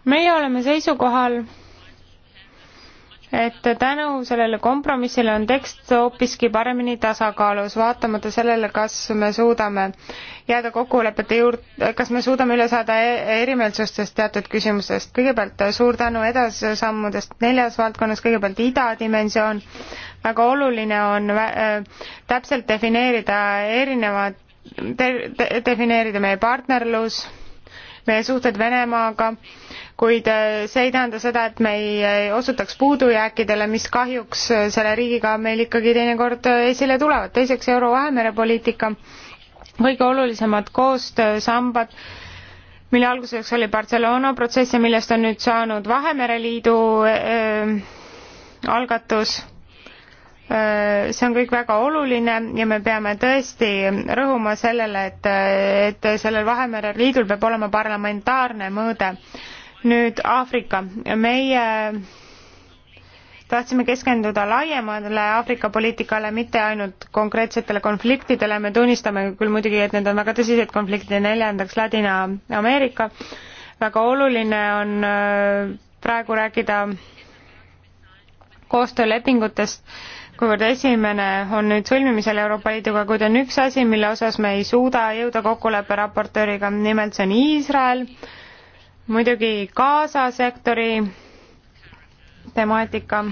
meie oleme seisukohal, et tänu sellele kompromissile on tekst hoopiski paremini tasakaalus, vaatamata sellele, kas me suudame jääda kokkulepete juurde, kas me suudame üle saada e-, erimeelsustest teatud küsimusest. kõigepealt suur tänu edasisammudest neljas valdkonnas, kõigepealt idadimensioon. väga oluline on täpselt defineerida erinevad, defineerida meie partnerlus meie suhted Venemaaga, kuid äh, see ei tähenda seda, et me ei osutaks puudujääkidele, mis kahjuks äh, selle riigiga meil ikkagi teinekord äh, esile tulevad. teiseks Euro-Vahemere poliitika, kõige olulisemad koostöösambad, mille alguseks oli Barcelona protsess ja millest on nüüd saanud Vahemere Liidu äh, algatus Äh, see on kõik väga oluline ja me peame tõesti rõhuma sellele, et, et sellel Vahemere liidul peab olema parlamentaarne mõõde. nüüd Aafrika, meie tahtsime keskenduda laiemale Aafrika poliitikale, mitte ainult konkreetsetele konfliktidele, me tunnistame küll muidugi, et need on väga tõsised konfliktid ja neljandaks Ladina-Ameerika. väga oluline on äh, praegu rääkida koostöölepingutest kuivõrd esimene on nüüd sõlmimisel Euroopa Liiduga, kuid on üks asi, mille osas me ei suuda jõuda kokkuleppe raportööriga, nimelt see on Iisrael, muidugi Gaza sektori temaatika,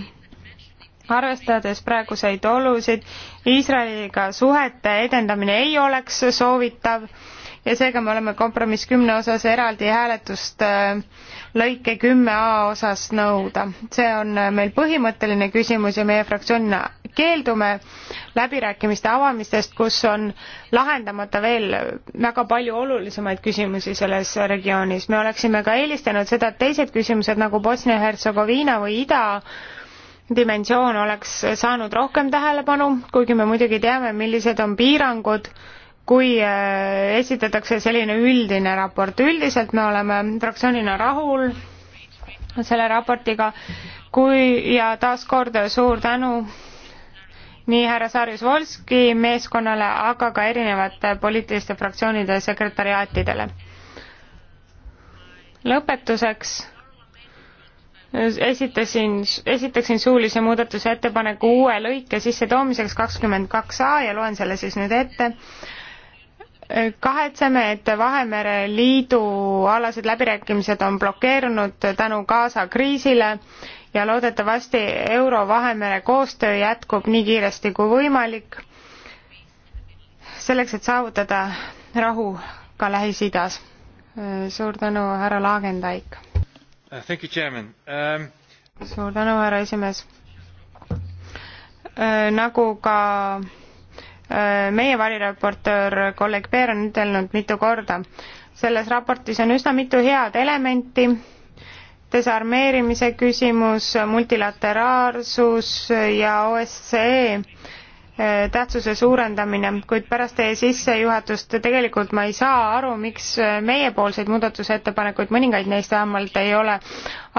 arvestades praeguseid olusid, Iisraeliga suhete edendamine ei oleks soovitav ja seega me oleme kompromiss kümne osas eraldi hääletust äh, lõike kümme A osas nõuda. see on äh, meil põhimõtteline küsimus ja meie fraktsioonina keeldume läbirääkimiste avamistest, kus on lahendamata veel väga palju olulisemaid küsimusi selles regioonis. me oleksime ka eelistanud seda, et teised küsimused nagu Bosnia-Hertsegoviina või Ida dimensioon oleks saanud rohkem tähelepanu, kuigi me muidugi teame, millised on piirangud kui äh, esitatakse selline üldine raport. üldiselt me oleme fraktsioonina rahul selle raportiga kui ja taaskord suur tänu nii härra Sarjus Volski meeskonnale, aga ka erinevate poliitiliste fraktsioonide sekretariaatidele. lõpetuseks esitasin, esitaksin suulise muudatusettepaneku uue lõike sissetoomiseks kakskümmend kaks A ja loen selle siis nüüd ette kahetseme, et Vahemere Liidu alased läbirääkimised on blokeerunud tänu Gaza kriisile ja loodetavasti Euro-Vahemere koostöö jätkub nii kiiresti kui võimalik, selleks et saavutada rahu ka Lähis-Idas. suur tänu, härra Laagendaik uh,! Um... suur tänu, härra esimees uh,! nagu ka Äh, meie variraportöör kolleeg Peer on ütelnud mitu korda. selles raportis on üsna mitu head elementi, desarmeerimise küsimus, multilateraalsus ja OSCE äh, tähtsuse suurendamine, kuid pärast teie sissejuhatust tegelikult ma ei saa aru, miks äh, meiepoolseid muudatusettepanekuid, mõningaid neist vähemalt ei ole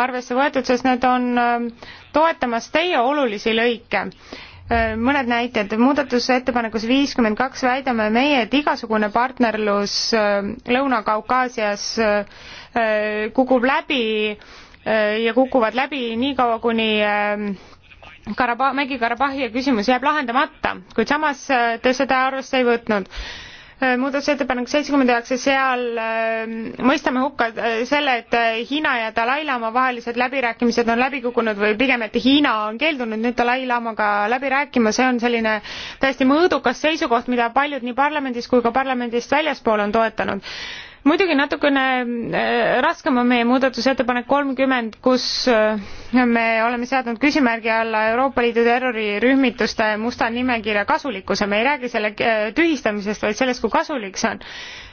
arvesse võetud, sest need on toetamas teie olulisi lõike Äh, mõned näited, muudatusettepanekus viiskümmend kaks väidame meie, et igasugune partnerlus äh, Lõuna-Kaukaasias äh, kukub läbi ja kukuvad läbi niikaua, kuni Karaba-, Mägi-Karabahhi küsimus jääb lahendamata, kuid samas te seda arvesse ei võtnud Äh, muudatusettepanek seitsekümmend üheksa, seal äh, mõistame hukka äh, selle, et Hiina ja Dalai-laama vahelised läbirääkimised on läbi kukkunud või pigem, et Hiina on keeldunud nüüd Dalai-laamaga läbi rääkima, see on selline täiesti mõõdukas seisukoht, mida paljud nii parlamendis kui ka parlamendist väljaspool on toetanud muidugi natukene äh, raskem on meie muudatusettepanek kolmkümmend, kus äh, me oleme seadnud küsimärgi alla Euroopa Liidu terrorirühmituste musta nimekirja kasulikkuse, me ei räägi selle äh, tühistamisest, vaid sellest, kui kasulik see on.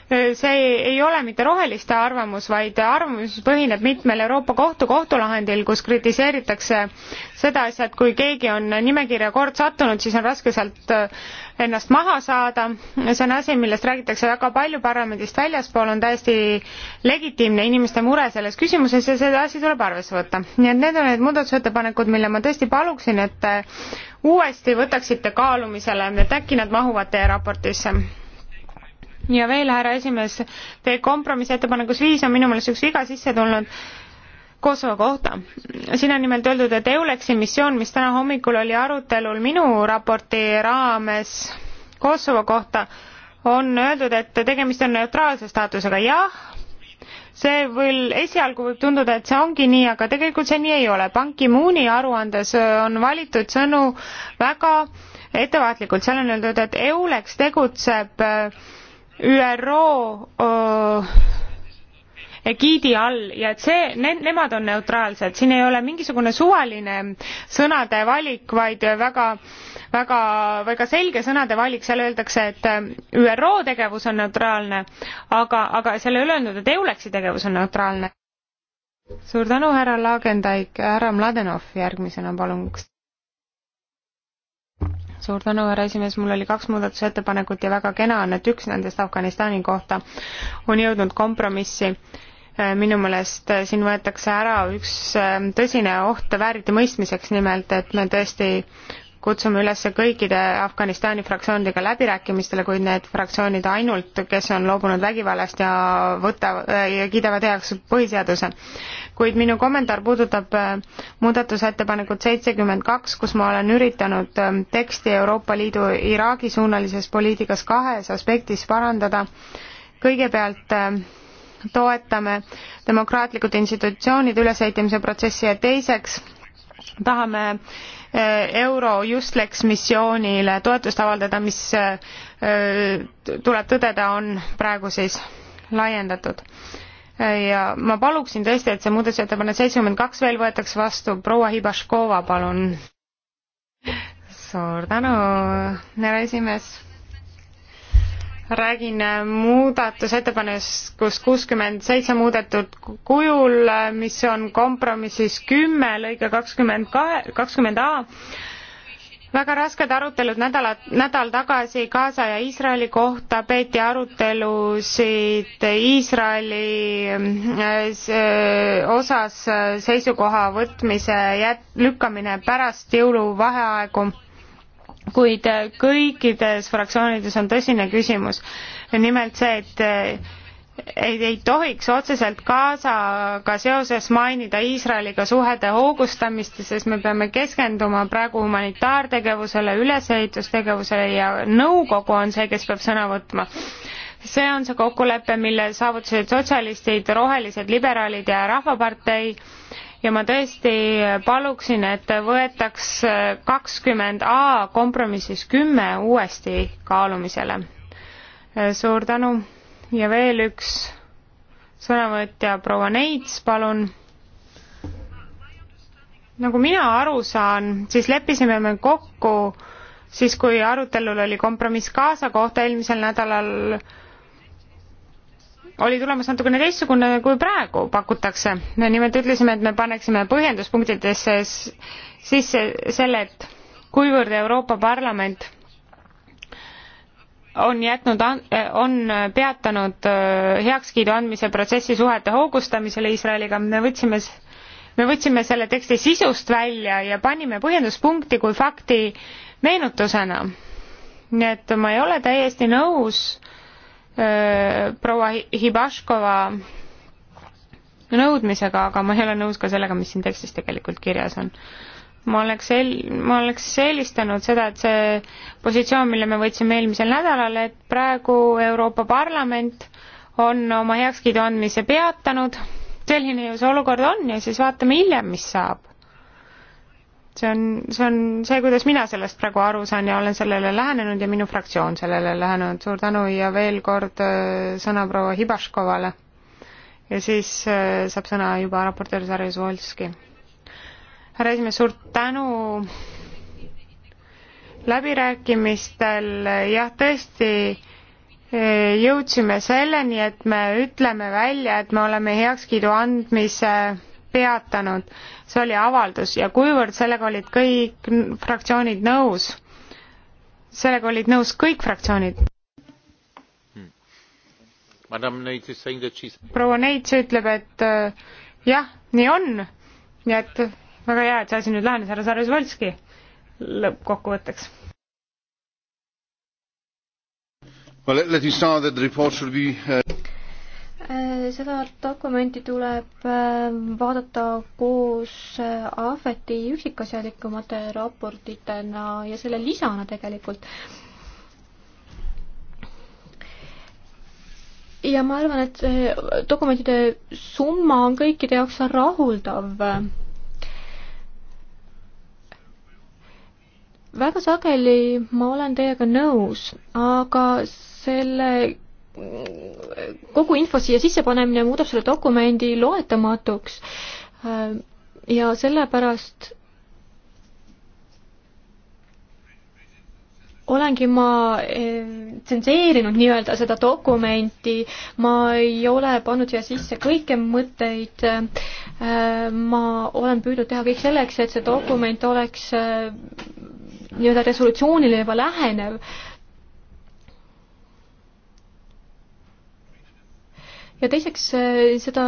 Äh, see ei ole mitte roheliste arvamus, vaid arvamus põhineb mitmel Euroopa Kohtu kohtulahendil, kus kritiseeritakse seda asja, et kui keegi on nimekirja kord sattunud, siis on raske sealt äh, ennast maha saada. see on asi, millest räägitakse väga palju parlamendist väljaspool, on täiesti legitiimne inimeste mure selles küsimuses ja seda asi tuleb arvesse võtta. nii et need on need muudatusettepanekud, mille ma tõesti paluksin, et äh, uuesti võtaksite kaalumisele, et äkki nad mahuvad teie raportisse ja veel, härra esimees, teie kompromissettepanekus viis on minu meelest üks viga sisse tulnud Kosovo kohta. siin on nimelt öeldud, et EULEX-i missioon, mis täna hommikul oli arutelul minu raporti raames Kosovo kohta, on öeldud, et tegemist on neutraalse staatusega. jah, see veel esialgu võib tunduda, et see ongi nii, aga tegelikult see nii ei ole. Ban Ki-mooni aruandes on valitud sõnu väga ettevaatlikult, seal on öeldud, et EULEX tegutseb äh, ÜRO egiidi all ja et see ne,, nemad on neutraalsed, siin ei ole mingisugune suvaline sõnade valik, vaid väga väga, väga selge sõnade valik, seal öeldakse, et ÜRO tegevus on neutraalne, aga, aga seal ei ole öeldud, et EULEX-i tegevus on neutraalne. suur tänu, härra Laagendaik, härra Mladenov järgmisena, palun suur tänu, härra esimees, mul oli kaks muudatusettepanekut ja väga kena on, et üks nendest Afganistani kohta on jõudnud kompromissi äh, minu meelest äh, siin võetakse ära üks äh, tõsine oht vääriti mõistmiseks, nimelt et me tõesti kutsume üles kõikide Afganistani fraktsioonidega läbirääkimistele, kuid need fraktsioonid ainult, kes on loobunud vägivallast ja võta- ja kiidavad heaks põhiseaduse. kuid minu kommentaar puudutab äh, muudatusettepanekut seitsekümmend kaks, kus ma olen üritanud äh, teksti Euroopa Liidu Iraagi suunalises poliitikas kahes aspektis parandada. kõigepealt äh, toetame demokraatlikud institutsioonid ülesehitamise protsessi ja teiseks tahame Eh, euro Justlex missioonile toetust avaldada, mis eh, tuleb tõdeda, on praegu siis laiendatud. Eh, ja ma paluksin tõesti, et see muudatusettepanek seitsekümmend kaks veel võetaks vastu, proua Hibaškova, palun. suur tänu, härra esimees räägin muudatusettepanekust kuuskümmend seitse muudetud kujul, mis on kompromissis kümme lõige kakskümmend kahe, kakskümmend A. väga rasked arutelud nädala, nädal tagasi Gaza ja Iisraeli kohta peeti arutelusid Iisraeli äh, äh, osas seisukoha võtmise jät-, lükkamine pärast jõuluvaheaegu kuid äh, kõikides fraktsioonides on tõsine küsimus. nimelt see, et äh, ei, ei tohiks otseselt Gazaga seoses mainida Iisraeliga suhete hoogustamist, sest me peame keskenduma praegu humanitaartegevusele, ülesehitustegevusele ja nõukogu on see, kes peab sõna võtma see on see kokkulepe, mille saavutasid sotsialistid, rohelised, liberaalid ja Rahvapartei ja ma tõesti paluksin, et võetaks kakskümmend A kompromissis kümme uuesti kaalumisele. suur tänu ja veel üks sõnavõtja, proua Neits, palun nagu mina aru saan, siis leppisime me kokku, siis kui arutelul oli kompromiss Gaza kohta eelmisel nädalal, oli tulemus natukene teistsugune, kui praegu pakutakse. me nimelt ütlesime, et me paneksime põhjenduspunktidesse sisse selle, et kuivõrd Euroopa Parlament on jätnud, on peatanud äh, heakskiidu andmise protsessi suhete hoogustamisele Iisraeliga, me võtsime, me võtsime selle teksti sisust välja ja panime põhjenduspunkti kui fakti meenutusena. nii et ma ei ole täiesti nõus äh, Äh, proua Hibaškova nõudmisega, aga ma ei ole nõus ka sellega, mis siin tekstis tegelikult kirjas on. ma oleks el-, ma oleks eelistanud seda, et see positsioon, mille me võtsime eelmisel nädalal, et praegu Euroopa Parlament on oma heakskiidu andmise peatanud, selline ju see olukord on ja siis vaatame hiljem, mis saab see on, see on see, kuidas mina sellest praegu aru saan ja olen sellele lähenenud ja minu fraktsioon sellele lähenenud. suur tänu ja veel kord äh, sõna proua Hibaškovale. ja siis äh, saab sõna juba raportöör Sarja Zvolski. härra esimees, suur tänu läbirääkimistel, jah, tõesti äh, jõudsime selleni, et me ütleme välja, et me oleme heakskiidu andmise peatanud. see oli avaldus ja kuivõrd sellega olid kõik fraktsioonid nõus, sellega olid nõus kõik fraktsioonid hmm.. proua Neits ütleb, et äh, jah, nii on, nii et väga hea, et see asi nüüd lahenes, härra Sarvis-Volski lõppkokkuvõtteks well, let me start that the report should be uh Äh, seda dokumenti tuleb äh, vaadata koos äh, Ahveti üksikasjalikumate raportitena ja selle lisana tegelikult. ja ma arvan, et dokumentide summa on kõikide jaoks rahuldav väga sageli ma olen teiega nõus, aga selle kogu info siia sisse panemine muudab selle dokumendi loetamatuks ja sellepärast olengi ma eh, tsenseerinud nii-öelda seda dokumenti, ma ei ole pannud siia sisse kõiki mõtteid, eh, ma olen püüdnud teha kõik selleks, et see dokument oleks eh, nii-öelda resolutsioonile juba lähenev ja teiseks eh, seda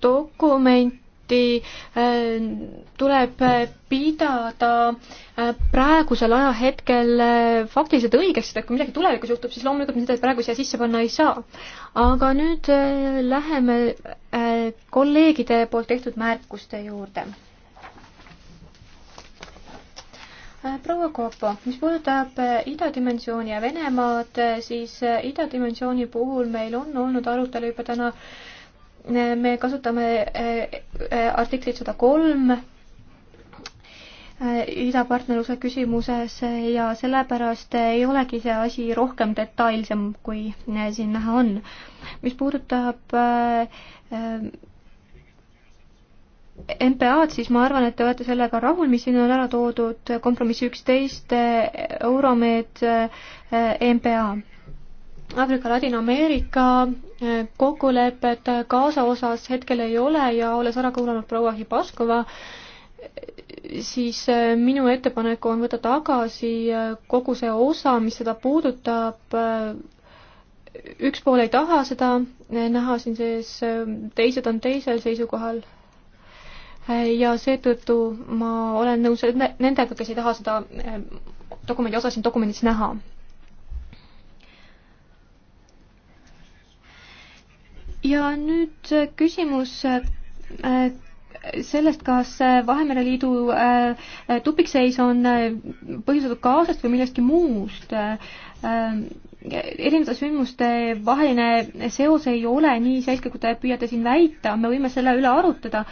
dokumenti eh, tuleb eh, pidada praegusel ajahetkel faktiliselt õigeks, sest et kui midagi tulevikus juhtub, siis loomulikult seda praegu siia sisse panna ei saa. aga nüüd läheme kolleegide poolt tehtud märkuste juurde Äh, proua Kopo, mis puudutab äh, idadimensiooni ja Venemaad, äh, siis idadimensiooni puhul meil on olnud arutelu juba täna. me kasutame artiklit sada kolm idapartnerluse küsimuses ja sellepärast ei olegi see asi rohkem detailsem, kui siin näha on. mis puudutab MPA-d, siis ma arvan, et te olete sellega rahul, mis siin on ära toodud, kompromiss üksteist, Euromed, MPA. Aafrika, Ladina-Ameerika eh, kokkulepet Gaza osas hetkel ei ole ja olles ära kuulanud proua Hibaskova, eh, siis eh, minu ettepanek on võtta tagasi kogu see osa, mis seda puudutab, üks pool ei taha seda näha siin sees, teised on teisel seisukohal ja seetõttu ma olen nõus nendega, kes ei taha seda eh, dokumendi osa siin dokumendis näha. ja nüüd eh, küsimus eh, sellest, kas Vahemere Liidu tupikseis on põhjustatud Gazast või millestki muust. erinevate sündmuste vaheline seos ei ole nii selge, kui te püüate siin väita, me võime selle üle arutada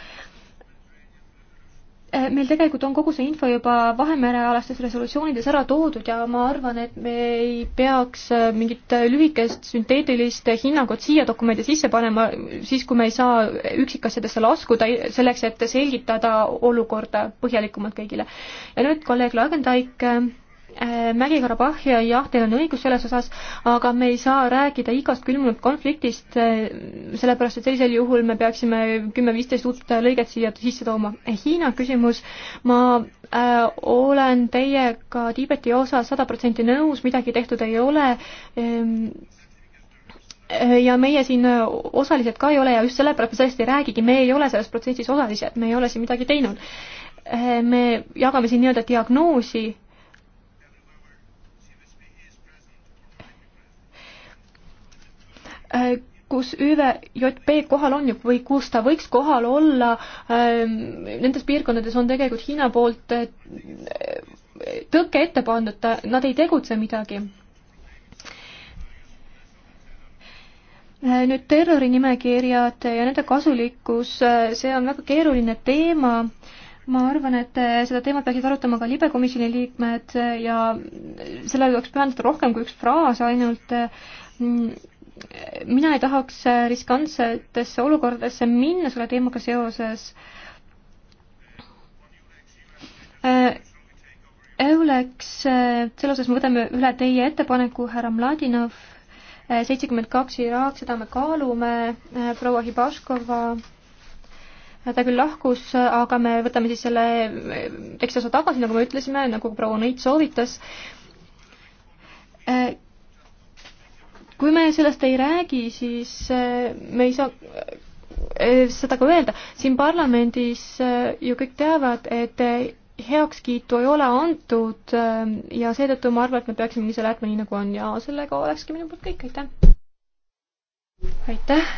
Äh, meil tegelikult on kogu see info juba Vahemerealastes resolutsioonides ära toodud ja ma arvan, et me ei peaks äh, mingit lühikest sünteetilist hinnangut siia dokumendi sisse panema, siis kui me ei saa üksikasjadesse laskuda, selleks et selgitada olukorda põhjalikumalt kõigile. ja nüüd kolleeg Lagendaik äh, Äh, Mägi-Karabahhi, jah, teil on õigus selles osas, aga me ei saa rääkida igast külmunud konfliktist, äh, sellepärast et sellisel juhul me peaksime kümme-viisteist uut lõiget siia sisse tooma. Eh, Hiina küsimus, ma äh, olen teiega Tiibeti osas sada protsenti nõus, midagi tehtud ei ole ehm, eh, ja meie siin osalised ka ei ole ja just sellepärast me sellest ei räägigi, me ei ole selles protsessis osalised, me ei ole siin midagi teinud. Eh, me jagame siin nii-öelda diagnoosi Äh, kus ÜVJP kohal on või kus ta võiks kohal olla, ähm, nendes piirkondades on tegelikult Hiina poolt äh, tõke ette pandud, nad ei tegutse midagi. Äh, nüüd terrorinimekirjad ja nende kasulikkus, see on väga keeruline teema ma arvan, et seda teemat peaksid arutama ka libekomisjoni liikmed ja sellele tuleks pühendada rohkem kui üks fraas ainult. Mm, mina ei tahaks riskantsetesse olukordadesse minna selle teemaga seoses. Eulex, selle osas me võtame üle teie ettepaneku, härra Mladinov, seitsekümmend kaks Iraak, seda me kaalume, proua Hibaškova ta küll lahkus, aga me võtame siis selle tekstiosa tagasi, nagu me ütlesime, nagu proua Nõit soovitas kui me sellest ei räägi, siis eh, me ei saa eh, seda ka öelda, siin parlamendis eh, ju kõik teavad, et heakskiitu ei ole antud ja seetõttu ma arvan, et me peaksimegi selle jätma nii, nagu on ja sellega olekski minu poolt kõik, aitäh! aitäh!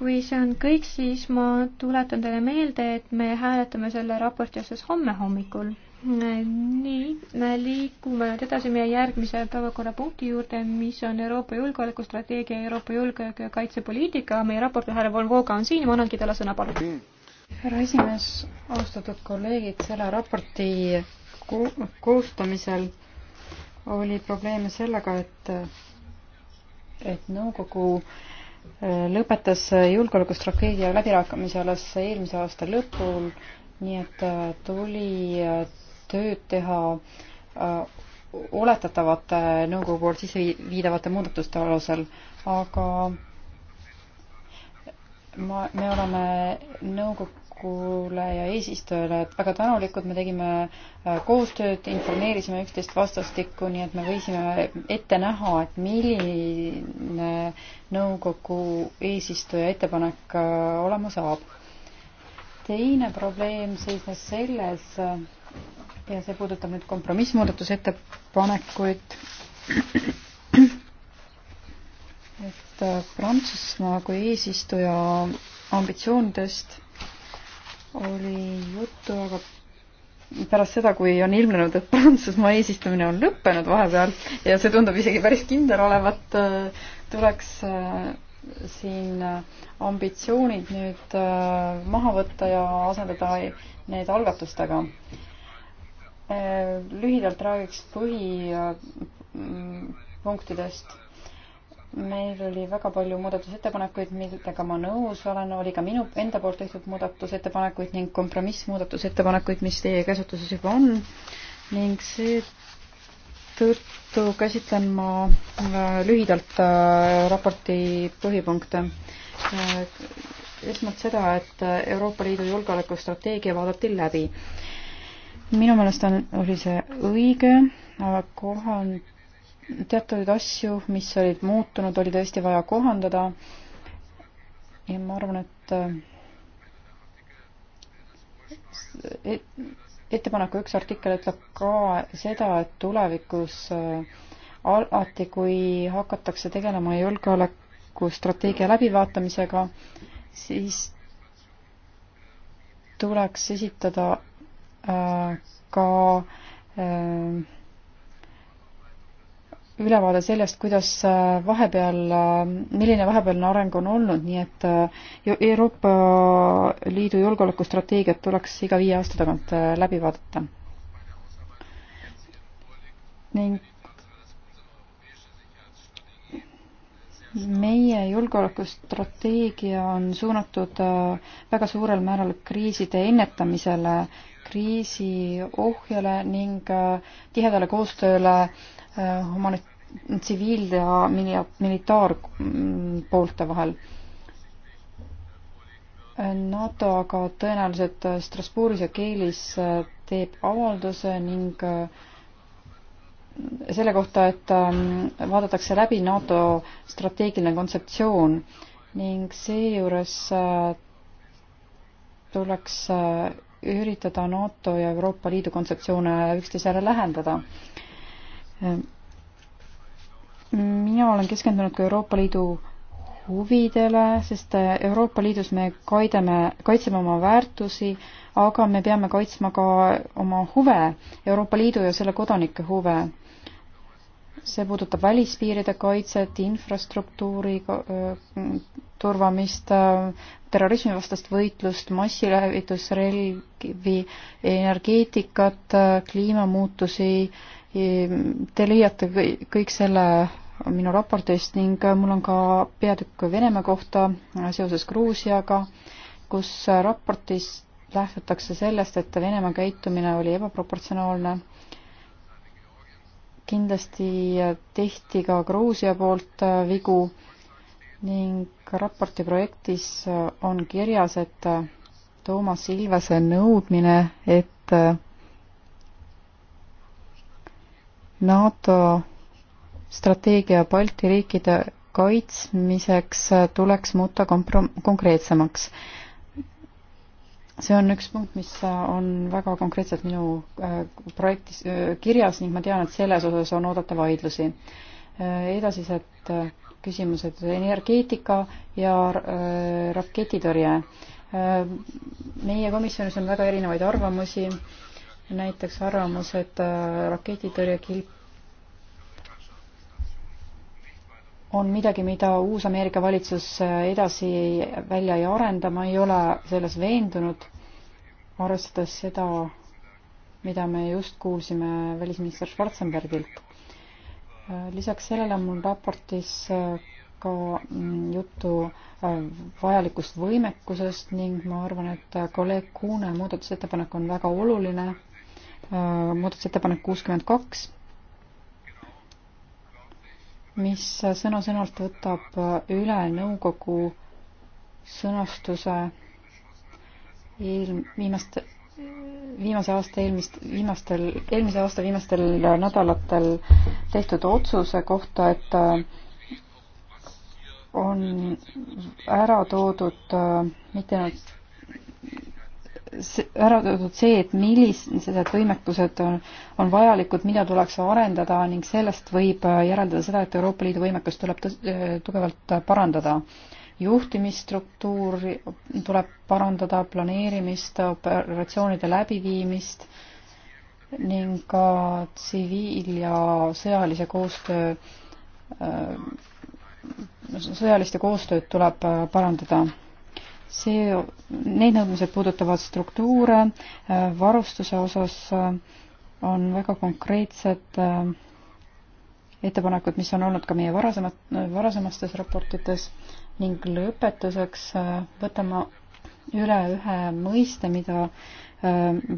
kui see on kõik, siis ma tuletan teile meelde, et me hääletame selle raporti osas homme hommikul nii, me liigume nüüd edasi meie järgmise päevakorrapunkti juurde, mis on Euroopa julgeolekustrateegia, Euroopa julgeoleku ja kaitsepoliitika. meie raportöör härra Von Voga on siin ja ma annangi talle sõna, palun. härra esimees, austatud kolleegid, selle raporti ko koostamisel oli probleeme sellega, et, et nõukogu äh, lõpetas julgeolekustrateegia läbirääkimise alles eelmise aasta lõpul nii et äh, tuli äh, tööd teha äh, oletatavate nõukogu poolt sisse viidavate muudatuste alusel, aga ma, me oleme nõukogule ja eesistujale väga tänulikud, me tegime äh, koostööd, informeerisime üksteist vastastikku, nii et me võisime ette näha, et milline nõukogu eesistuja ettepanek äh, olema saab. teine probleem seisnes selles, ja see puudutab nüüd kompromissmuudatusettepanekuid. et äh, Prantsusmaa kui eesistuja ambitsioonidest oli juttu, aga pärast seda, kui on ilmnenud, et Prantsusmaa eesistumine on lõppenud vahepeal ja see tundub isegi päris kindel olevat, äh, tuleks äh, siin ambitsioonid nüüd maha võtta ja asendada need algatustega lühidalt räägiks põhipunktidest. Mm, meil oli väga palju muudatusettepanekuid, millega ma nõus olen, oli ka minu enda poolt tehtud muudatusettepanekuid ning kompromissmuudatusettepanekuid, mis teie käsutuses juba on ning seetõttu käsitlen ma äh, lühidalt äh, raporti põhipunkte äh, esmalt seda, et Euroopa Liidu julgeolekustrateegia vaadati läbi minu meelest on, oli see õige, aga kohan-, teatud asju, mis olid muutunud, oli tõesti vaja kohandada. ja ma arvan, et äh, et ettepaneku üks artikkel ütleb ka seda, et tulevikus äh, alati, kui hakatakse tegelema julgeolekustrateegia läbivaatamisega, siis tuleks esitada ka ähm, ülevaade sellest, kuidas äh, vahepeal, äh, milline vahepealne areng on olnud, nii et äh, Euroopa Liidu julgeolekustrateegiat tuleks iga viie aasta tagant läbi vaadata. ning meie julgeolekustrateegia on suunatud väga suurel määral kriiside ennetamisele kriisi ohjale ning äh, tihedale koostööle äh, humani-, tsiviil- ja militaarpoolte mm, vahel. NATO aga tõenäoliselt äh, Strasbourgis ja Keilis teeb avalduse ning selle kohta, et ähm, vaadatakse läbi NATO strateegiline kontseptsioon ning seejuures tuleks üritada NATO ja Euroopa Liidu kontseptsioone üksteisele lähendada. mina olen keskendunud ka Euroopa Liidu huvidele, sest Euroopa Liidus me kaideme, kaitseme oma väärtusi, aga me peame kaitsma ka oma huve, Euroopa Liidu ja selle kodanike huve see puudutab välispiiride kaitset, infrastruktuuri turvamist, terrorismivastast võitlust, massilevitusrelvi, energeetikat, kliimamuutusi. Te leiate kõik selle minu raportist ning mul on ka peatükk Venemaa kohta äh, seoses Gruusiaga, kus äh, raportis lähtutakse sellest, et Venemaa käitumine oli ebaproportsionaalne kindlasti tehti ka Gruusia poolt äh, vigu ning raporti projektis äh, on kirjas, et äh, Toomas Ilvese nõudmine, et NATO strateegia Balti riikide kaitsmiseks tuleks muuta komprom-, konkreetsemaks see on üks punkt, mis on väga konkreetselt minu äh, projektis äh, kirjas ning ma tean, et selles osas on oodata vaidlusi. Äh, edasised küsimused energeetika ja raketitõrje. meie komisjonis on väga erinevaid arvamusi, näiteks arvamus, et raketitõrjekilp on midagi, mida uus Ameerika valitsus edasi ei, välja ei arenda, ma ei ole selles veendunud, arvestades seda, mida me just kuulsime välisminister Schwarzenbergilt. lisaks sellele on mul raportis ka mm, juttu äh, vajalikust võimekusest ning ma arvan, et kolleeg Kuune muudatusettepanek on väga oluline, äh, muudatusettepanek kuuskümmend kaks mis sõna-sõnalt võtab üle nõukogu sõnastuse eel-, viimaste, viimase aasta eelmist, viimastel, eelmise aasta viimastel nädalatel tehtud otsuse kohta, et äh, on ära toodud äh, mitte ainult ära toodud see, et millised võimekused on, on vajalikud, mida tuleks arendada ning sellest võib äh, järeldada seda, et Euroopa Liidu võimekust tuleb äh, tugevalt parandada. juhtimisstruktuuri tuleb parandada, planeerimist, operatsioonide läbiviimist ning ka tsiviil- ja sõjalise koostöö, äh, sõjaliste koostööd tuleb parandada see, need nõudmised puudutavad struktuure, äh, varustuse osas äh, on väga konkreetsed äh, ettepanekud, mis on olnud ka meie varasemat, varasemates raportites ning lõpetuseks võtan ma üle ühe mõiste, mida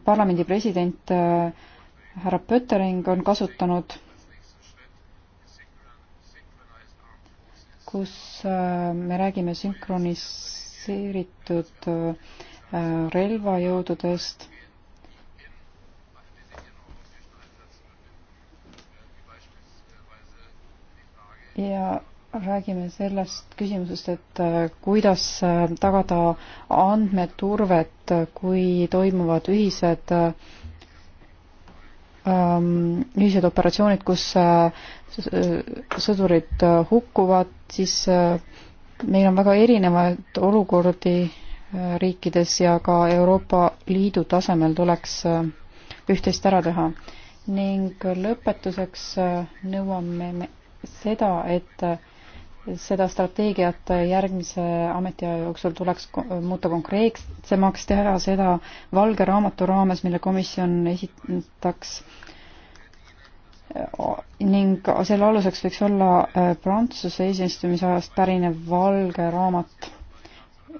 parlamendi president härra Pöttering on kasutanud, kus me räägime sünkronis organiseeritud äh, relvajõududest. ja räägime sellest küsimusest, et äh, kuidas äh, tagada andmeturvet, kui toimuvad ühised, ähm, ühised operatsioonid, kus sõdurid hukkuvad, siis meil on väga erinevaid olukordi äh, riikides ja ka Euroopa Liidu tasemel tuleks äh, üht-teist ära teha. ning lõpetuseks äh, nõuame me seda, et seda strateegiat järgmise ametiaja jooksul tuleks muuta konkreetsemaks, teha seda valge raamatu raames, mille komisjon esitaks ning selle aluseks võiks olla äh, Prantsuse eesistumise ajast pärinev valge raamat.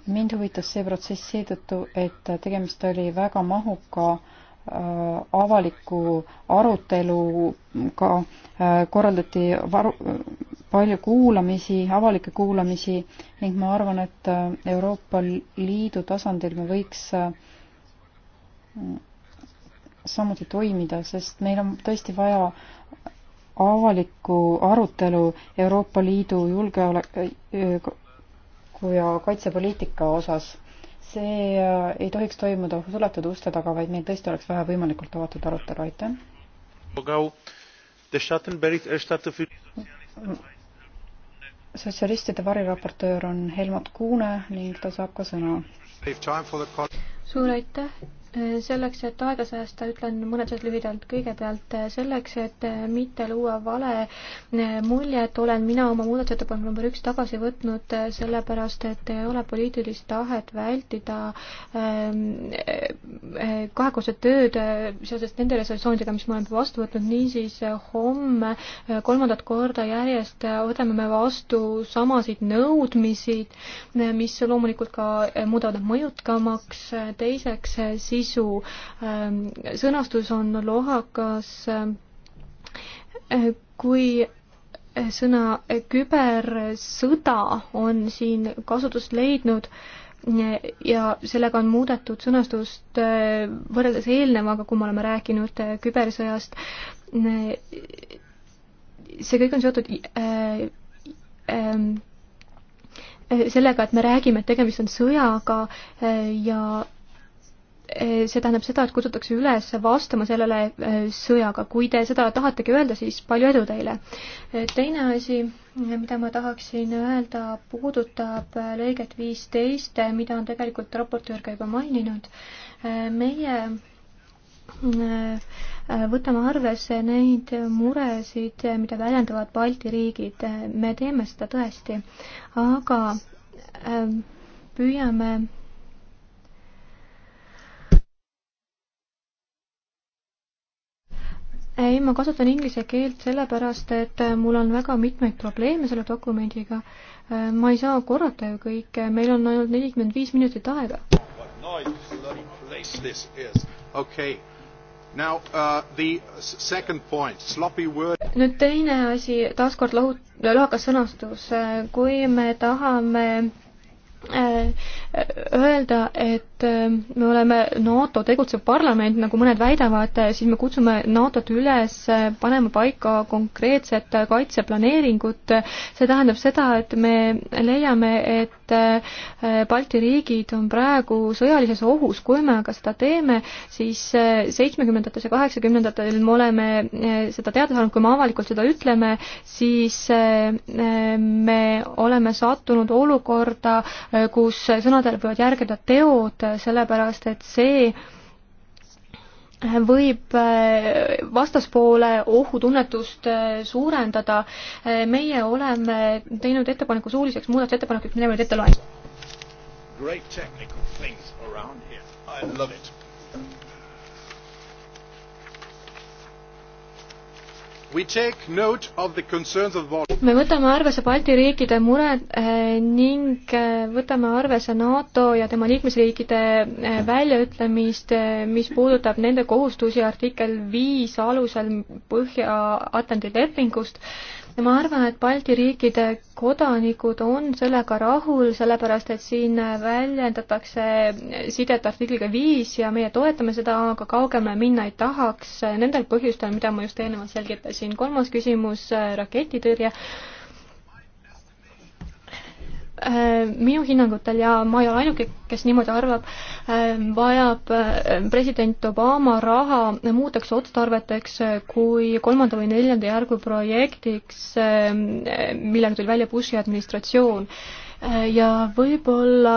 mind huvitas see protsess seetõttu, et äh, tegemist oli väga mahuka äh, avaliku aruteluga, korraldati varu, palju kuulamisi, avalikke kuulamisi ning ma arvan, et Euroopa Liidu tasandil me võiks samuti toimida, sest meil on tõesti vaja äh, avalikku arutelu Euroopa Liidu julgeoleku äh, ja kaitsepoliitika osas. see äh, ei tohiks toimuda suletud uste taga, vaid meil tõesti oleks vaja võimalikult avatud arutelu, aitäh. Er sotsialistide variraportöör on Helmut Kuune ning ta saab ka sõna. suur aitäh selleks, et aega säästa, ütlen mõned asjad lühidalt. kõigepealt selleks, et mitte luua vale eh, muljet, olen mina oma muudatusettepaneku number üks tagasi võtnud, eh, sellepärast et ei ole poliitilist tahet vältida ehm, eh, kahekordset tööd seoses nende resolutsioonidega, mis me oleme vastu võtnud, niisiis homme kolmandat korda järjest võtame me vastu samasid nõudmisi, mis loomulikult ka muudavad nad mõjukamaks, teiseks siis sisu. Ähm, sõnastus on lohakas. Äh, kui sõna kübersõda on siin kasutust leidnud äh, ja sellega on muudetud sõnastust äh, võrreldes eelnevaga, kui me oleme rääkinud kübersõjast, see kõik on seotud äh, äh, sellega, et me räägime, et tegemist on sõjaga ja Äh, see tähendab seda, et kutsutakse üles vastama sellele äh, sõjaga. kui te seda tahategi öelda, siis palju edu teile. Äh, teine asi, mida ma tahaksin öelda, puudutab lõiget viisteist, mida on tegelikult raportöör ka juba maininud. meie võtame arvesse neid muresid, mida väljendavad Balti riigid. me teeme seda tõesti, aga püüame ei, ma kasutan inglise keelt sellepärast, et äh, mul on väga mitmeid probleeme selle dokumendiga. Äh, ma ei saa korrata ju kõike, meil on ainult nelikümmend viis minutit aega. Okay. Now, uh, the second point, sloppy word. nüüd teine asi, taaskord lohu-, lohakas sõnastus. Äh, kui me tahame Äh, äh, öelda, et äh, me oleme NATO tegutsev parlament, nagu mõned väidavad, siis me kutsume NATO-t üles panema paika konkreetset kaitseplaneeringut. see tähendab seda, et me leiame, et Balti riigid on praegu sõjalises ohus, kui me aga seda teeme, siis seitsmekümnendates ja kaheksakümnendatel me oleme seda teada saanud, kui me avalikult seda ütleme, siis me oleme sattunud olukorda, kus sõnadel võivad järgida teod, sellepärast et see võib äh, vastaspoole ohutunnetust äh, suurendada. Äh, meie oleme teinud ettepaneku suuliseks muudatusettepanekuks, mille me nüüd ette loen. Great technical things around here. I love it. me võtame arvesse Balti riikide mured eh, ning eh, võtame arvesse NATO ja tema liikmesriikide eh, väljaütlemist, mis puudutab nende kohustusi artikkel viis alusel Põhja-Atlandi lepingust ja ma arvan, et Balti riikide kodanikud on sellega rahul, sellepärast et siin väljendatakse sidet artikliga viis ja meie toetame seda, aga kaugemale minna ei tahaks nendel põhjustel, mida ma just eelnevalt selgitasin. kolmas küsimus, raketitõrje Äh, minu hinnangutel ja ma ei ole ainuke, kes niimoodi arvab, äh, vajab äh, president Obama raha muudeks otstarveteks kui kolmanda või neljanda järgu projektiks, millega tuli välja Bushi administratsioon. ja võib-olla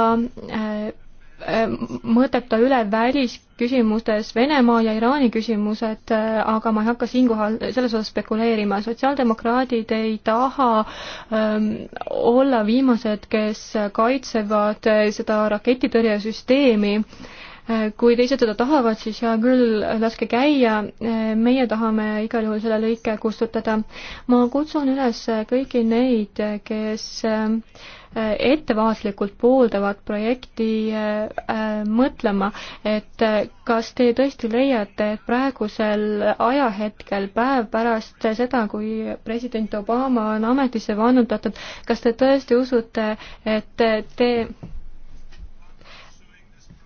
Äh, mõõdeta üle välisküsimustes Venemaa ja Iraani küsimused, äh, aga ma ei hakka siinkohal selles osas spekuleerima. sotsiaaldemokraadid ei taha ähm, olla viimased, kes kaitsevad äh, seda raketitõrjesüsteemi äh, Äh, kui teised seda tahavad, siis hea küll, laske käia, äh, meie tahame igal juhul selle lõike kustutada. ma kutsun üles kõiki neid, kes äh, ettevaatlikult pooldavad projekti mõtlema, et kas te tõesti leiate, et praegusel ajahetkel, päev pärast seda, kui president Obama on ametisse vannutatud, kas te tõesti usute, et te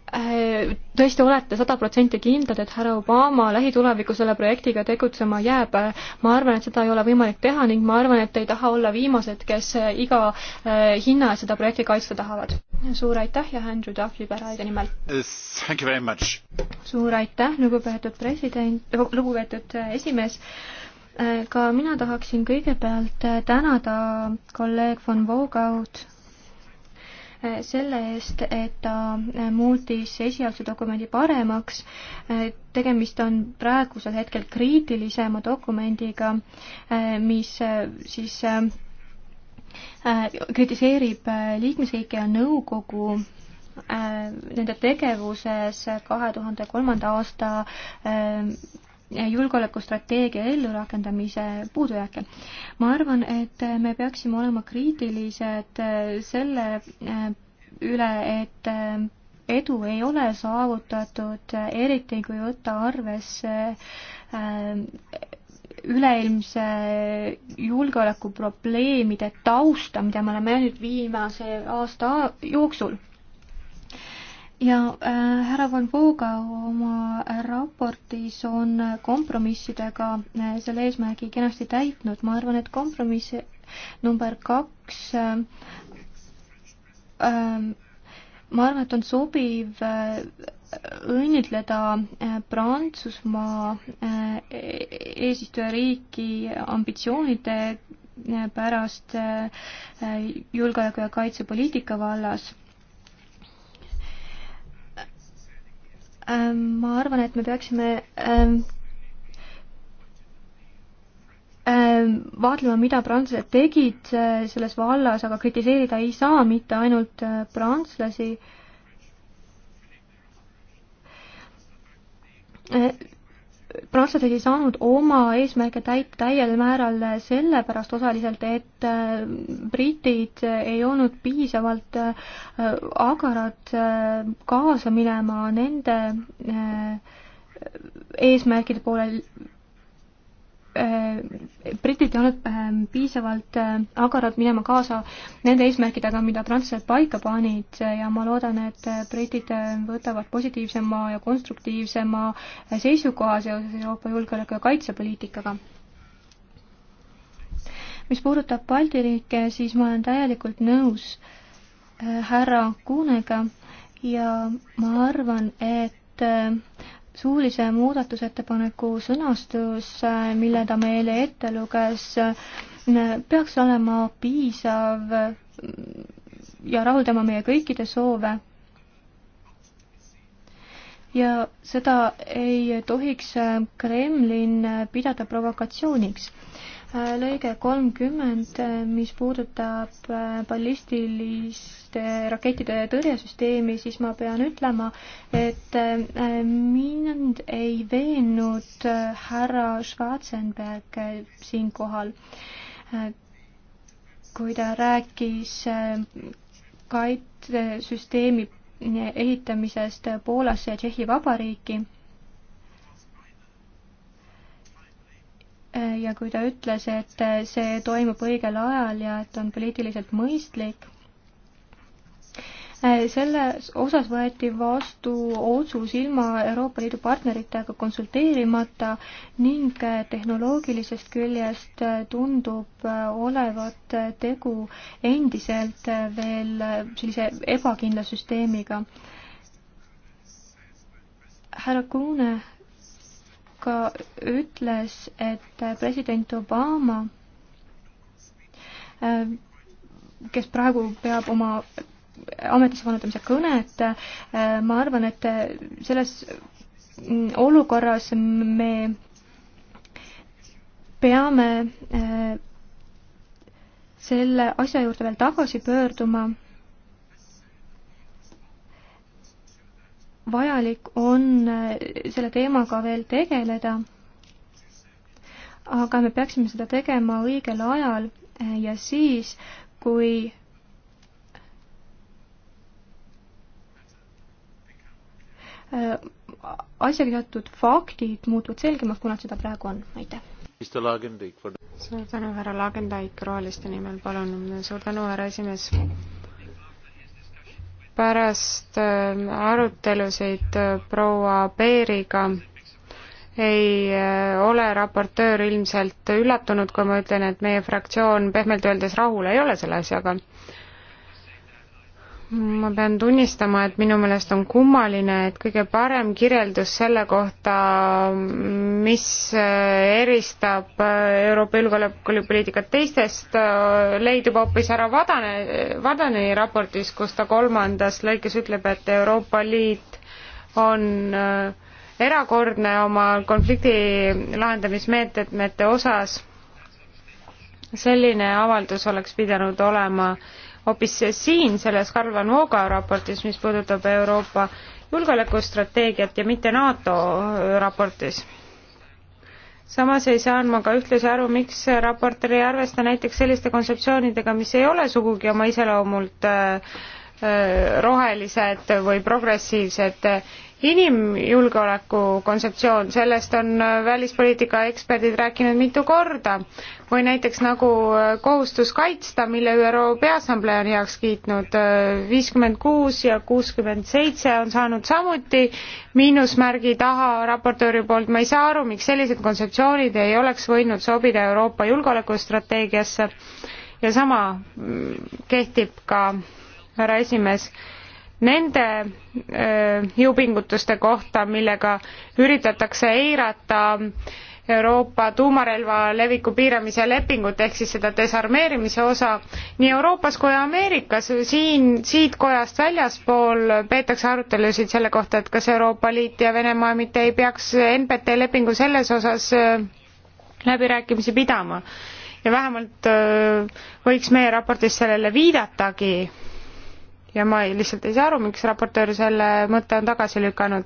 Äh, tõesti olete sada protsenti kindlad, et härra Obama lähitulevikus selle projektiga tegutsema jääb? ma arvan, et seda ei ole võimalik teha ning ma arvan, et ei taha olla viimased, kes äh, iga äh, hinna eest seda projekti kaitsta tahavad. suur aitäh ja Andrew Duff liberaalide nimel yes,! suur aitäh, lugupeetud president, lugupeetud esimees! ka mina tahaksin kõigepealt tänada kolleeg von Voogaud selle eest, et ta muutis esialgse dokumendi paremaks. tegemist on praegusel hetkel kriitilisema dokumendiga, mis äh, siis äh, kritiseerib äh, liikmesriike ja nõukogu nende tegevuses kahe tuhande kolmanda aasta julgeolekustrateegia ellurakendamise puudujääke. ma arvan, et me peaksime olema kriitilised selle eh, üle, et eh, edu ei ole saavutatud, eriti kui võtta arvesse eh, üleilmse julgeolekuprobleemide tausta, mida me oleme näinud viimase aasta jooksul ja äh, härra Van Vooga oma raportis on kompromissidega äh, selle eesmärgi kenasti täitnud, ma arvan, et kompromiss number kaks äh, äh, ma arvan, et on sobiv äh, õnnitleda äh, Prantsusmaa äh, eesistujariiki ambitsioonide äh, pärast äh, julgeoleku- ja kaitsepoliitika vallas Ähm, ma arvan, et me peaksime ähm, ähm, vaatlema, mida prantslased tegid äh, selles vallas, aga kritiseerida ei saa mitte ainult äh, prantslasi äh, prantslased ei saanud oma eesmärke täita täiel määral sellepärast osaliselt, et äh, britid ei olnud piisavalt äh, agarad äh, kaasa minema nende eesmärkide poole Äh, britid ei ole ähm, piisavalt äh, agarad minema kaasa nende eesmärkidega, mida prantslased paika panid äh, ja ma loodan, et britid võtavad positiivsema ja konstruktiivsema seisukoha seoses Euroopa julgeoleku- ja kaitsepoliitikaga. mis puudutab Balti riike, siis ma olen täielikult nõus härra Kuunega ja ma arvan, et suulise muudatusettepaneku sõnastus, mille ta meile ette luges, peaks olema piisav ja rahuldama meie kõikide soove. ja seda ei tohiks Kremlin pidada provokatsiooniks Äh, lõige kolmkümmend, äh, mis puudutab äh, ballistiliste rakettide tõrjesüsteemi, siis ma pean ütlema, et mind ei veennud härra Schwarzenberg siinkohal, kui ta rääkis kaitsesüsteemi ehitamisest Poolasse ja Tšehhi Vabariiki ja kui ta ütles, et see toimub õigel ajal ja et on poliitiliselt mõistlik, selles osas võeti vastu otsus ilma Euroopa Liidu partneritega konsulteerimata ning tehnoloogilisest küljest tundub olevat tegu endiselt veel sellise ebakindla süsteemiga. härra Kuune ka ütles, et president Obama, äh, kes praegu peab oma ametisse vannutamise kõnet, äh, ma arvan, et selles olukorras me peame äh, selle asja juurde veel tagasi pöörduma vajalik on äh, selle teemaga veel tegeleda, aga me peaksime seda tegema õigel ajal äh, ja siis, kui äh, asjaga seotud faktid muutuvad selgemaks, kui nad seda praegu on, aitäh. suur tänu, härra Lagendaik Roheliste nimel, palun, suur tänu, härra esimees pärast ähm, arutelusid äh, proua Peeriga ei äh, ole raportöör ilmselt üllatunud, kui ma ütlen, et meie fraktsioon pehmelt öeldes rahul ei ole selle asjaga ma pean tunnistama, et minu meelest on kummaline, et kõige parem kirjeldus selle kohta, mis eristab Euroopa julgeolekupoliitikat teistest, leidub hoopis härra Vadane, Vadani raportis, kus ta kolmandas lõikes ütleb, et Euroopa Liit on äh, erakordne oma konflikti lahendamismeetmete osas. selline avaldus oleks pidanud olema äh, hoopis siin selles Karl Van Hooga raportis, mis puudutab Euroopa julgeolekustrateegiat ja mitte NATO raportis. samas ei saanud ma ka ühtlasi aru, miks raporter ei arvesta näiteks selliste kontseptsioonidega, mis ei ole sugugi oma iseloomult äh, äh, rohelised või progressiivsed inimjulgeoleku kontseptsioon, sellest on äh, välispoliitika eksperdid rääkinud mitu korda, või näiteks nagu äh, kohustus kaitsta, mille ÜRO Peaassamblee on heaks kiitnud, äh, viiskümmend kuus ja kuuskümmend seitse on saanud samuti miinusmärgi taha raportööri poolt, ma ei saa aru, miks sellised kontseptsioonid ei oleks võinud sobida Euroopa julgeolekustrateegiasse ja sama mm, kehtib ka härra esimees nende jõupingutuste kohta, millega üritatakse eirata Euroopa tuumarelva leviku piiramise lepingut ehk siis seda desarmeerimise osa nii Euroopas kui Ameerikas. siin, siit kojast väljaspool peetakse arutelusid selle kohta, et kas Euroopa Liit ja Venemaa mitte ei peaks NPT lepingu selles osas läbirääkimisi pidama. ja vähemalt võiks meie raportis sellele viidatagi ja ma ei, lihtsalt ei saa aru, miks raportöör selle mõtte on tagasi lükanud.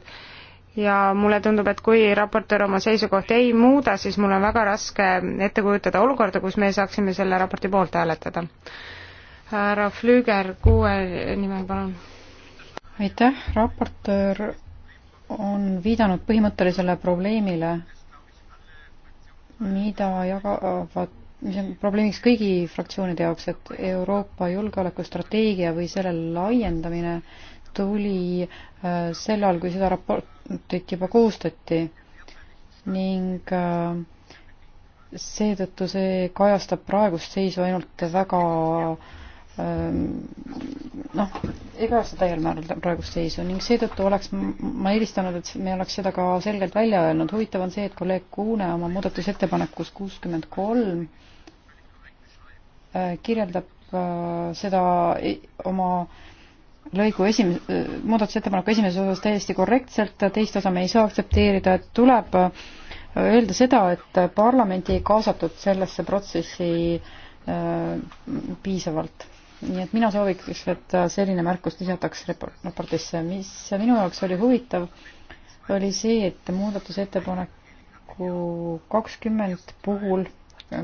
ja mulle tundub, et kui raportöör oma seisukohti ei muuda, siis mul on väga raske ette kujutada olukorda, kus me saaksime selle raporti poolt hääletada. härra Flüger, kuue nimel, palun. aitäh, raportöör on viidanud põhimõttelisele probleemile, mida jagavad mis on probleemiks kõigi fraktsioonide jaoks, et Euroopa julgeolekustrateegia või selle laiendamine tuli äh, sel ajal, kui seda raportit juba koostati ning äh, seetõttu see kajastab praegust seisu ainult väga ähm, noh, ei kajasta täiel määral praegust seisu ning seetõttu oleks ma eelistanud, et me oleks seda ka selgelt välja öelnud. huvitav on see, et kolleeg Kuune oma muudatusettepanekus kuuskümmend kolm Äh, kirjeldab äh, seda oma lõigu esim-, äh, muudatusettepaneku esimeses osas täiesti korrektselt, teist osa me ei saa aktsepteerida, et tuleb öelda seda, et parlamenti ei kaasatud sellesse protsessi piisavalt. nii et mina sooviks, et selline märkus lisataks raportisse. mis minu jaoks oli huvitav, oli see, et muudatusettepaneku kakskümmend puhul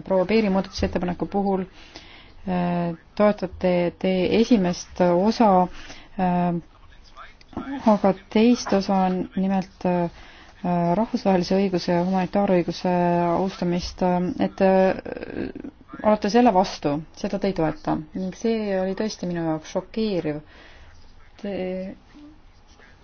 proua Peeri muudatusettepaneku puhul äh, toetate te esimest osa, äh, aga teist osa on nimelt äh, rahvusvahelise õiguse ja humanitaarõiguse austamist, et olete selle vastu, seda te ei toeta ning see oli tõesti minu jaoks šokeeriv. Te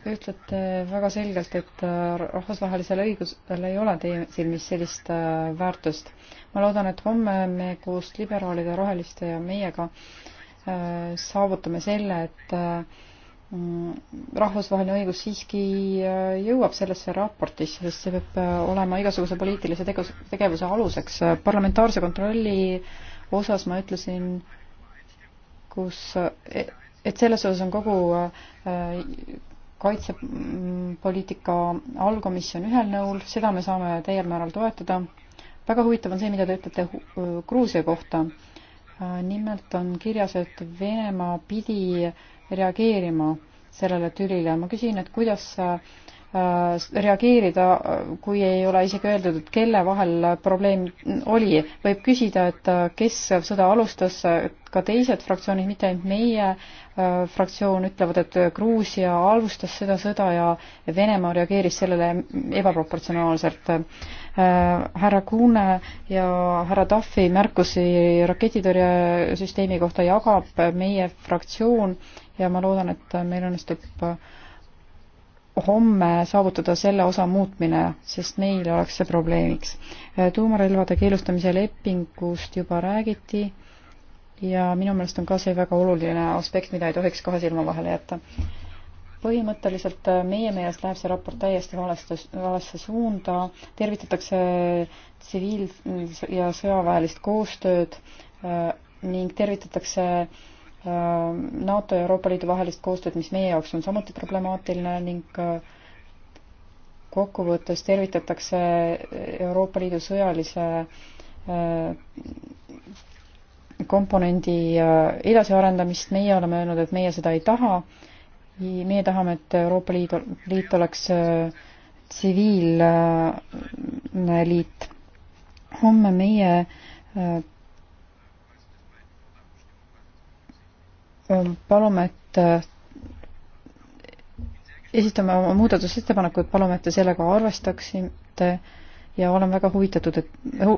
Te ütlete väga selgelt, et äh, rahvusvahelisel õigusel ei ole teie silmis sellist äh, väärtust. ma loodan, et homme me koos liberaalide, roheliste ja meiega äh, saavutame selle, et mm, rahvusvaheline õigus siiski jõuab sellesse raportisse, sest see peab olema igasuguse poliitilise tegus, tegevuse aluseks. parlamentaarse kontrolli osas ma ütlesin, kus, e-, et selles osas on kogu kaitsepoliitika allkomisjon ühel nõul, seda me saame täiel määral toetada. väga huvitav on see, mida te ütlete Gruusia kohta. nimelt on kirjas, et Venemaa pidi reageerima sellele tülile. ma küsin, et kuidas Äh, reageerida, kui ei ole isegi öeldud, et kelle vahel probleem oli. võib küsida, et äh, kes sõda alustas, ka teised fraktsioonid, mitte ainult meie äh, fraktsioon, ütlevad, et Gruusia alustas seda sõda ja Venemaa reageeris sellele ebaproportsionaalselt. härra Kuune ja härra Tahvi märkusi raketitõrjesüsteemi kohta jagab meie fraktsioon ja ma loodan, et meil õnnestub on homme saavutada selle osa muutmine, sest neile oleks see probleemiks. tuumarelvade keelustamise lepingust juba räägiti ja minu meelest on ka see väga oluline aspekt, mida ei tohiks kahe silma vahele jätta. põhimõtteliselt meie meelest läheb see raport täiesti valesse, valesse suunda, tervitatakse tsiviil- ja sõjaväelist koostööd äh, ning tervitatakse äh, Äh, NATO ja Euroopa Liidu vahelist koostööd, mis meie jaoks on samuti problemaatiline ning äh, kokkuvõttes tervitatakse Euroopa Liidu sõjalise äh, komponendi edasiarendamist, meie oleme öelnud, et meie seda ei taha. meie tahame, et Euroopa Liidu, liit oleks tsiviilliit. homme meie Um, palume, et äh, esitame oma muudatusettepanekud, palume, et te sellega arvestaksite ja olen väga huvitatud, et hu,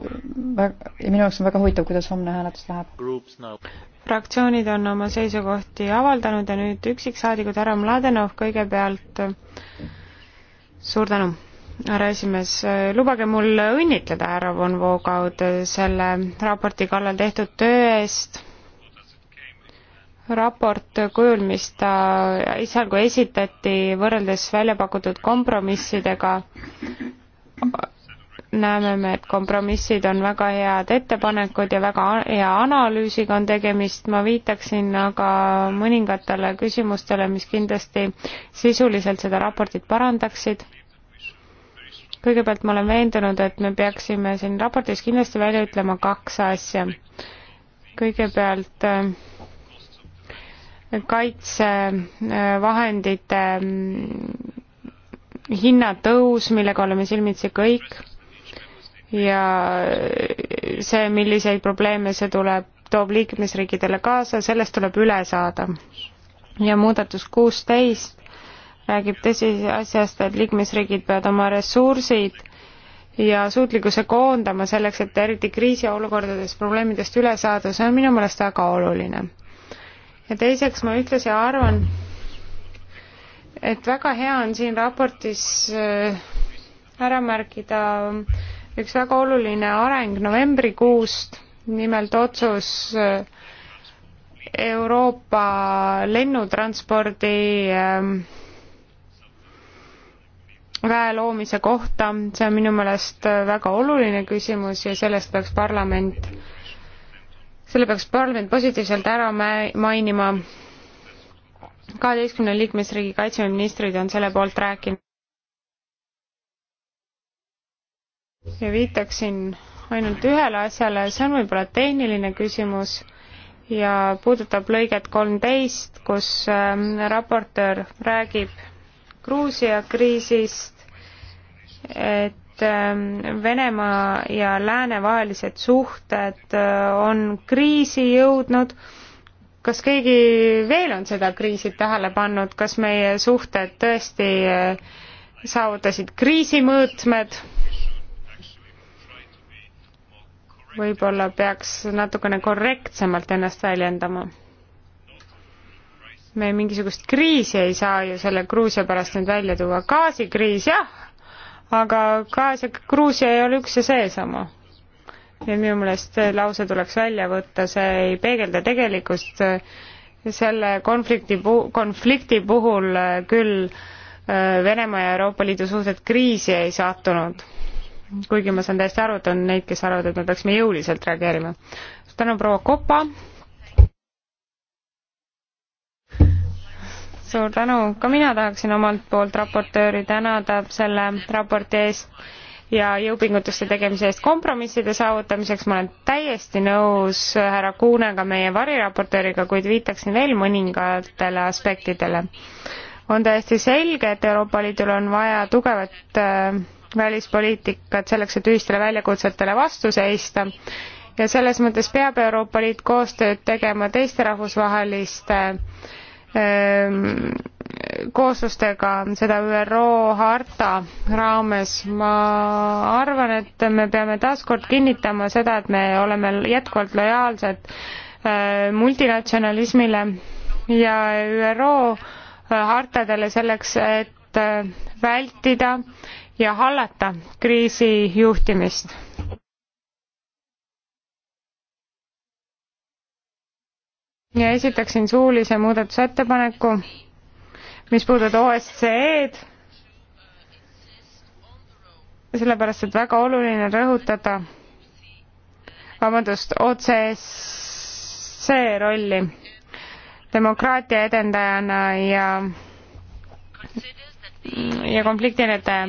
väga, minu jaoks on väga huvitav, kuidas homne hääletus läheb. fraktsioonid on oma seisukohti avaldanud ja nüüd üksiksaadikud, härra Mladenov kõigepealt. suur tänu härra esimees, lubage mul õnnitleda härra Von Voogaud selle raporti kallal tehtud töö eest raport kujul, mis ta esialgu esitati võrreldes välja pakutud kompromissidega, näeme me, et kompromissid on väga head ettepanekud ja väga hea analüüsiga on tegemist, ma viitaksin aga mõningatele küsimustele, mis kindlasti sisuliselt seda raportit parandaksid. kõigepealt ma olen veendunud, et me peaksime siin raportis kindlasti välja ütlema kaks asja. kõigepealt äh, kaitsevahendite mm, hinnatõus, millega oleme silmitsi kõik ja see, milliseid probleeme see tuleb, toob liikmesriikidele kaasa, sellest tuleb üle saada. ja muudatus kuusteist räägib tõsiasjast, et liikmesriigid peavad oma ressursid ja suutlikkuse koondama selleks, et eriti kriisiolukordades probleemidest üle saada, see on minu meelest väga oluline ja teiseks ma ühtlasi arvan, et väga hea on siin raportis äh, ära märkida üks väga oluline areng novembrikuust, nimelt otsus äh, Euroopa lennutranspordi äh, väe loomise kohta, see on minu meelest väga oluline küsimus ja sellest peaks parlament selle peaks parlament positiivselt ära mainima. kaheteistkümne liikmesriigi kaitseministrid on selle poolt rääkinud. ja viitaksin ainult ühele asjale, see on võib-olla tehniline küsimus ja puudutab lõiget kolmteist, kus ähm, raportöör räägib Gruusia kriisist, et et ähm, Venemaa ja Lääne vahelised suhted äh, on kriisi jõudnud. kas keegi veel on seda kriisi tähele pannud, kas meie suhted tõesti äh, saavutasid kriisimõõtmed? võib-olla peaks natukene korrektsemalt ennast väljendama me mingisugust kriisi ei saa ju selle Gruusia pärast nüüd välja tuua. gaasikriis, jah, aga Kaas ja Gruusia ei ole üks ja seesama. ja minu meelest see lause tuleks välja võtta, see ei peegelda tegelikkust, äh, selle konflikti pu-, konflikti puhul äh, küll äh, Venemaa ja Euroopa Liidu suhted kriisi ei sattunud. kuigi ma saan täiesti aru, et on neid, kes arvavad, et me peaksime jõuliselt reageerima. tänu, proua Kopa! suur tänu, ka mina tahaksin omalt poolt raportööri tänada selle raporti eest ja jõupingutuste tegemise eest kompromisside saavutamiseks, ma olen täiesti nõus härra Kuunega, meie variraportööriga, kuid viitaksin veel mõningatele aspektidele. on täiesti selge, et Euroopa Liidul on vaja tugevat äh, välispoliitikat selleks, et ühistele väljakutsetele vastu seista ja selles mõttes peab Euroopa Liit koostööd tegema teiste rahvusvaheliste äh, Ehm, kooslustega seda ÜRO harta raames. ma arvan, et me peame taaskord kinnitama seda, et me oleme jätkuvalt lojaalsed ehm, multinatsionalismile ja ÜRO eh, hartadele selleks, et eh, vältida ja hallata kriisi juhtimist ja esitaksin suulise muudatusettepaneku, mis puudutab OSCE-d, sellepärast et väga oluline rõhutada, ah, vabandust, OCC rolli demokraatia edendajana ja ja konfliktiennetaja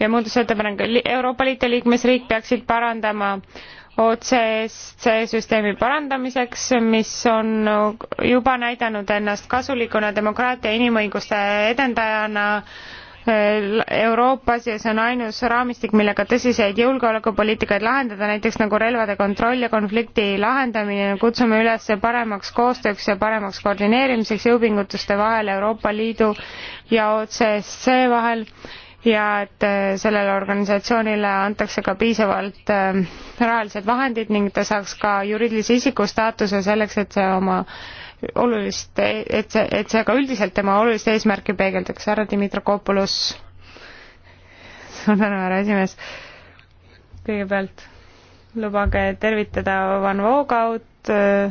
ja muudatusettepanek, Euroopa Liidu liikmesriik peaksid parandama OCSC süsteemi parandamiseks, mis on juba näidanud ennast kasulikuna demokraatia inimõiguste edendajana äh, Euroopas ja see on ainus raamistik, millega tõsiseid julgeolekupoliitikaid lahendada, näiteks nagu relvade kontroll ja konflikti lahendamine, kutsume üles paremaks koostööks ja paremaks koordineerimiseks jõupingutuste vahel Euroopa Liidu ja OCSC vahel ja et äh, sellele organisatsioonile antakse ka piisavalt äh, rahalised vahendid ning ta saaks ka juriidilise isiku staatuse selleks, et see oma olulist, e-, et see, et see ka üldiselt tema olulist eesmärki peegeldaks. härra Dimitrokopoulos, suur tänu, härra esimees. kõigepealt lubage tervitada Van Voogaut äh,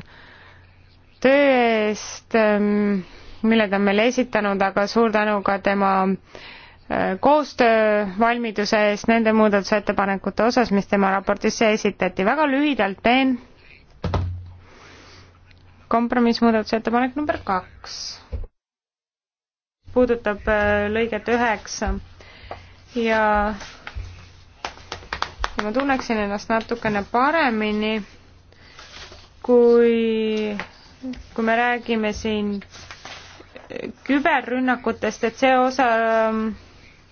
töö eest, ähm, mille ta on meile esitanud, aga suur tänu ka tema äh, koostöövalmiduse eest nende muudatusettepanekute osas, mis tema raportisse esitati. väga lühidalt teen kompromissmuudatusettepanek number kaks. puudutab äh, lõiget üheksa ja, ja ma tunneksin ennast natukene paremini, kui, kui me räägime siin küberrünnakutest, et see osa ähm,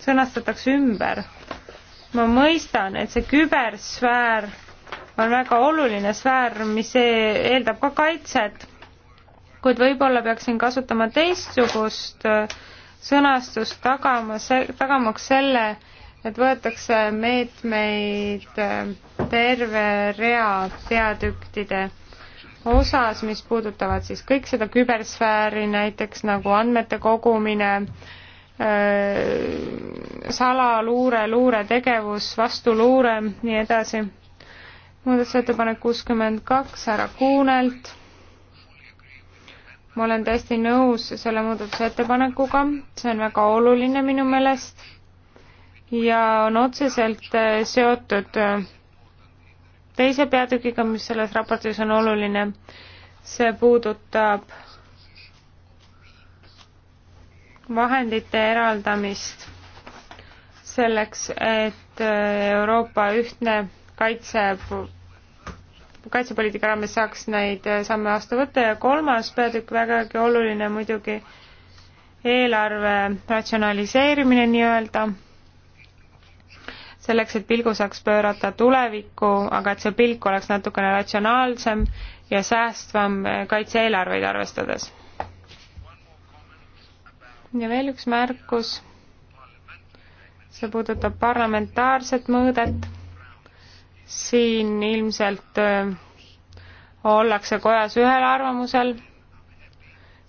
sõnastatakse ümber. ma mõistan, et see kübersfäär on väga oluline sfäär, mis eeldab ka kaitset, kuid võib-olla peaksin kasutama teistsugust äh, sõnastust, tagama se-, tagamaks selle, et võetakse meetmeid äh, terve rea peatükkide osas, mis puudutavad siis kõik seda kübersfääri, näiteks nagu andmete kogumine, Äh, salaluure, luuretegevus, vastuluure, nii edasi. muudatusettepanek kuuskümmend kaks härra Kuunelt. ma olen täiesti nõus selle muudatusettepanekuga, see on väga oluline minu meelest ja on otseselt äh, seotud äh, teise peatükiga, mis selles raportis on oluline. see puudutab vahendite eraldamist selleks, et äh, Euroopa ühtne kaitse, kaitsepoliitika raames saaks neid äh, samme vastu võtta ja kolmas peatükk, vägagi oluline muidugi, eelarve ratsionaliseerimine nii-öelda, selleks, et pilgu saaks pöörata tulevikku, aga et see pilk oleks natukene ratsionaalsem ja säästvam äh, kaitse-eelarveid arvestades ja veel üks märkus, see puudutab parlamentaarset mõõdet, siin ilmselt äh, ollakse kojas ühel arvamusel,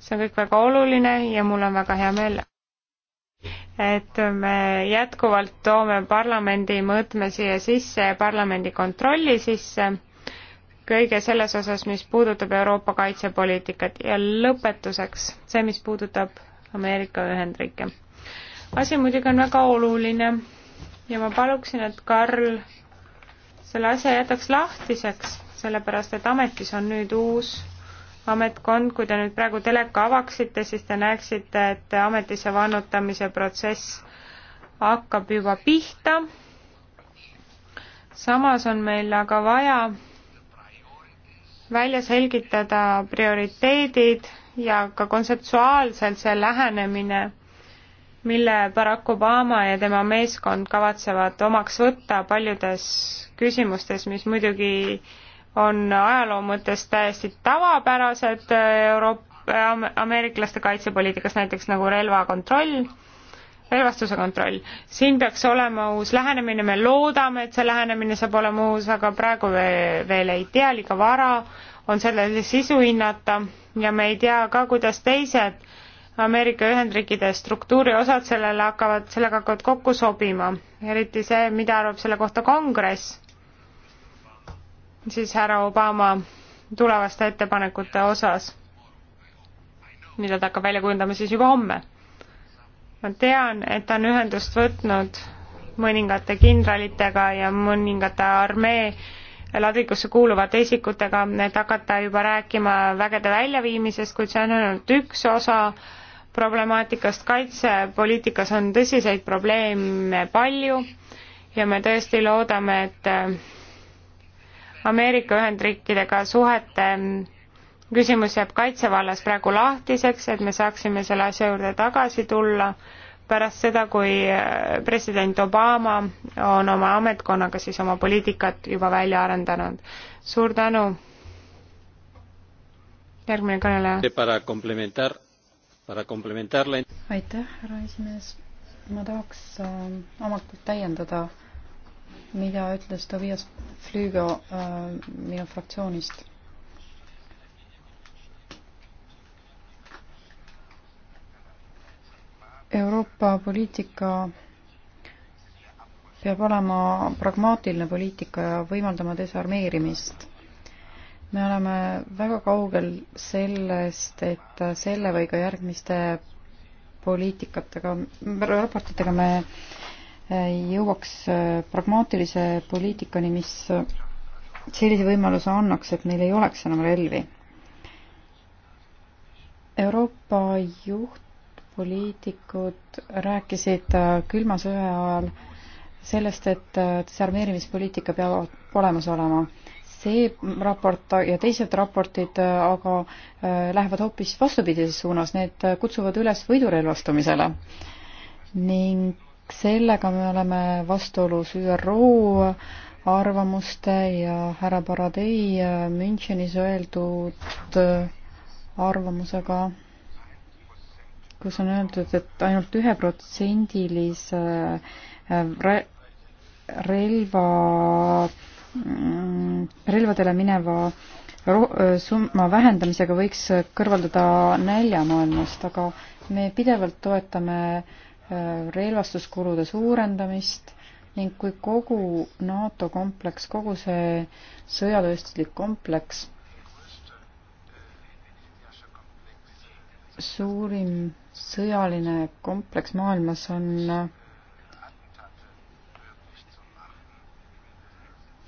see on kõik väga oluline ja mul on väga hea meel, et me jätkuvalt toome parlamendi mõõtme siia sisse ja parlamendi kontrolli sisse kõige selles osas, mis puudutab Euroopa kaitsepoliitikat ja lõpetuseks see, mis puudutab Ameerika Ühendriike. asi muidugi on väga oluline ja ma paluksin, et Karl selle asja jätaks lahtiseks, sellepärast et ametis on nüüd uus ametkond, kui te nüüd praegu teleka avaksite, siis te näeksite, et ametisse vannutamise protsess hakkab juba pihta. samas on meil aga vaja välja selgitada prioriteedid ja ka kontseptuaalselt see lähenemine, mille Barack Obama ja tema meeskond kavatsevad omaks võtta paljudes küsimustes, mis muidugi on ajaloo mõttes täiesti tavapärased äh, Euroopa, äh, ameeriklaste kaitsepoliitikas, näiteks nagu relvakontroll, relvastuse kontroll. siin peaks olema uus lähenemine, me loodame, et see lähenemine saab olema uus, aga praegu veel ei tea, liiga vara on selle sisu hinnata ja me ei tea ka, kuidas teised Ameerika Ühendriikide struktuuriosad sellele hakkavad, sellega hakkavad kokku sobima, eriti see, mida arvab selle kohta kongress, siis härra Obama tulevaste ettepanekute osas, mida ta hakkab välja kujundama siis juba homme. ma tean, et ta on ühendust võtnud mõningate kindralitega ja mõningate armee ladvikusse kuuluvate isikutega, et hakata juba rääkima vägede väljaviimisest, kuid see on ainult üks osa problemaatikast, kaitsepoliitikas on tõsiseid probleeme palju ja me tõesti loodame, et Ameerika Ühendriikidega suhete küsimus jääb kaitsevallas praegu lahtiseks, et me saaksime selle asja juurde tagasi tulla pärast seda, kui äh, president Obama on oma ametkonnaga siis oma poliitikat juba välja arendanud. suur tänu. järgmine kõneleja. aitäh, härra esimees. ma tahaks äh, omalt poolt täiendada, mida ütles Tobias Flüügo äh, minu fraktsioonist Euroopa poliitika peab olema pragmaatiline poliitika ja võimaldama desarmeerimist. me oleme väga kaugel sellest, et selle või ka järgmiste poliitikatega, raportitega me jõuaks pragmaatilise poliitikani, mis sellise võimaluse annaks, et meil ei oleks enam relvi. Euroopa juht poliitikud rääkisid äh, külma sõja ajal sellest, et äh, desarmeerimispoliitika peab olemas olema. see raport ja teised raportid äh, aga lähevad hoopis vastupidises suunas, need kutsuvad üles võidurelvastumisele. ning sellega me oleme vastuolus ÜRO arvamuste ja härra Paradei Münchenis öeldud arvamusega kus on öeldud, et ainult üheprotsendilise äh, re, relva, mm, relvadele mineva äh, summa vähendamisega võiks kõrvaldada nälja maailmast, aga me pidevalt toetame äh, relvastuskulude suurendamist ning kui kogu NATO kompleks, kogu see sõjatööstuslik kompleks suurim sõjaline kompleks maailmas on äh,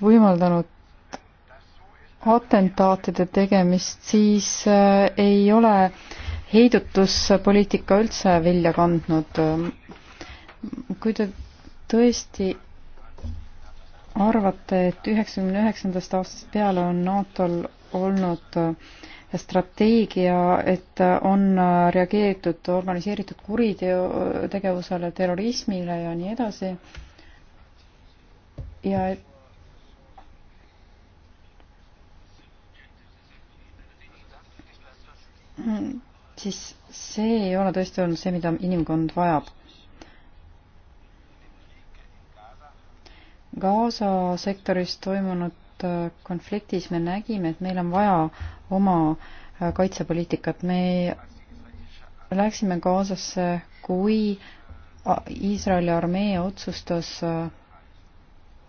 võimaldanud atentaatide tegemist, siis äh, ei ole heidutuspoliitika üldse vilja kandnud. kui te tõesti arvate, et üheksakümne üheksandast aastast peale on NATO-l olnud äh, strateegia, et on reageeritud organiseeritud kuriteo tegevusele, terrorismile ja nii edasi. ja et siis see ei ole tõesti olnud see, mida inimkond vajab. Gaza sektoris toimunud konfliktis me nägime, et meil on vaja oma äh, kaitsepoliitikat. me läksime Gazasse, kui Iisraeli armee otsustas äh,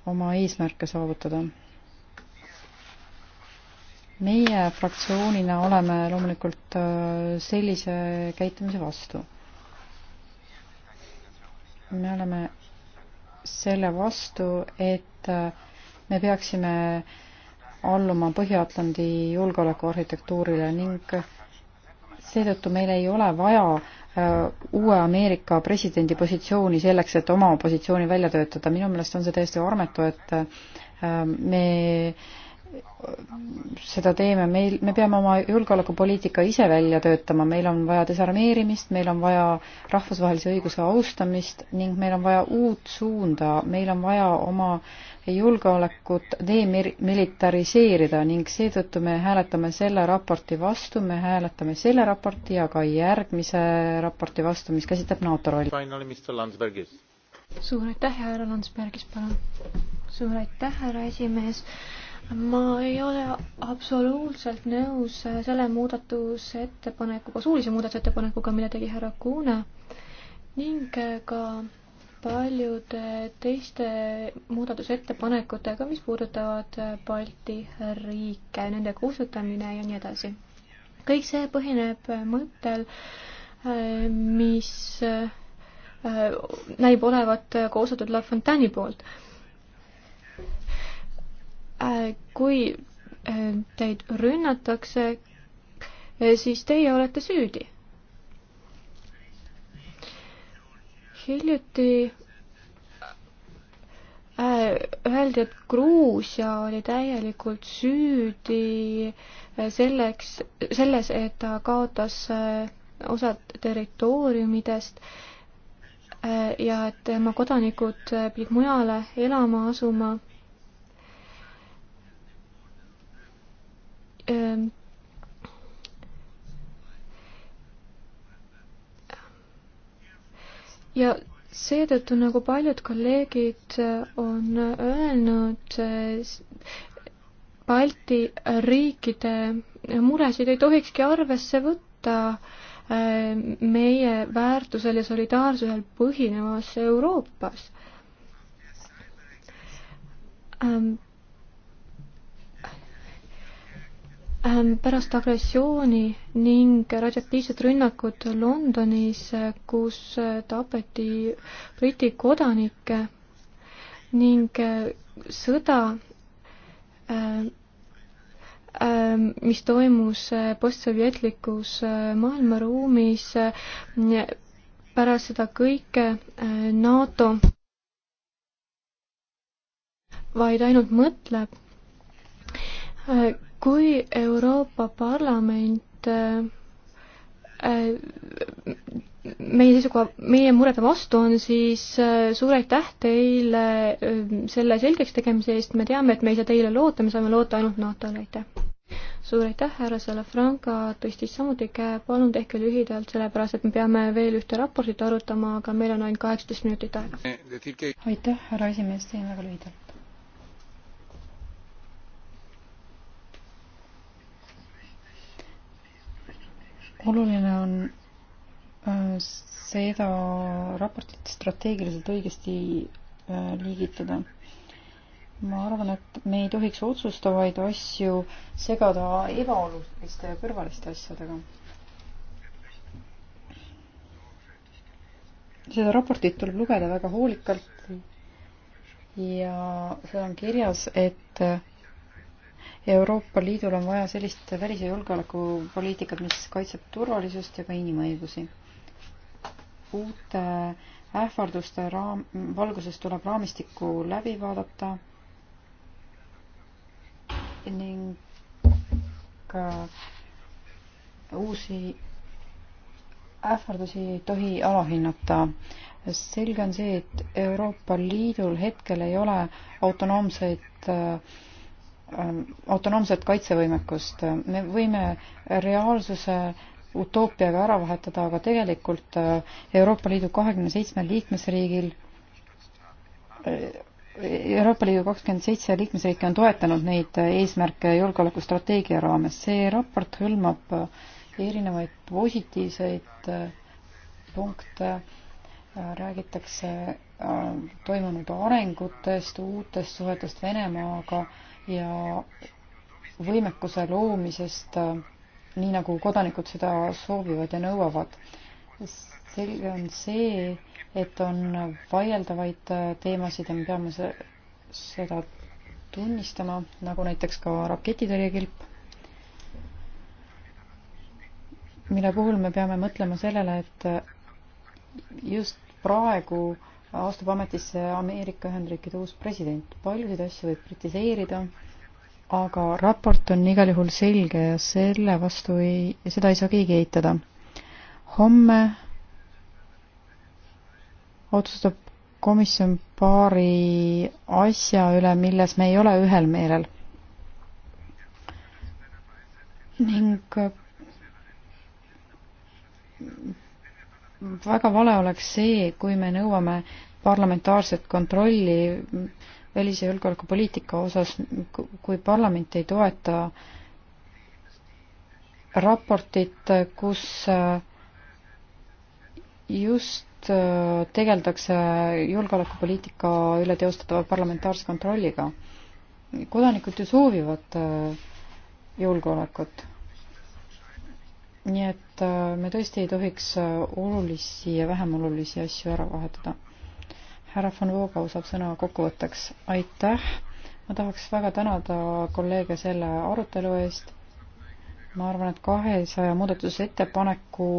oma eesmärke saavutada. meie fraktsioonina oleme loomulikult äh, sellise käitumise vastu. me oleme selle vastu, et me peaksime äh, alluma Põhja-Atlandi julgeolekuarhitektuurile ning seetõttu meil ei ole vaja äh, uue Ameerika presidendi positsiooni selleks, et oma positsiooni välja töötada. minu meelest on see täiesti armetu, et äh, me seda teeme, meil, me peame oma julgeolekupoliitika ise välja töötama, meil on vaja desarmeerimist, meil on vaja rahvusvahelise õiguse austamist ning meil on vaja uut suunda, meil on vaja oma julgeolekut demilitariseerida ning seetõttu me hääletame selle raporti vastu, me hääletame selle raporti ja ka järgmise raporti vastu, mis käsitleb NATO rolli. suur aitäh, härra Landsbergis, palun. suur aitäh, härra esimees ma ei ole absoluutselt nõus äh, selle muudatusettepanekuga, suulise muudatusettepanekuga, mille tegi härra Kuune ning äh, ka paljude teiste muudatusettepanekutega, mis puudutavad äh, Balti riike, nende kustutamine ja nii edasi. kõik see põhineb mõttel, mis näib olevat koostatud La Fontaine'i poolt Äh, kui äh, teid rünnatakse, äh, siis teie olete süüdi. hiljuti öeldi, et Gruusia oli täielikult süüdi selleks, selles, et ta kaotas osad territooriumidest ja et tema kodanikud pidid mujale elama asuma ja seetõttu, nagu paljud kolleegid on öelnud, Balti riikide muresid ei tohikski arvesse võtta ähm, meie väärtusel ja solidaarsusel põhinevas Euroopas. Ähm, Ähm, pärast agressiooni ning radioaktiivset rünnakut Londonis, kus äh, tapeti Briti kodanikke ning äh, sõda, äh, ähm, mis toimus postsovjetlikus maailmaruumis, pärast seda kõike NATO vaid ainult mõtleb kui Euroopa Parlament äh, äh, meie seisukoha, meie murede vastu on, siis äh, suur aitäh teile selle selgeks tegemise eest, me teame, et me ei saa teile loota, me saame loota ainult NATO-le, aitäh. suur aitäh, härra Salafranca tõstis samuti käe, palun tehke lühidalt, sellepärast et me peame veel ühte raportit arutama, aga meil on ainult kaheksateist minutit aega. aitäh, härra esimees, teen väga lühidalt oluline on äh, seda raportit strateegiliselt õigesti äh, liigitada. ma arvan, et me ei tohiks otsustavaid asju segada ebaoluliste ja kõrvaliste asjadega. seda raportit tuleb lugeda väga hoolikalt ja seal on kirjas, et Euroopa Liidul on vaja sellist välis- ja julgeolekupoliitikat, mis kaitseb turvalisust ja ka inimõigusi. uute ähvarduste raam, valguses tuleb raamistikku läbi vaadata ning ka uusi ähvardusi ei tohi alahinnata selge on see, et Euroopa Liidul hetkel ei ole autonoomseid äh, Ähm, autonoomset kaitsevõimekust. me võime reaalsuse utoopiaga ära vahetada, aga tegelikult äh, Euroopa Liidu kahekümne seitsmel liikmesriigil äh, Euroopa Liidu kakskümmend seitse liikmesriiki on toetanud neid äh, eesmärke julgeolekustrateegia raames. see raport hõlmab erinevaid positiivseid punkte, räägitakse toimunud arengutest, uutest suhetest Venemaaga ja võimekuse loomisest, äh, nii nagu kodanikud seda soovivad ja nõuavad. selge on see, et on vaieldavaid äh, teemasid ja me peame seda tunnistama, nagu näiteks ka raketitõrjekilp, mille puhul me peame mõtlema sellele, et äh, just praegu äh, astub ametisse Ameerika Ühendriikide uus president. paljusid asju võib kritiseerida, aga raport on igal juhul selge ja selle vastu ei, seda ei saa keegi eitada. homme otsustab komisjon paari asja üle, milles me ei ole ühel meelel. ning väga vale oleks see, kui me nõuame parlamentaarset kontrolli välis- ja julgeolekupoliitika osas, kui parlament ei toeta raportit, kus äh, just äh, tegeldakse julgeolekupoliitika üle teostatava parlamentaarse kontrolliga. kodanikud ju soovivad äh, julgeolekut nii et äh, me tõesti ei tohiks äh, olulisi ja vähem olulisi asju ära vahetada. härra von Voogau saab sõna kokkuvõtteks. aitäh! ma tahaks väga tänada kolleege selle arutelu eest. ma arvan, et kahesaja muudatusettepaneku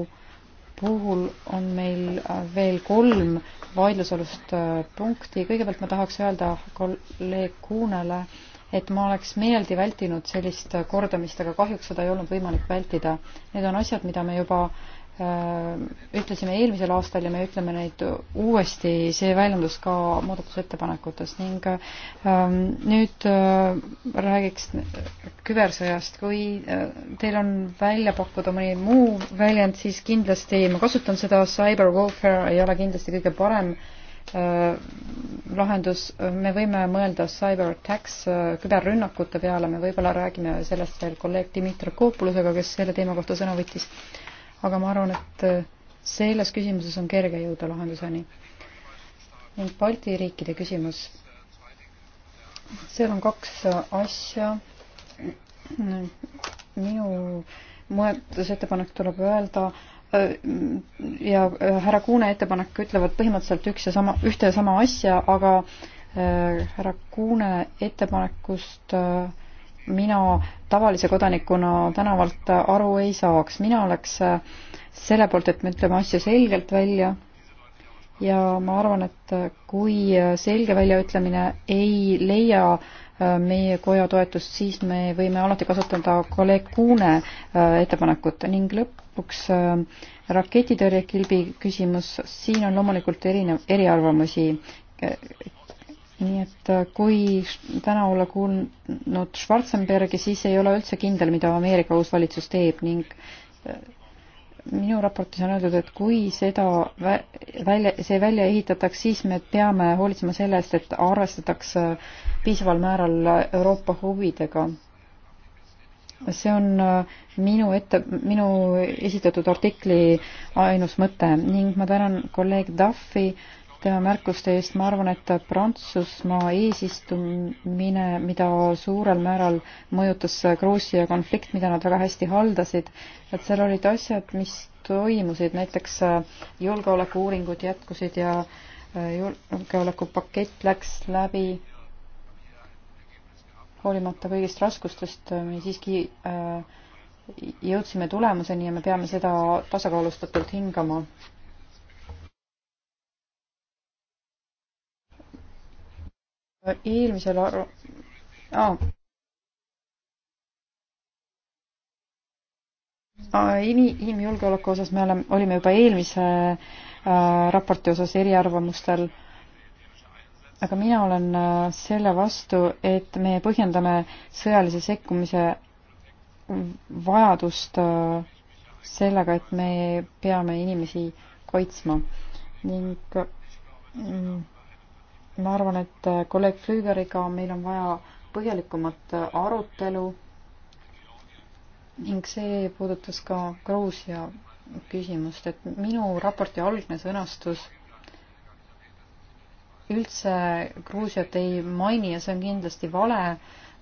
puhul on meil äh, veel kolm vaidlusalust punkti. kõigepealt ma tahaks öelda kolleeg Kuunele äh, et ma oleks meeldi vältinud sellist kordamist, aga kahjuks seda ei olnud võimalik vältida. Need on asjad, mida me juba äh, ütlesime eelmisel aastal ja me ütleme neid uuesti, see väljendus ka muudatusettepanekutes ning ähm, nüüd äh, räägiks kübersõjast, kui äh, teil on välja pakkuda mõni muu väljend, siis kindlasti ma kasutan seda, cyber warfare ei ole kindlasti kõige parem äh, Äh, lahendus, me võime mõelda cyber attacks, äh, küberrünnakute peale, me võib-olla räägime sellest veel kolleeg Dmitri Koopulusega, kes selle teema kohta sõna võttis, aga ma arvan, et äh, selles küsimuses on kerge jõuda lahenduseni. ning Balti riikide küsimus. seal on kaks asja. minu muudatusettepanek tuleb öelda äh, Äh, ja äh, härra Kuune ettepanek ütlevad põhimõtteliselt üks ja sama, ühte ja sama asja, aga äh, härra Kuune ettepanekust mina tavalise kodanikuna tänavalt aru ei saaks. mina oleks selle poolt, et me ütleme asju selgelt välja ja ma arvan, et kui selge väljaütlemine ei leia äh, meie koja toetust, siis me võime alati kasutada kolleeg Kuune äh, ettepanekut ning lõpuks äh, raketitõrjekilbi küsimus, siin on loomulikult erinev, eriarvamusi. nii et äh, kui täna olla kuulnud Schwarzenbergi, siis ei ole üldse kindel, mida Ameerika uus valitsus teeb ning minu raportis on öeldud, et kui seda välja, see välja ehitatakse, siis me peame hoolitsema selle eest, et arvestatakse piisaval määral Euroopa huvidega. see on äh, minu ette, minu esitatud artikli ainus mõte ning ma tänan kolleeg Duffi äh, märkuste eest, ma arvan, et Prantsusmaa eesistumine, mida suurel määral mõjutas Gruusia konflikt, mida nad väga hästi haldasid, et seal olid asjad, mis toimusid, näiteks äh, julgeolekuuuringud jätkusid ja äh, julgeolekupakett läks läbi hoolimata kõigist raskustest äh, me siiski jõudsime tulemuseni ja me peame seda tasakaalustatult hingama. eelmisel aru- ah. inim-, inimjulgeoleku osas me oleme, olime juba eelmise äh, raporti osas eriarvamustel, aga mina olen äh, selle vastu, et me põhjendame sõjalise sekkumise vajadust äh, sellega, et me peame inimesi kaitsma ning äh, mm, ma arvan, et äh, kolleeg Flügeriga meil on vaja põhjalikumat äh, arutelu ning see puudutas ka Gruusia küsimust, et minu raporti algne sõnastus üldse Gruusiat ei maini ja see on kindlasti vale.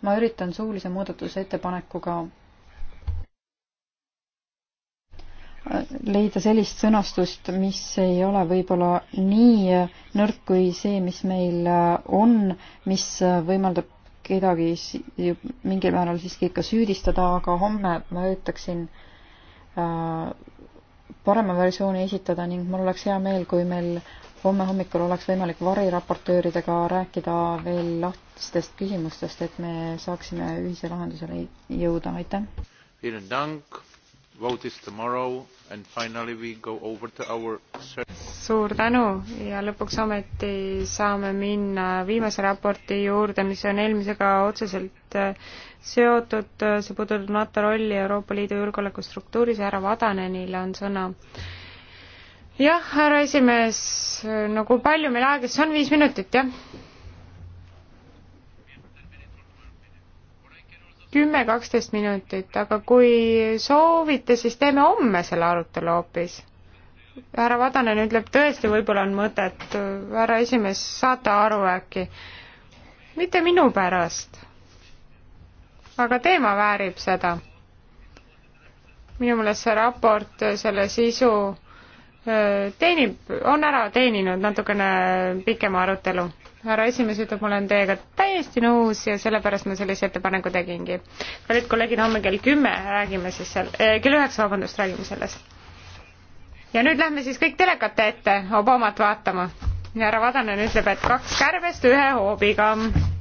ma üritan suulise muudatusettepanekuga leida sellist sõnastust, mis ei ole võib-olla nii nõrk kui see, mis meil on, mis võimaldab kedagi mingil määral siiski ikka süüdistada, aga homme ma üritaksin äh, parema versiooni esitada ning mul oleks hea meel, kui meil homme hommikul oleks võimalik variraportööridega rääkida veel lahtistest küsimustest, et me saaksime ühise lahendusele jõuda, aitäh! vote is tomorrow and finally we go over to our suur tänu ja lõpuks ometi saame minna viimase raporti juurde, mis on eelmisega otseselt äh, seotud, see puudutab NATO rolli Euroopa Liidu julgeolekustruktuuris ja härra Vadanenile on sõna. jah, härra esimees, äh, no kui palju meil aega siis on, viis minutit, jah? kümme, kaksteist minutit, aga kui soovite, siis teeme homme selle arutelu hoopis. härra Vadanen ütleb, tõesti, võib-olla on mõtet, härra esimees, saate aru äkki. mitte minu pärast. aga teema väärib seda. minu meelest see raport, selle sisu äh, teenib, on ära teeninud natukene pikema arutelu härra esimees ütleb, ma olen teiega täiesti nõus ja sellepärast ma sellise ettepaneku tegingi. kallid kolleegid, homme kell kümme räägime siis seal eh,, kell üheksa, vabandust, räägime sellest. ja nüüd lähme siis kõik telekate ette Obamat vaatama. härra Vadanen ütleb, et kaks kärbest ühe hoobiga